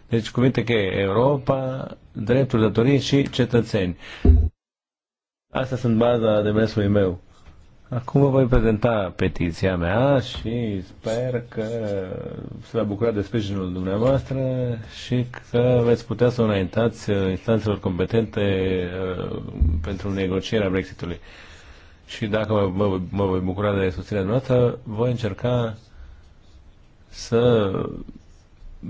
deci cuvinte că Europa, drepturi, datorii și cetățeni. Asta sunt baza demersului meu. Acum vă voi prezenta petiția mea și sper că se va bucura de sprijinul dumneavoastră și că veți putea să înaintați instanțelor competente uh, pentru negocierea Brexitului. Și dacă mă, mă, mă voi bucura de susținerea noastră, voi încerca să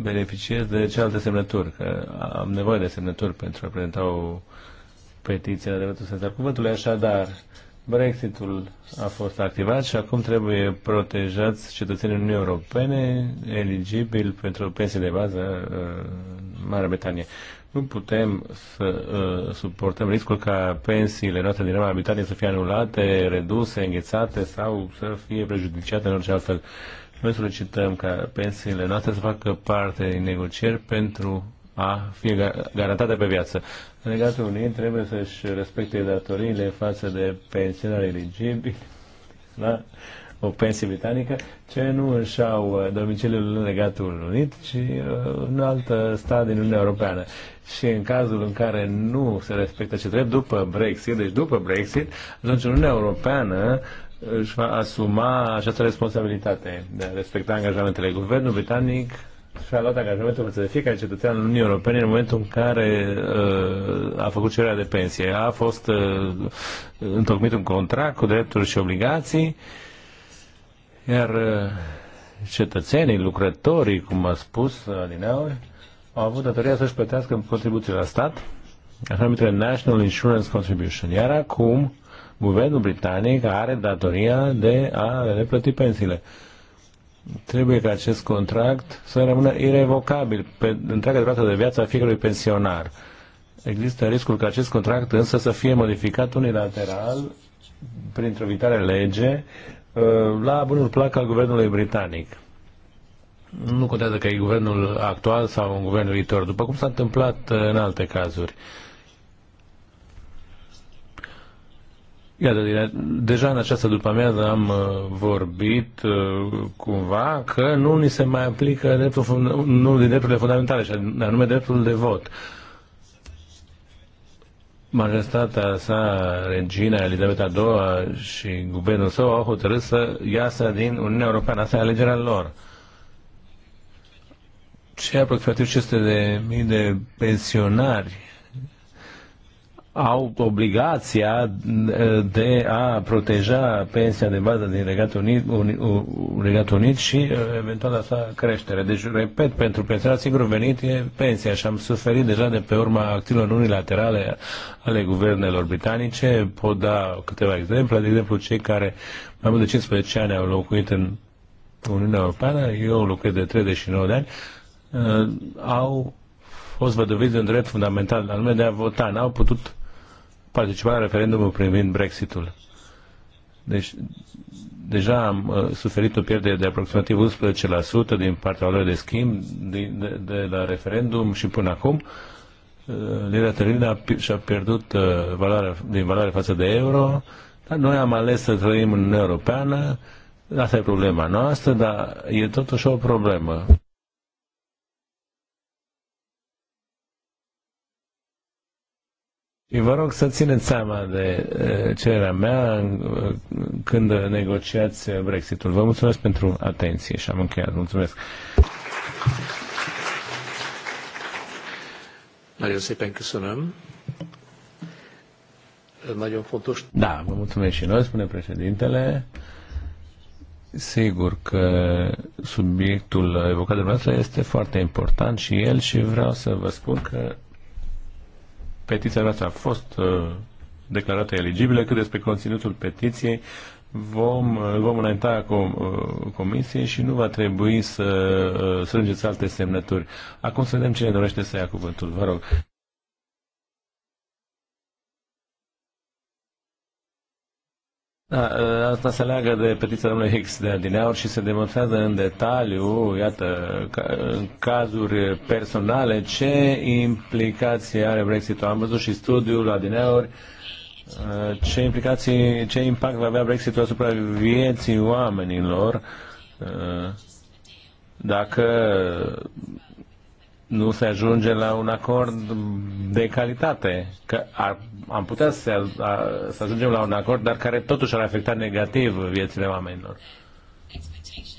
beneficiez de cealaltă semnături, că am nevoie de semnături pentru a prezenta o petiție la dreptul sens al cuvântului. Așadar, Brexitul a fost activat și acum trebuie protejați cetățenii Uniunii Europene eligibili pentru pensii de bază uh, în Marea Britanie. Nu putem să uh, suportăm riscul ca pensiile noastre din Marea Britanie să fie anulate, reduse, înghețate sau să fie prejudiciate în orice altfel. Uh, noi solicităm ca pensiile noastre să facă parte din negocieri pentru a fi garantate pe viață. Legatul Unii trebuie să-și respecte datoriile față de pensionari eligibili la o pensie britanică, ce nu își au domiciliul în Legatul Unit, ci uh, în altă stat din Uniunea Europeană. Și în cazul în care nu se respectă ce drept după Brexit, deci după Brexit, atunci Uniunea Europeană uh, își va asuma această responsabilitate de a respecta angajamentele. Guvernul britanic și-a luat angajamentul față de fiecare cetățean al Uniunii Europene în momentul în care uh, a făcut cererea de pensie. A fost uh, întocmit un contract cu drepturi și obligații, iar uh, cetățenii, lucrătorii, cum a spus uh, Adinaue, au avut datoria să-și plătească contribuțiile la stat, așa numitele National Insurance Contribution. Iar acum, guvernul britanic are datoria de a le plăti pensiile. Trebuie ca acest contract să rămână irrevocabil pe întreaga durată de viață a fiecărui pensionar. Există riscul ca acest contract însă să fie modificat unilateral printr-o viitoare lege uh, la bunul plac al guvernului britanic. Nu contează că e guvernul actual sau un guvern viitor, după cum s-a întâmplat uh, în alte cazuri. Iată, deja în această după-amiază am uh, vorbit uh, cumva că nu ni se mai aplică dreptul, nu din drepturile fundamentale, și anume dreptul de vot. Majestatea sa, regina Elizabeta II și guvernul său au hotărât să iasă din Uniunea Europeană. Asta e alegerea lor. Ce aproximativ 500 de mii de pensionari au obligația de a proteja pensia de bază din Regatul Unit, Regatul Unit și eventuala sa creștere. Deci, repet, pentru pensionat singurul venit e pensia și am suferit deja de pe urma acțiunilor unilaterale ale guvernelor britanice. Pot da câteva exemple. De exemplu, cei care mai mult de 15 ani au locuit în Uniunea Europeană, eu locuiesc de 39 de ani, au fost văduviți un drept fundamental, anume de a vota. N-au putut Participarea la referendumul privind Brexitul. Deci, deja am uh, suferit o pierdere de aproximativ 11% din partea lor de schimb din, de, de la referendum și până acum. Uh, lira sterlină și-a pierdut uh, valoarea, din valoare față de euro, dar noi am ales să trăim în Europeană, asta e problema noastră, dar e totuși o problemă. Și vă rog să țineți seama de cererea mea când negociați Brexitul. Vă mulțumesc pentru atenție și am încheiat. Mulțumesc. Nagyon szépen köszönöm. Nagyon fontos. Da, vă mulțumesc și noi, spune președintele. Sigur că subiectul evocat de dumneavoastră este foarte important și el și vreau să vă spun că petiția noastră a fost uh, declarată eligibilă, cât despre conținutul petiției vom, uh, îl vom înainta com, uh, comisie și nu va trebui să uh, strângeți alte semnături. Acum să vedem cine dorește să ia cuvântul. Vă rog. Da, ă, asta se leagă de petiția domnului Hicks de Adineaur și se demonstrează în detaliu, iată, în cazuri personale, ce implicații are Brexit-ul. Am văzut și studiul Adineaur, ă, ce implicații, ce impact va avea Brexit-ul asupra vieții oamenilor ă, dacă nu se ajunge la un acord de calitate. Că ar, am putea să, a, să ajungem la un acord, dar care totuși ar afecta negativ viețile oamenilor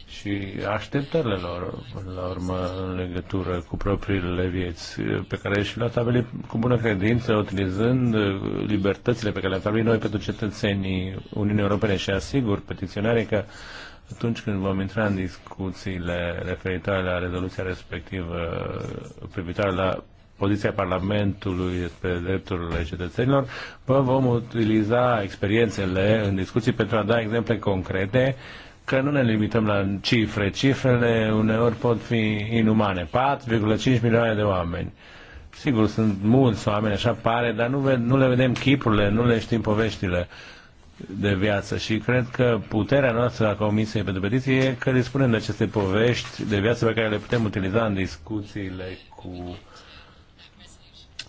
și așteptările lor, până la urmă, în legătură cu propriile vieți, pe care și le-au stabilit cu bună credință, utilizând libertățile pe care le-am stabilit noi pentru cetățenii Uniunii Europene și asigur petiționare că uh, atunci când vom intra în discuțiile referitoare la rezoluția respectivă privitoare la poziția Parlamentului despre drepturile cetățenilor, vă vom utiliza experiențele în discuții pentru a da exemple concrete că nu ne limităm la cifre. Cifrele uneori pot fi inumane. 4,5 milioane de oameni. Sigur, sunt mulți oameni, așa pare, dar nu, ved, nu le vedem chipurile, nu le știm poveștile. Uh, de viață și cred că puterea noastră a Comisiei pentru Petiție e că dispunem de aceste povești de viață pe care le putem utiliza în discuțiile cu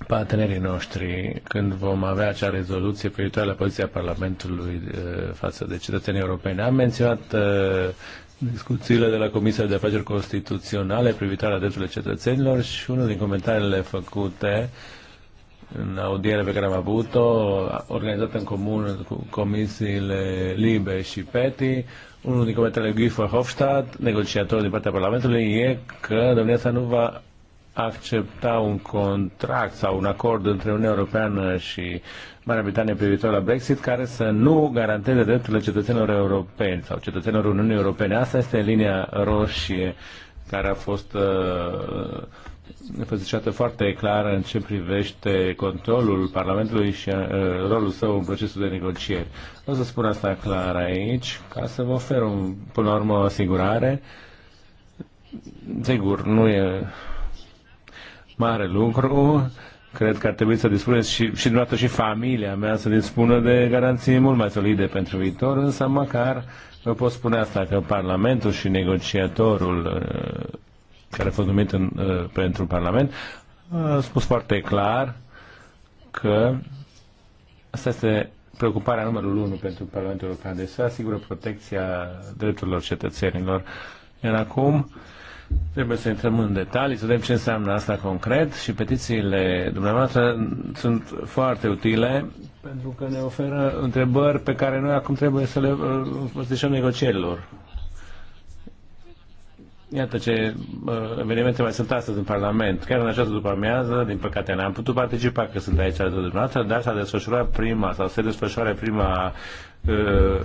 partenerii noștri când vom avea acea rezoluție pe la poziția Parlamentului eh, față de cetățenii europeni. Am menționat eh, discuțiile de la Comisia de Afaceri Constituționale privitoare la drepturile cetățenilor și unul din comentariile făcute uh, în audierea pe care am avut-o, organizată în comun cu comisiile Libe și PETI, unul din comentariile Guy Verhofstadt, negociator din partea Parlamentului, e că domnia sa nu va accepta un contract sau un acord între Uniunea Europeană și Marea Britanie viitor la Brexit care să nu garanteze drepturile cetățenilor europeni sau cetățenilor Uniunii Europene. Asta este linia roșie care a fost uh, înfățișată foarte clară în ce privește controlul Parlamentului și uh, rolul său în procesul de negocieri. O să spun asta clar aici, ca să vă ofer un, până la urmă o asigurare. Sigur, nu e mare lucru. Cred că ar trebui să dispuneți și, și dumneavoastră și familia mea să dispună de garanții mult mai solide pentru viitor, însă măcar vă pot spune asta, că Parlamentul și negociatorul uh, care a fost numit în, uh, pentru Parlament, a spus foarte clar că asta este preocuparea numărul 1 pentru Parlamentul European, de deci să asigură protecția drepturilor cetățenilor. Iar acum trebuie să intrăm în detalii, să vedem ce înseamnă asta concret și petițiile dumneavoastră sunt foarte utile pentru că ne oferă întrebări pe care noi acum trebuie să le uh, negocierilor Iată ce uh, evenimente mai sunt astăzi în Parlament. Chiar în această după amiază, din păcate, n-am putut participa, că sunt aici alături de dumneavoastră, dar s-a desfășurat prima, sau se desfășoară prima uh,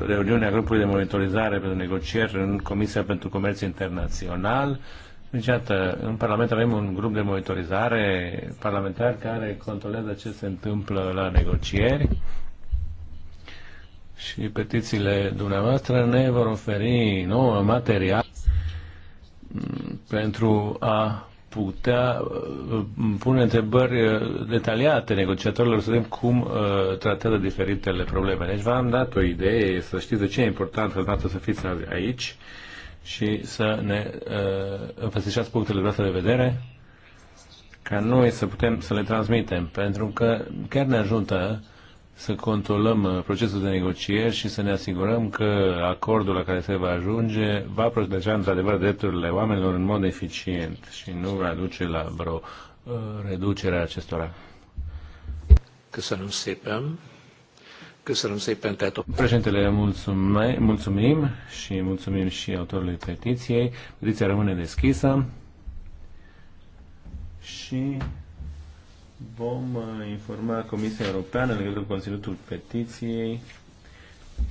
reuniune a grupului de monitorizare pentru negocieri în Comisia pentru Comerț Internațional. Deci, iată, în Parlament avem un grup de monitorizare parlamentar care controlează ce se întâmplă la negocieri și petițiile dumneavoastră ne vor oferi nouă material pentru a putea uh, pune întrebări uh, detaliate negociatorilor să vedem cum uh, tratează diferitele probleme. Deci v-am dat o idee să știți de ce e important să să fiți aici și să ne înfățișați punctele noastre de vedere ca noi să putem să le transmitem, pentru că chiar ne ajută să controlăm uh, procesul de negocieri și să ne asigurăm că acordul la care se va ajunge va proteja într-adevăr drepturile oamenilor în mod eficient și nu va duce la vreo uh, reducerea acestora. să nu se szépen. tot. Președintele, mulțumim, mulțumim și mulțumim și autorului petiției. Petiția rămâne deschisă și Vom uh, informa Comisia Europeană în legătură cu conținutul petiției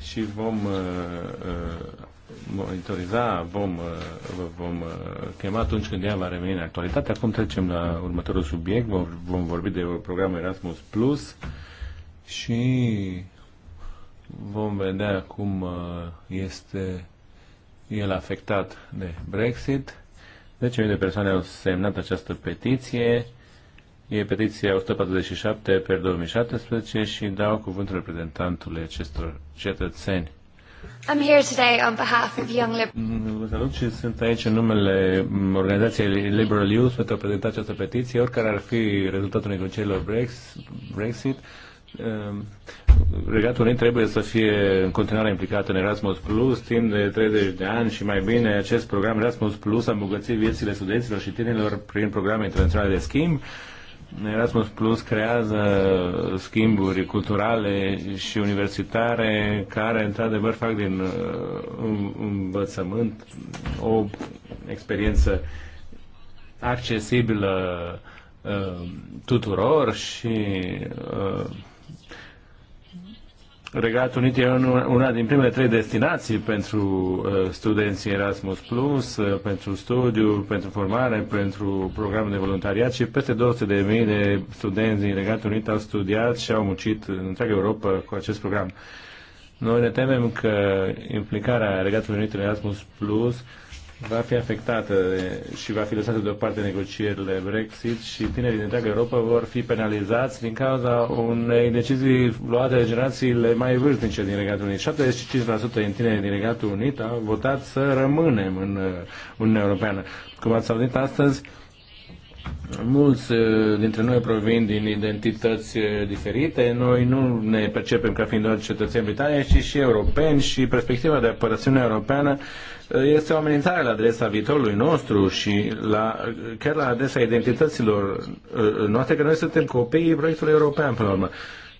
și vom uh, uh, monitoriza, vom, vom chema atunci când ea va reveni în actualitate. Acum trecem la următorul subiect, vom, vom vorbi de programul Erasmus Plus și vom vedea cum este el afectat de Brexit. 10.000 deci, de persoane au semnat această petiție E petiția 147 per 2017 și dau cuvântul reprezentantului acestor cetățeni. I'm here today on behalf of Young Liberals. Vă salut și sunt aici în numele mm, organizației Liberal Youth pentru a prezenta această petiție, oricare ar fi rezultatul negocierilor Brexit. Ehm, Regatul Unit trebuie să fie în continuare implicat în Erasmus Plus timp de 30 de ani și mai bine acest program Erasmus Plus a îmbogățit viețile studenților și tinerilor prin programe internaționale de schimb Erasmus Plus creează schimburi culturale și universitare care, într-adevăr, fac din uh, învățământ o experiență accesibilă uh, tuturor și uh, Regatul Unit e una din primele trei destinații pentru uh, studenții Erasmus+, Plus, uh, pentru studiu, pentru formare, pentru programe de voluntariat și peste 200.000 de studenți din Regatul Unit au studiat și au muncit în întreaga Europa cu acest program. Noi ne temem că implicarea Regatului Unit în Erasmus Plus va fi afectată și va fi lăsată deoparte negocierile Brexit și tinerii din întreaga Europa vor fi penalizați din cauza unei decizii luate de generațiile mai vârstnice din Regatul Unit. 75% din tinerii din Regatul Unit au votat să rămânem în uh, Uniunea Europeană. Cum ați auzit astăzi, Mulți uh, dintre noi provin din identități uh, diferite, noi nu ne percepem ca fiind doar cetățeni britanici, ci și europeni și perspectiva de apărăsiune europeană este o amenințare la adresa viitorului nostru și la, chiar la adresa identităților noastre, că noi suntem copiii proiectului european, până la urmă.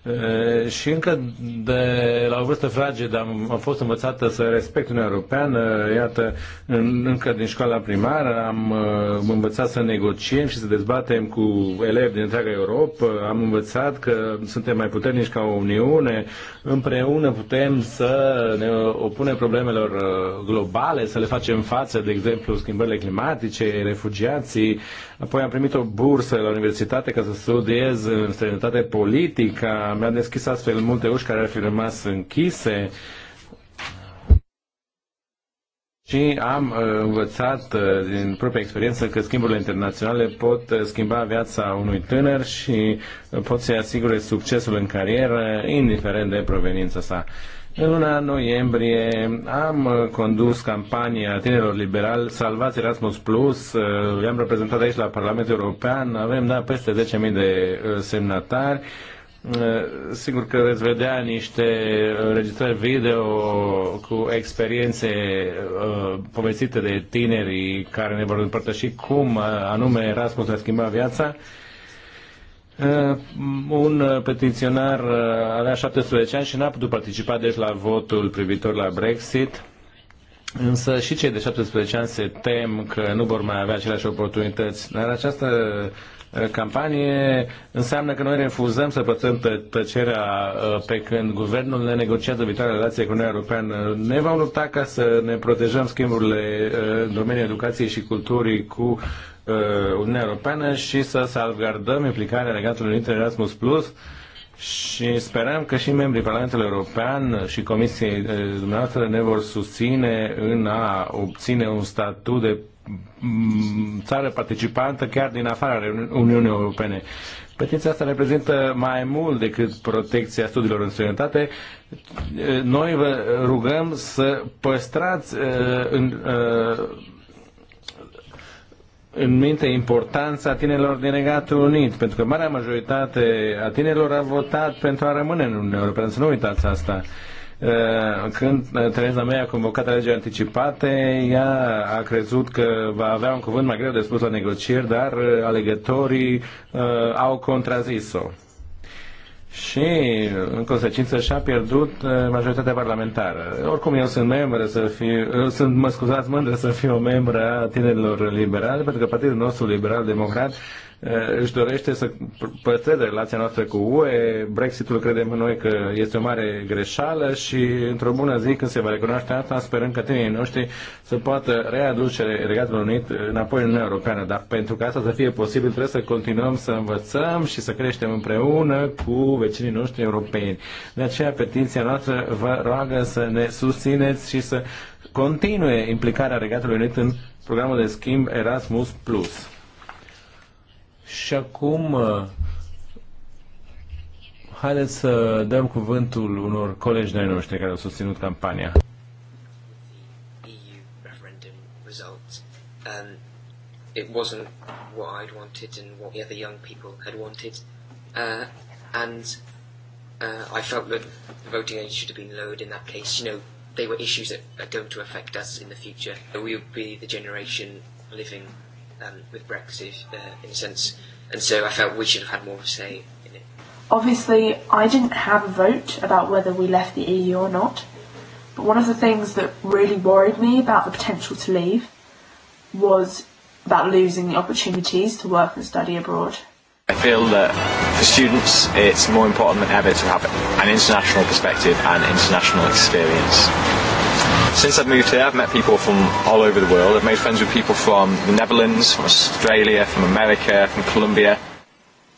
Eh, și încă de la o vârstă fragedă am, am fost învățată să respect Uniunea Europeană, iată, în, încă din școala primară am uh, învățat să negociem și să dezbatem cu elevi din întreaga Europa, am învățat că suntem mai puternici ca o Uniune, împreună putem să ne opunem problemelor eh, globale, să le facem față, de exemplu, schimbările climatice, refugiații, apoi am primit o bursă la universitate ca să studiez în străinătate politică, am deschis astfel multe uși care ar fi rămas închise și am uh, învățat uh, din propria experiență că schimburile internaționale pot uh, schimba viața unui tânăr și pot să-i asigure succesul în carieră, indiferent de proveniența sa. În luna noiembrie am condus campania tinerilor liberali Salvați Erasmus Plus, i-am reprezentat aici la Parlamentul European, avem da, peste 10.000 de semnatari, Eh, sigur că veți vedea niște registrări video cu experiențe uh, povestite de tinerii care ne vor împărtăși cum eh, anume Erasmus a schimbat viața. Uh, un petiționar avea 17 ani și n-a putut participa deci la votul privitor la Brexit. Însă și cei de 17 ani se tem că nu vor mai avea aceleași oportunități. Dar această campanie înseamnă că noi refuzăm să plătăm tă- tăcerea ă, pe când guvernul ne negociază viitoarea relație cu Uniunea Europeană. Ne vom lupta ca să ne protejăm schimburile ă, în domeniul educației și culturii cu ă, Uniunea Europeană și să salvgardăm implicarea legatului Unit în Erasmus Plus și sperăm că și membrii Parlamentului European și Comisiei dumneavoastră ne vor susține în a obține un statut de Mm, țară participantă chiar din afara Uniunii Europene. Petiția asta reprezintă mai mult decât protecția studiilor în străinătate. Noi vă rugăm să păstrați uh, în, uh, în minte importanța tinerilor din Regatul Unit, pentru că marea majoritate a tinerilor a votat pentru a rămâne în Uniunea Europeană. Să nu uitați asta. Eh, când eh, Tereza May a convocat alegeri anticipate, ea a crezut că va avea un cuvânt mai greu de spus la negocieri, dar eh, alegătorii au contrazis-o. Și, în consecință, și-a pierdut majoritatea parlamentară. Oricum, eu sunt membră să fiu, sunt, mă scuzați, mândră să fiu o membră a tinerilor liberali, pentru că Partidul nostru liberal-democrat Eh, își dorește să păstreze relația noastră cu UE. Brexitul credem noi că este o mare greșeală și într-o bună zi când se va recunoaște asta, sperăm că tinerii noștri să poată readuce Regatul Unit înapoi în Uniunea Europeană. Dar pentru ca asta să fie posibil, trebuie să continuăm să învățăm și să creștem împreună cu vecinii noștri europeni. De aceea, petiția noastră vă roagă să ne susțineți și să continue implicarea Regatului Unit în programul de schimb Erasmus+. Și acum uh, haideți să dăm cuvântul unor colegi de noștri care au susținut campania. Um, it wasn't what I'd wanted and what the other young people had wanted. Uh, and uh, I felt that voting age should have been lowered in that case. You know, they were issues that are going to affect us in the future. We would be the generation living um, with Brexit, uh, in a sense. And so I felt we should have had more of a say in it. Obviously, I didn't have a vote about whether we left the EU or not. But one of the things that really worried me about the potential to leave was about losing the opportunities to work and study abroad. I feel that for students it's more important than ever to have an international perspective and international experience. Since I've moved here, I've met people from all over the world. I've made friends with people from the Netherlands, from Australia, from America, from Colombia.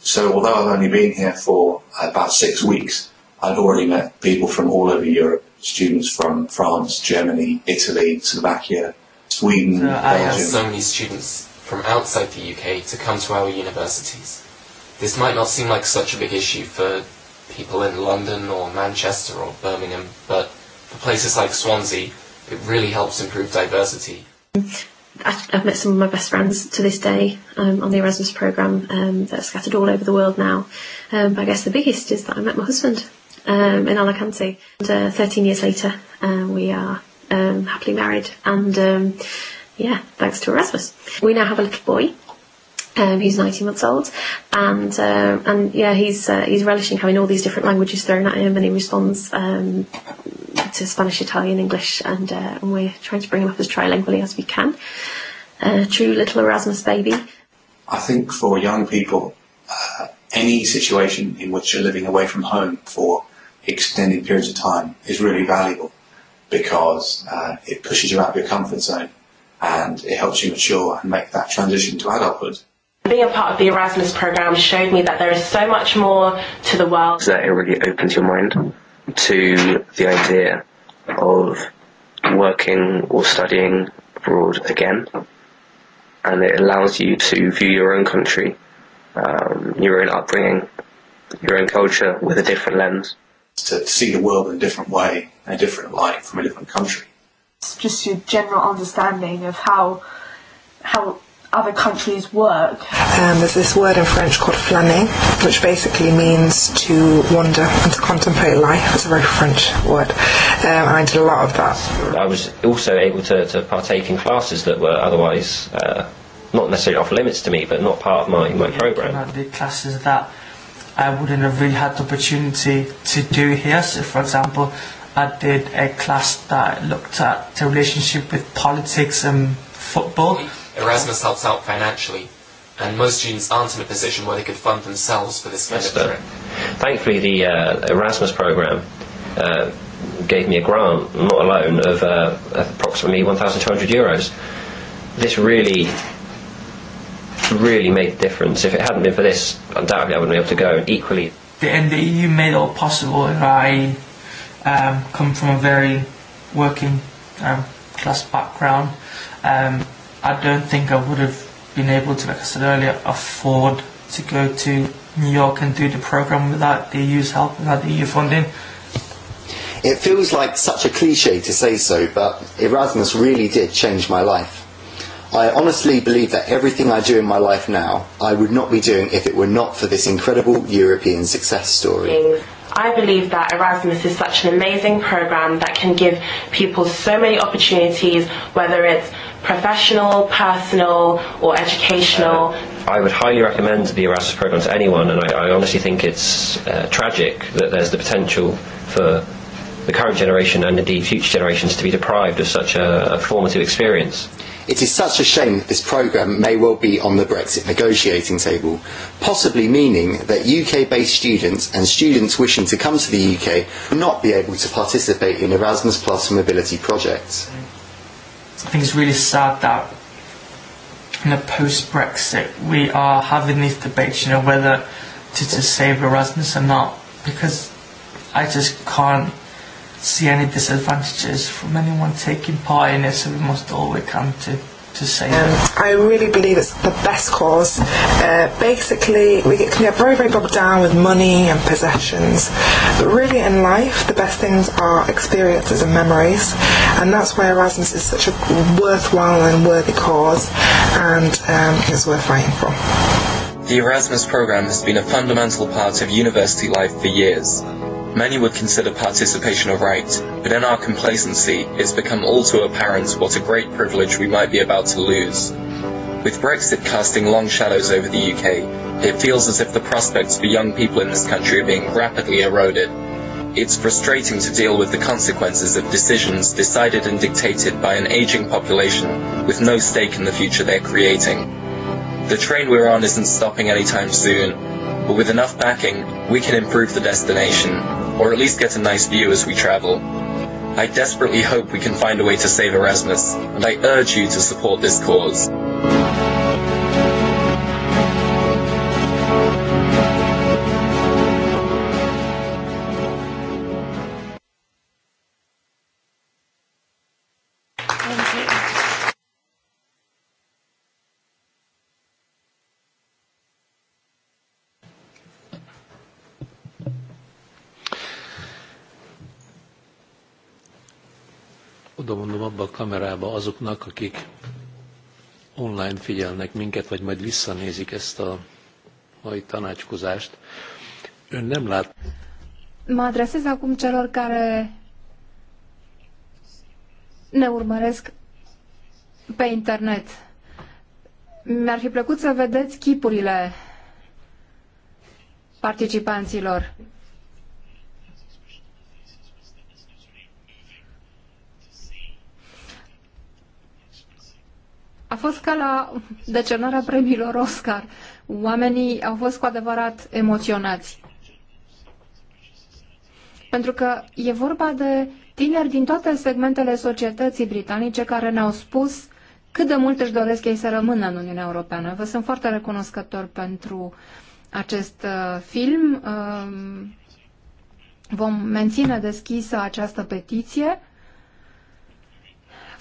So although I've only been here for uh, about six weeks, I've already met people from all over Europe, students from France, Germany, Italy, Slovakia, Sweden, uh, I Belgium. I have so many students from outside the UK to come to our universities. This might not seem like such a big issue for people in London or Manchester or Birmingham, but for places like Swansea, it really helps improve diversity. I've met some of my best friends to this day um, on the Erasmus programme um, that are scattered all over the world now. Um, but I guess the biggest is that I met my husband um, in Alicante. And, uh, 13 years later, um, we are um, happily married and um, yeah, thanks to Erasmus. We now have a little boy um, he's 19 months old, and uh, and yeah, he's uh, he's relishing having all these different languages thrown at him, and he responds um, to Spanish, Italian, English, and, uh, and we're trying to bring him up as trilingually as we can. A Uh, true little Erasmus baby. I think for young people, uh, any situation in which you're living away from home for extended periods of time is really valuable because uh, it pushes you out of your comfort zone and it helps you mature and make that transition to adulthood Being a part of the Erasmus program showed me that there is so much more to the world. That it really opens your mind to the idea of working or studying abroad again, and it allows you to view your own country, um, your own upbringing, your own culture with a different lens. To see the world in a different way, a different light from a different country. It's just your general understanding of how how other countries work. Um, there's this word in French called flâner, which basically means to wander and to contemplate life. It's a very French word. Um, I did a lot of that. I was also able to, to partake in classes that were otherwise uh, not necessarily off limits to me, but not part of my, my yeah, program. I did classes that I wouldn't have really had the opportunity to do here. So, for example, I did a class that looked at the relationship with politics and football. Erasmus helps out financially, and most students aren't in a position where they could fund themselves for this kind of trip. Thankfully, the uh, Erasmus program uh, gave me a grant, not a loan, of uh, approximately 1,200 euros. This really, really made a difference. If it hadn't been for this, undoubtedly I wouldn't be able to go. And equally, the, and the EU made all possible. And I um, come from a very working um, class background. Um, I don't think I would have been able to, like I said earlier, afford to go to New York and do the program without the EU's help, without the EU funding. It feels like such a cliche to say so, but Erasmus really did change my life. I honestly believe that everything I do in my life now, I would not be doing if it were not for this incredible European success story. I believe that Erasmus is such an amazing program that can give people so many opportunities, whether it's professional, personal, or educational? Uh, I would highly recommend the Erasmus program to anyone, and I, I honestly think it's uh, tragic that there's the potential for the current generation and indeed future generations to be deprived of such a, a formative experience. It is such a shame that this programme may well be on the Brexit negotiating table, possibly meaning that UK based students and students wishing to come to the UK will not be able to participate in Erasmus Plus mobility projects. Mm. I think it's really sad that in a post Brexit we are having these debates, you know, whether to, to save Erasmus or not, because I just can't see any disadvantages from anyone taking part in it, so we must do all we can to to say um, I really believe it's the best cause. Uh, basically, we get, can get very, very bogged down with money and possessions. But really, in life, the best things are experiences and memories. And that's why Erasmus is such a worthwhile and worthy cause, and um, it's worth fighting for. The Erasmus program has been a fundamental part of university life for years. Many would consider participation a right, but in our complacency, it's become all too apparent what a great privilege we might be about to lose. With Brexit casting long shadows over the UK, it feels as if the prospects for young people in this country are being rapidly eroded. It's frustrating to deal with the consequences of decisions decided and dictated by an aging population with no stake in the future they're creating. The train we're on isn't stopping anytime soon, but with enough backing, we can improve the destination, or at least get a nice view as we travel. I desperately hope we can find a way to save Erasmus, and I urge you to support this cause. oda mondom abba a kamerába azoknak, akik online figyelnek minket, vagy majd visszanézik ezt a mai tanácskozást. Ön nem lát... Mă adresez acum celor care ne urmăresc pe internet. Mi-ar fi plăcut să vedeți chipurile participanților. A fost ca la decernarea premiilor Oscar. Oamenii au fost cu adevărat emoționați. Pentru că e vorba de tineri din toate segmentele societății britanice care ne-au spus cât de mult își doresc ei să rămână în Uniunea Europeană. Vă sunt foarte recunoscător pentru acest uh, film. Um, vom menține deschisă această petiție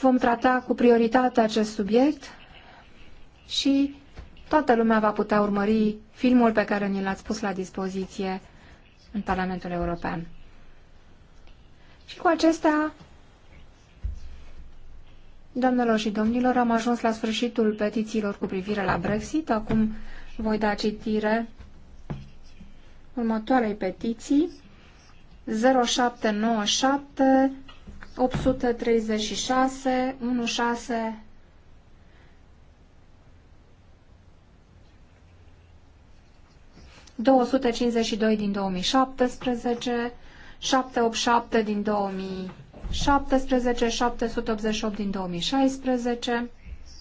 Vom trata cu prioritate acest subiect și toată lumea va putea urmări filmul pe care ni l-ați pus la dispoziție în Parlamentul European. Și cu acestea, doamnelor și domnilor, am ajuns la sfârșitul petițiilor cu privire la Brexit. Acum voi da citire următoarei petiții 0797 836, 16, ...252 din 2017, 787 din 2017, 788 din 2016.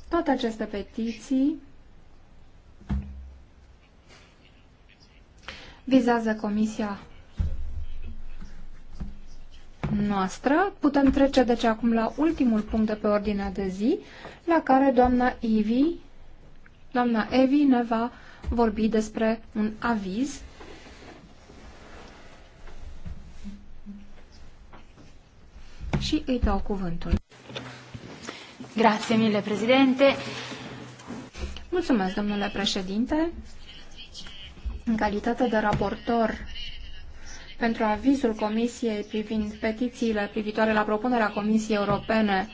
Toate aceste petiții vizează Comisia noastră. Putem trece deci acum la ultimul punct de pe ordinea de zi, la care doamna Evi, doamna Evi ne va vorbi despre un aviz și îi dau cuvântul. Grazie mille, Presidente. Mulțumesc, domnule președinte. În calitate de raportor pentru avizul Comisiei privind petițiile privitoare la propunerea Comisiei Europene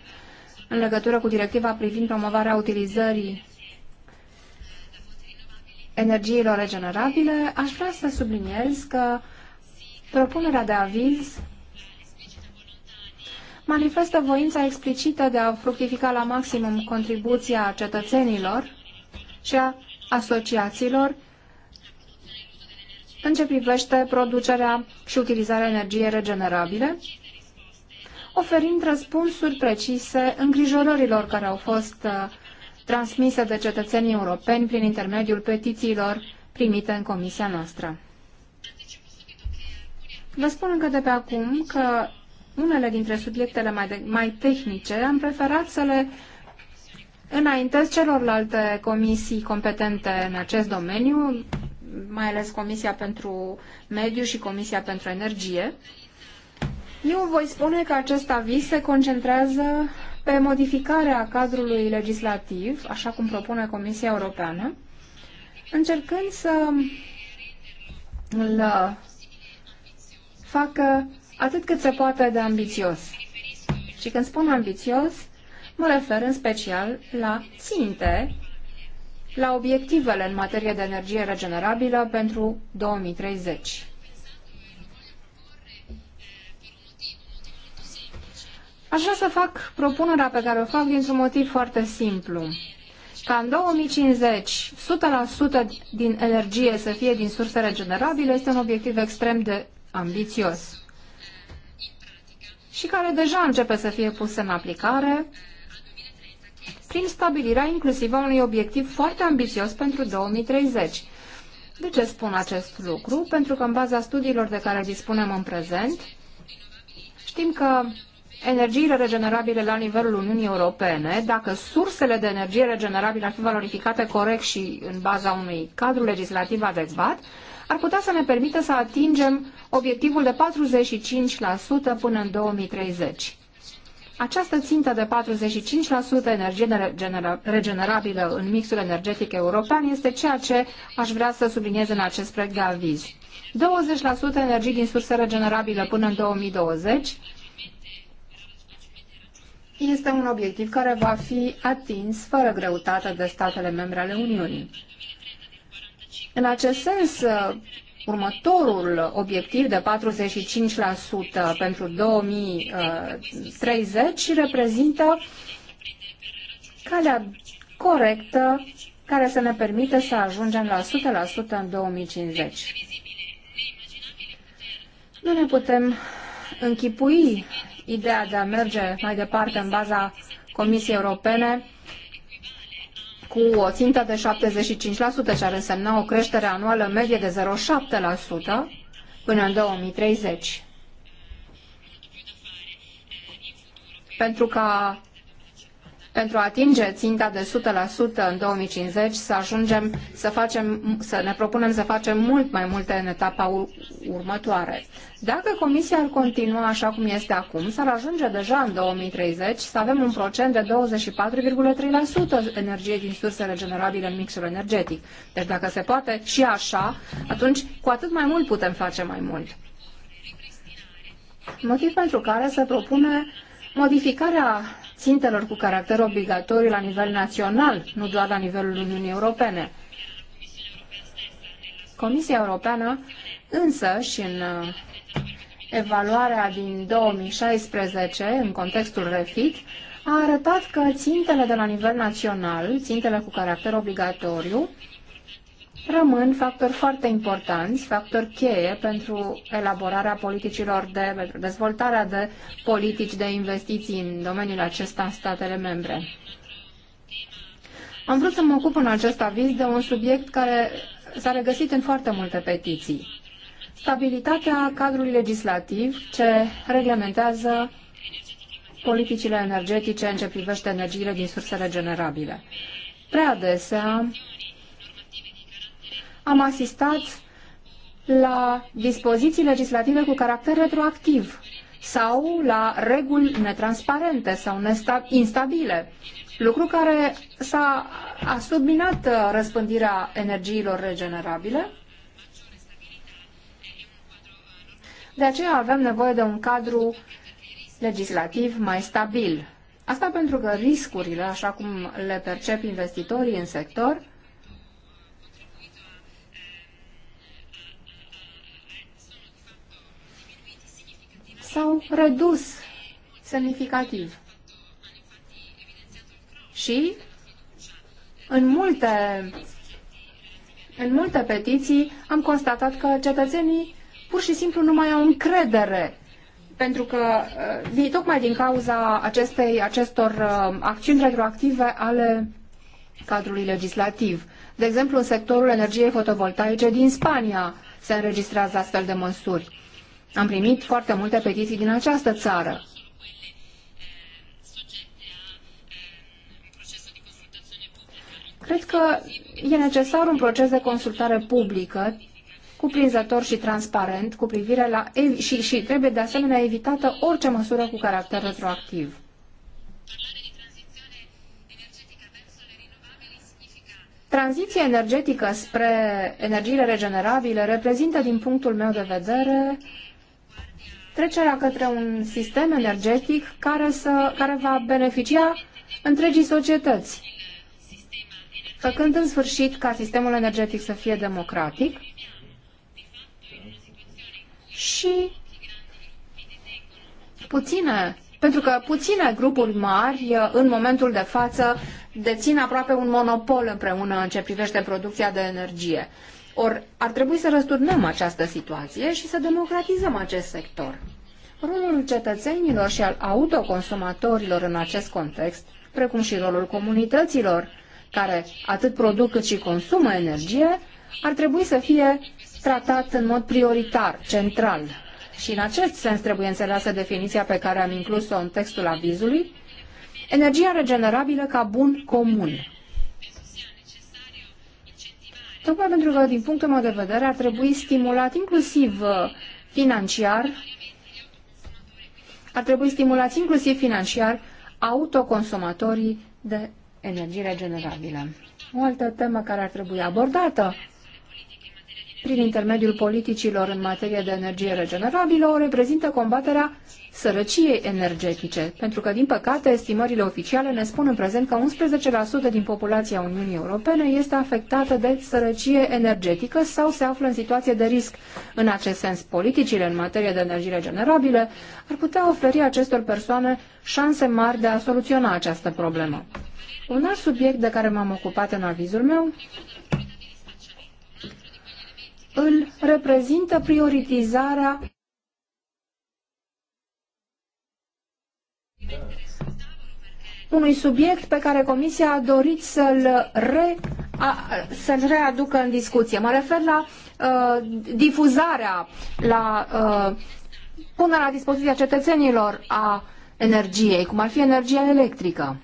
în legătură cu directiva privind promovarea utilizării energiilor regenerabile, aș vrea să subliniez că propunerea de aviz manifestă voința explicită de a fructifica la maximum contribuția cetățenilor și a asociațiilor în ce privește producerea și utilizarea energiei regenerabile, oferind răspunsuri precise îngrijorărilor care au fost uh, transmise de cetățenii europeni prin intermediul petițiilor primite în comisia noastră. Vă spun încă de pe acum că unele dintre subiectele mai, de, mai tehnice am preferat să le înaintez celorlalte comisii competente în acest domeniu, mai ales Comisia pentru Mediu și Comisia pentru Energie. Eu voi spune că acest aviz se concentrează pe modificarea cadrului legislativ, așa cum propune Comisia Europeană, încercând să îl facă atât cât se poate de ambițios. Și când spun ambițios, mă refer în special la ținte la obiectivele în materie de energie regenerabilă pentru 2030. Aș vrea să fac propunerea pe care o fac dintr-un motiv foarte simplu. Ca în 2050, 100% din energie să fie din surse regenerabile este un obiectiv extrem de ambițios și care deja începe să fie pus în aplicare prin stabilirea inclusiv a unui obiectiv foarte ambițios pentru 2030. De ce spun acest lucru? Pentru că în baza studiilor de care dispunem în prezent, știm că energiile regenerabile la nivelul Uniunii Europene, dacă sursele de energie regenerabile ar fi valorificate corect și în baza unui cadru legislativ adecvat, ar putea să ne permită să atingem obiectivul de 45% până în 2030. Această țintă de 45% energie regenerabilă în mixul energetic european este ceea ce aș vrea să subliniez în acest proiect de aviz. 20% energie din surse regenerabile până în 2020 este un obiectiv care va fi atins fără greutate de statele membre ale Uniunii. În acest sens, următorul obiectiv de 45% pentru 2030 reprezintă calea corectă care să ne permită să ajungem la 100% în 2050. Nu ne putem închipui ideea de a merge mai departe în baza Comisiei Europene cu o țintă de 75%, ce ar însemna o creștere anuală medie de 0,7% până în 2030. Pentru ca pentru a atinge ținta de 100% în 2050, să ajungem să facem, să ne propunem să facem mult mai multe în etapa următoare. Dacă Comisia ar continua așa cum este acum, s-ar ajunge deja în 2030 să avem un procent de 24,3% energie din surse regenerabile în mixul energetic. Deci dacă se poate și așa, atunci cu atât mai mult putem face mai mult. Motiv pentru care se propune modificarea țintelor cu caracter obligatoriu la nivel național, nu doar la nivelul Uniunii Europene. Comisia Europeană însă și în uh, evaluarea din 2016, în contextul REFIT, a arătat că țintele de la nivel național, țintele cu caracter obligatoriu, rămân factori foarte importanți, factori cheie pentru elaborarea politicilor de, pentru dezvoltarea de politici de investiții în domeniul acesta în statele membre. Am vrut să mă ocup în acest aviz de un subiect care s-a regăsit în foarte multe petiții. Stabilitatea cadrului legislativ ce reglementează politicile energetice în ce privește energiile din surse regenerabile. Prea adesea, am asistat la dispoziții legislative cu caracter retroactiv sau la reguli netransparente sau instabile, lucru care s-a a subminat uh, răspândirea energiilor regenerabile. De aceea avem nevoie de un cadru legislativ mai stabil. Asta pentru că riscurile, așa cum le percep investitorii în sector, s-au redus semnificativ. Și în multe, în multe petiții am constatat că cetățenii pur și simplu nu mai au încredere pentru că uh, tocmai din cauza acestei, acestor uh, acțiuni retroactive ale cadrului legislativ. De exemplu, în sectorul energiei fotovoltaice din Spania se înregistrează astfel de măsuri. Am primit foarte multe petiții din această țară. Cred că e necesar un proces de consultare publică, cuprinzător și transparent, cu privire la și, și trebuie de asemenea evitată orice măsură cu caracter retroactiv. Tranziția energetică spre energiile regenerabile reprezintă, din punctul meu de vedere, trecerea către un sistem energetic care, să, care va beneficia întregii societăți, făcând în sfârșit ca sistemul energetic să fie democratic și puține pentru că puține grupuri mari, în momentul de față, dețin aproape un monopol împreună în ce privește producția de energie. Or, ar trebui să răsturnăm această situație și să democratizăm acest sector. Rolul cetățenilor și al autoconsumatorilor în acest context, precum și rolul comunităților, care atât produc cât și consumă energie, ar trebui să fie tratat în mod prioritar, central. Și în acest sens trebuie înțeleasă definiția pe care am inclus-o în textul avizului, energia regenerabilă ca bun comun tocmai pentru că, din punctul meu de vedere, ar trebui stimulat inclusiv uh, financiar, ar trebui stimulat, inclusiv financiar autoconsumatorii de energie regenerabilă. O altă temă care ar trebui abordată prin intermediul politicilor în materie de energie regenerabilă o reprezintă combaterea sărăciei energetice, pentru că, din păcate, estimările oficiale ne spun în prezent că 11% din populația Uniunii Europene este afectată de sărăcie energetică sau se află în situație de risc. În acest sens, politicile în materie de energie regenerabile ar putea oferi acestor persoane șanse mari de a soluționa această problemă. Un alt subiect de care m-am ocupat în avizul meu îl reprezintă prioritizarea unui subiect pe care Comisia a dorit să-l re, să readucă în discuție. Mă refer la uh, difuzarea, la uh, punerea la dispoziția cetățenilor a energiei, cum ar fi energia electrică.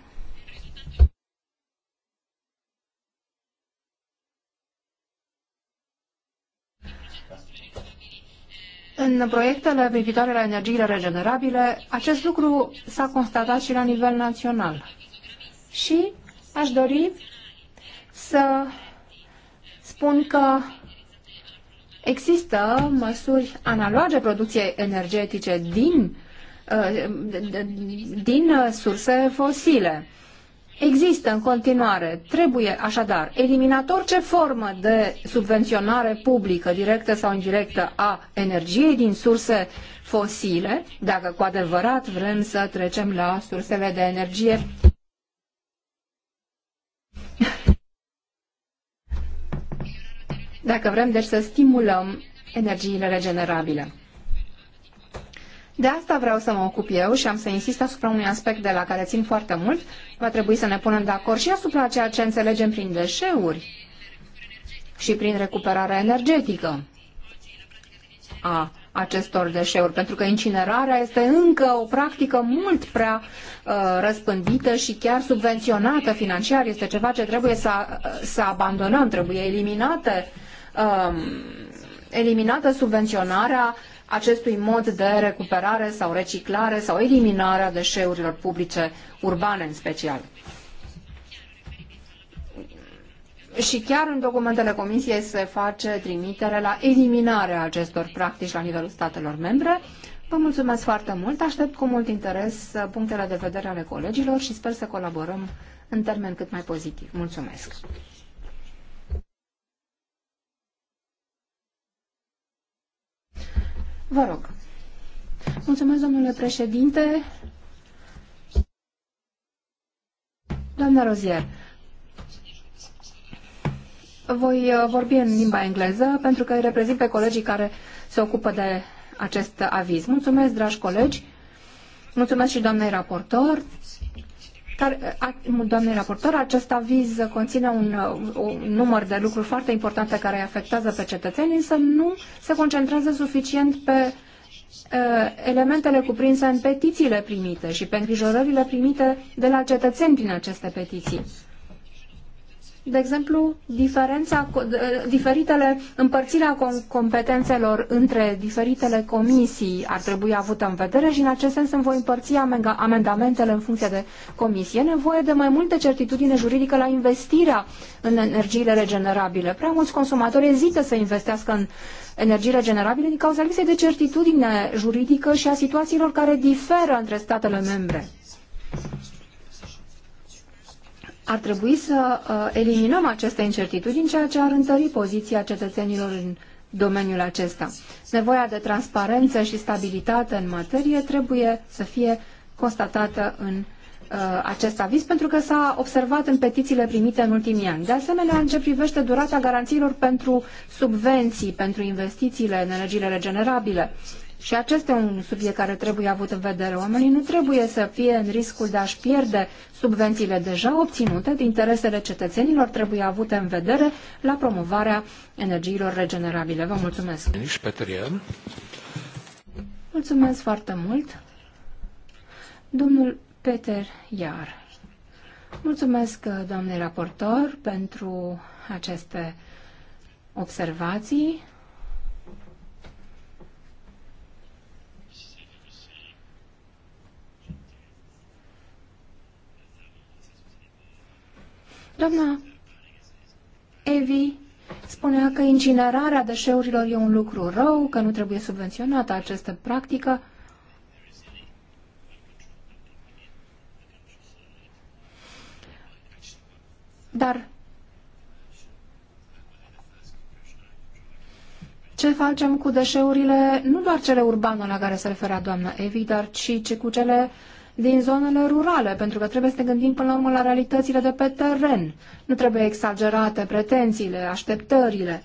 În proiectele privitoare la energiile regenerabile, acest lucru s-a constatat și la nivel național. Și aș dori să spun că există măsuri analoge producției energetice din, uh, din surse fosile există în continuare. Trebuie așadar eliminat orice formă de subvenționare publică, directă sau indirectă, a energiei din surse fosile, dacă cu adevărat vrem să trecem la sursele de energie dacă vrem deci să stimulăm energiile regenerabile. De asta vreau să mă ocup eu și am să insist asupra unui aspect de la care țin foarte mult. Va trebui să ne punem de acord și asupra ceea ce înțelegem prin deșeuri și prin recuperarea energetică a acestor deșeuri, pentru că incinerarea este încă o practică mult prea uh, răspândită și chiar subvenționată financiar. Este ceva ce trebuie să, uh, să abandonăm, trebuie eliminată uh, um, eliminată subvenționarea uh, acestui mod de recuperare sau reciclare sau eliminare a deșeurilor publice urbane în special. Și chiar în documentele Comisiei se face trimitere la eliminarea acestor practici la nivelul statelor membre. Vă mulțumesc foarte mult, aștept cu mult interes punctele de vedere ale colegilor și sper să colaborăm în termen cât mai pozitiv. Mulțumesc! Vă rog. Mulțumesc, domnule președinte. Doamna Rozier, voi uh, vorbi în limba engleză pentru că îi reprezint pe colegii care se ocupă de acest aviz. Mulțumesc, dragi colegi, mulțumesc și doamnei raportor dar, doamne raportor, acest aviz conține un, un număr de lucruri foarte importante care îi afectează pe cetățeni, însă nu se concentrează suficient pe uh, elementele cuprinse în petițiile primite și pe îngrijorările primite de la cetățeni prin aceste petiții de exemplu, diferența, diferitele împărțirea competențelor între diferitele comisii ar trebui avută în vedere și în acest sens îmi voi împărți amendamentele în funcție de comisie. E nevoie de mai multă certitudine juridică la investirea în energiile regenerabile. Prea mulți consumatori ezită să investească în energii regenerabile din cauza lipsei de certitudine juridică și a situațiilor care diferă între statele membre ar trebui să uh, eliminăm aceste incertitudini, ceea ce ar întări poziția cetățenilor în domeniul acesta. Nevoia de transparență și stabilitate în materie trebuie să fie constatată în uh, acest aviz pentru că s-a observat în petițiile primite în ultimii ani. De asemenea, în ce privește durata garanțiilor pentru subvenții, pentru investițiile în energiile regenerabile, și acesta e un subiect care trebuie avut în vedere. Oamenii nu trebuie să fie în riscul de a-și pierde subvențiile deja obținute. Interesele cetățenilor trebuie avute în vedere la promovarea energiilor regenerabile. Vă mulțumesc! Mulțumesc foarte mult! Domnul Peter Iar. Mulțumesc, doamne raportor, pentru aceste observații. Doamna Evi spunea că incinerarea deșeurilor e un lucru rău, că nu trebuie subvenționată această practică. Dar ce facem cu deșeurile, nu doar cele urbane la care se referea doamna Evi, dar și, ce cu cele uh, din zonele rurale, pentru că trebuie să ne gândim până la urmă la realitățile de pe teren. Nu trebuie exagerate pretențiile, așteptările.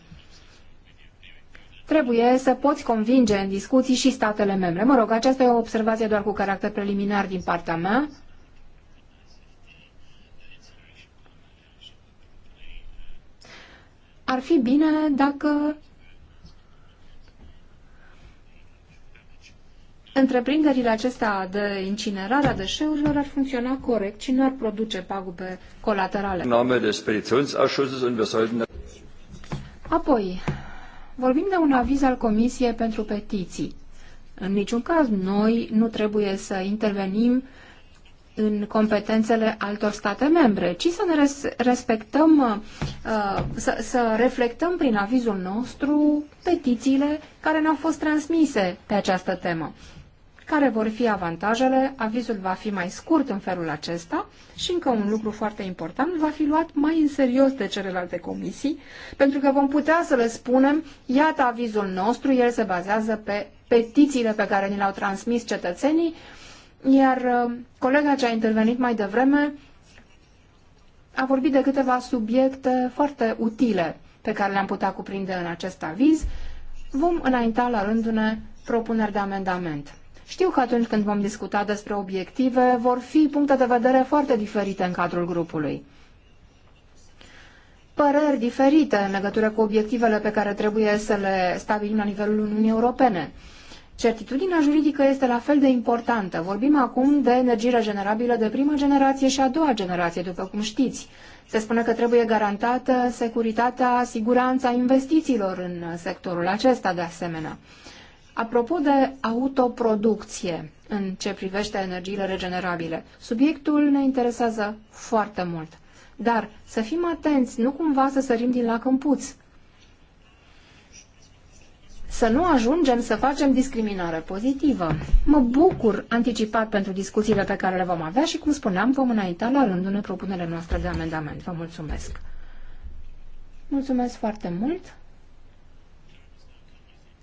Trebuie să poți convinge în discuții și statele membre. Mă rog, aceasta e o observație doar cu caracter preliminar din partea mea. Ar fi bine dacă întreprinderile acestea de incinerare a deșeurilor ar funcționa corect și nu ar produce pagube colaterale. Apoi, vorbim de un aviz al Comisiei pentru Petiții. În niciun caz, noi nu trebuie să intervenim în competențele altor state membre, ci să ne respectăm, uh, să, să reflectăm prin avizul nostru petițiile care ne-au fost transmise pe această temă care vor fi avantajele, avizul va fi mai scurt în felul acesta și încă un lucru foarte important, va fi luat mai în serios de celelalte comisii, pentru că vom putea să le spunem, iată avizul nostru, el se bazează pe petițiile pe care ni le-au transmis cetățenii, iar uh, colega ce a intervenit mai devreme a vorbit de câteva subiecte foarte utile pe care le-am putea cuprinde în acest aviz, vom înainta la rândul propuneri de amendament. Știu că atunci când vom discuta despre obiective, vor fi puncte de vedere foarte diferite în cadrul grupului. Păreri diferite în legătură cu obiectivele pe care trebuie să le stabilim la nivelul Uniunii Europene. Certitudinea juridică este la fel de importantă. Vorbim acum de energie regenerabilă de prima generație și a doua generație, după cum știți. Se spune că trebuie garantată securitatea, siguranța investițiilor în sectorul acesta, de asemenea. Apropo de autoproducție în ce privește energiile regenerabile, subiectul ne interesează foarte mult. Dar să fim atenți, nu cumva să sărim din lac în puț. Să nu ajungem să facem discriminare pozitivă. Mă bucur anticipat pentru discuțiile pe care le vom avea și, cum spuneam, vom înainta la rândul ne propunerile noastre de amendament. Vă mulțumesc! Mulțumesc foarte mult!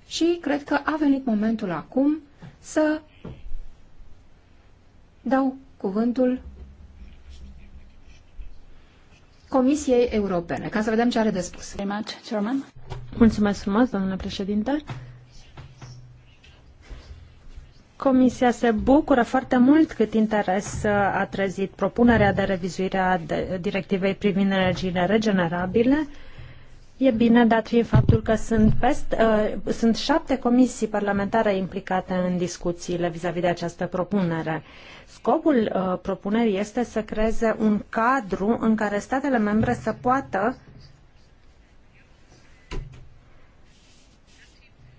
și cred că a venit momentul acum să dau cuvântul Comisiei Europene, ca să vedem ce are de spus. Mulțumesc frumos, domnule președinte. Comisia se bucură foarte mult cât interes a trezit propunerea de revizuire a directivei privind energiile regenerabile E bine, dat fiind faptul că sunt, peste, uh, sunt șapte comisii parlamentare implicate în discuțiile vis-a-vis -vis de această propunere. Scopul uh, propunerii este să creeze un cadru în care statele membre să poată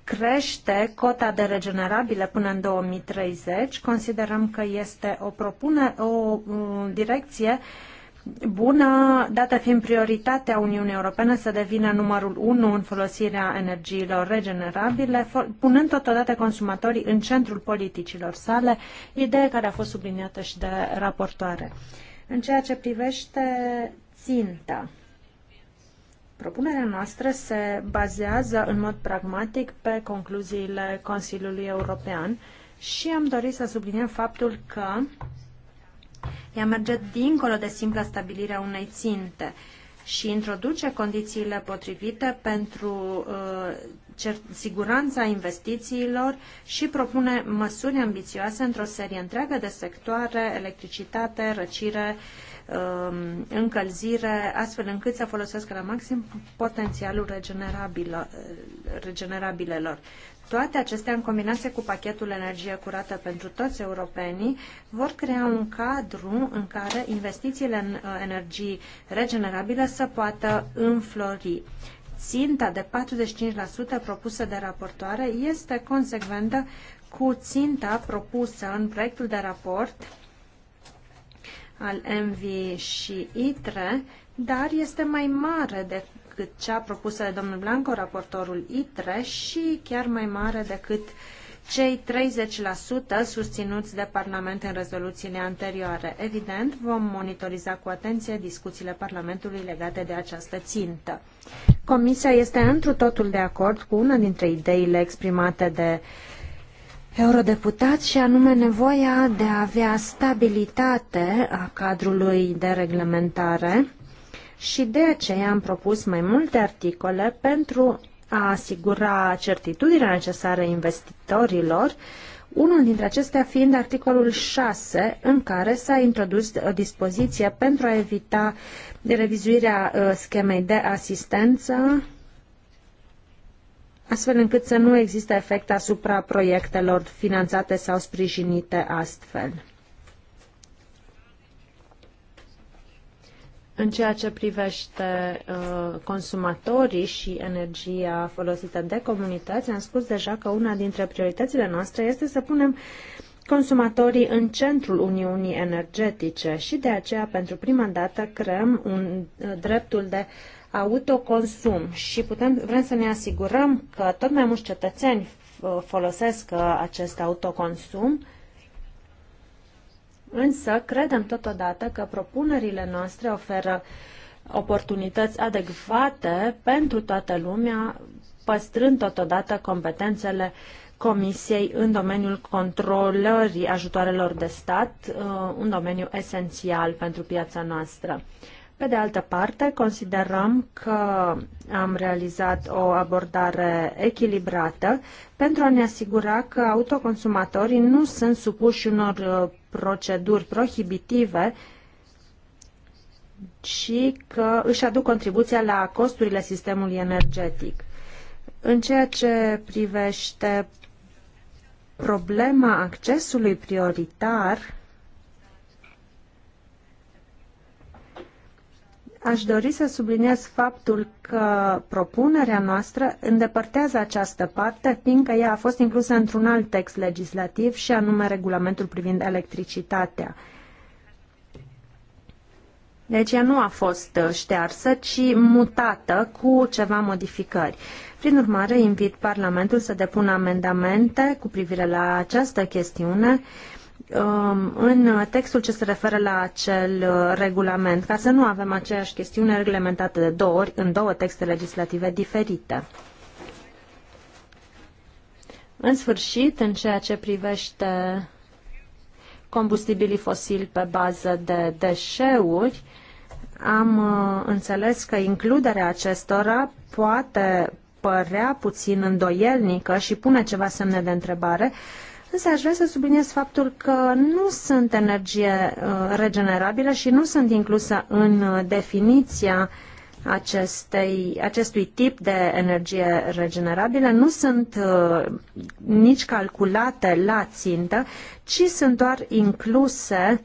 crește cota de regenerabile până în 2030. Considerăm că este o, propune, o uh, direcție uh, bună, dată fiind prioritatea Uniunii Europene să devină numărul unu în folosirea energiilor regenerabile, punând totodată consumatorii în centrul politicilor sale, idee care a fost subliniată și de raportoare. În ceea ce privește ținta, propunerea noastră se bazează în mod pragmatic pe concluziile Consiliului European și am dorit să subliniem faptul că ea merge dincolo de simpla stabilire a unei ținte și introduce condițiile potrivite pentru uh, siguranța investițiilor și propune măsuri ambițioase într-o serie întreagă de sectoare, electricitate, răcire, uh, încălzire, astfel încât să folosească la maxim potențialul uh, regenerabilelor. Toate acestea, în combinație cu pachetul energie curată pentru toți europenii, vor crea un cadru în care investițiile în uh, energii regenerabile să poată înflori. Ținta de 45% propusă de raportoare este consecventă cu ținta propusă în proiectul de raport al MV și ITRE, dar este mai mare de, decât cea propusă de domnul Blanco, raportorul ITRE, și chiar mai mare decât cei 30% susținuți de Parlament în rezoluțiile anterioare. Evident, vom monitoriza cu atenție discuțiile Parlamentului legate de această țintă. Comisia este întru totul de acord cu una dintre ideile exprimate de eurodeputat și anume nevoia de a avea stabilitate a cadrului de reglementare și de aceea am propus mai multe articole pentru a asigura certitudinea necesară investitorilor, unul dintre acestea fiind articolul 6, în care s-a introdus o dispoziție pentru a evita revizuirea uh, schemei de asistență, astfel încât să nu existe efect asupra proiectelor finanțate sau sprijinite astfel. În ceea ce privește uh, consumatorii și energia folosită de comunități, am spus deja că una dintre prioritățile noastre este să punem consumatorii în centrul Uniunii Energetice și de aceea pentru prima dată creăm un uh, dreptul de autoconsum și putem, vrem să ne asigurăm că tot mai mulți cetățeni uh, folosesc uh, acest autoconsum Însă, credem totodată că propunerile noastre oferă oportunități adecvate pentru toată lumea, păstrând totodată competențele Comisiei în domeniul controlării ajutoarelor de stat, uh, un domeniu esențial pentru piața noastră. Pe de altă parte, considerăm că am realizat o abordare echilibrată pentru a ne asigura că autoconsumatorii nu sunt supuși unor uh, proceduri prohibitive și că își aduc contribuția la costurile sistemului energetic. În ceea ce privește problema accesului prioritar, Aș dori să subliniez faptul că propunerea noastră îndepărtează această parte, fiindcă ea a fost inclusă într-un alt text legislativ, și anume regulamentul privind electricitatea. Deci ea nu a fost uh, ștearsă, ci mutată cu ceva modificări. Prin urmare, invit Parlamentul să depună amendamente cu privire la această chestiune, uh, Um, în textul ce se referă la acel uh, regulament, ca să nu avem aceeași chestiune reglementată de două ori în două texte legislative diferite. În sfârșit, în ceea ce privește combustibilii fosili pe bază de deșeuri, am uh, înțeles că includerea acestora poate părea puțin îndoielnică și pune ceva semne de întrebare, Însă aș vrea să subliniez faptul că nu sunt energie uh, regenerabilă și nu sunt inclusă în uh, definiția acestei, acestui tip de energie regenerabilă nu sunt uh, nici calculate la țintă, ci sunt doar incluse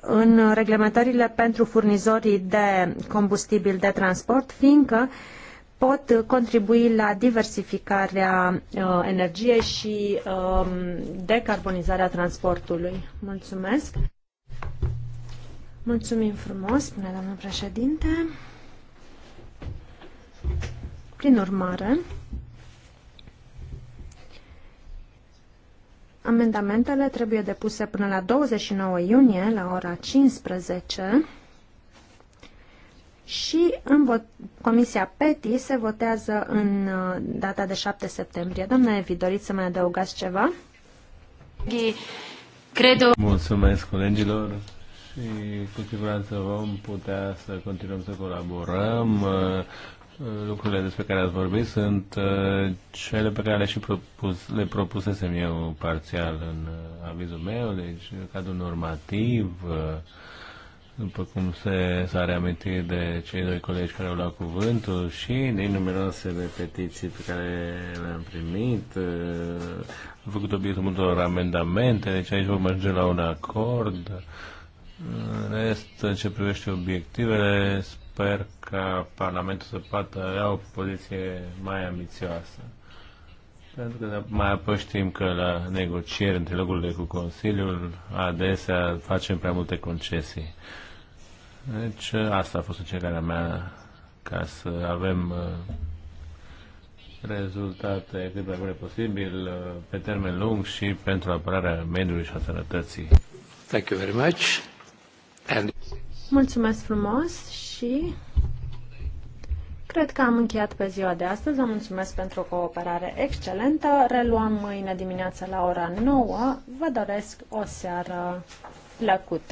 în reglementările pentru furnizorii de combustibil de transport, fiindcă uh, pot contribui la diversificarea uh, energiei și uh, decarbonizarea transportului. Mulțumesc! Mulțumim frumos, spune doamna președinte. Prin urmare, amendamentele trebuie depuse până la 29 iunie la ora 15 și în Comisia PETI se votează în uh, data de 7 septembrie. Doamna Evi, doriți să mai adăugați ceva? Credo. Mulțumesc colegilor și cu siguranță vom putea să continuăm să colaborăm. Uh, Lucrurile despre care ați vorbit sunt uh, cele pe care le și propus, le propusesem eu parțial în avizul meu, deci cadrul normativ, după cum se, s-a reamintit de cei doi colegi care au luat cuvântul și din numeroasele petiții pe care le-am primit, uh, am făcut obiectul multor amendamente, deci aici vom merge la un acord. În rest, în ce privește obiectivele, sper ca Parlamentul să poată avea o poziție mai ambițioasă. Pentru că mai apoi știm că la negocieri, între locurile cu Consiliul, adesea facem prea multe concesii. Deci uh, asta a fost încercarea mea ca să avem uh, rezultate cât mai bune posibil uh, pe termen lung și pentru apărarea mediului și a sănătății. Thank you very much. And... Mulțumesc frumos și cred că am încheiat pe ziua de astăzi. Vă mulțumesc pentru o cooperare excelentă. Reluăm mâine dimineața la ora 9. Vă doresc o seară plăcută.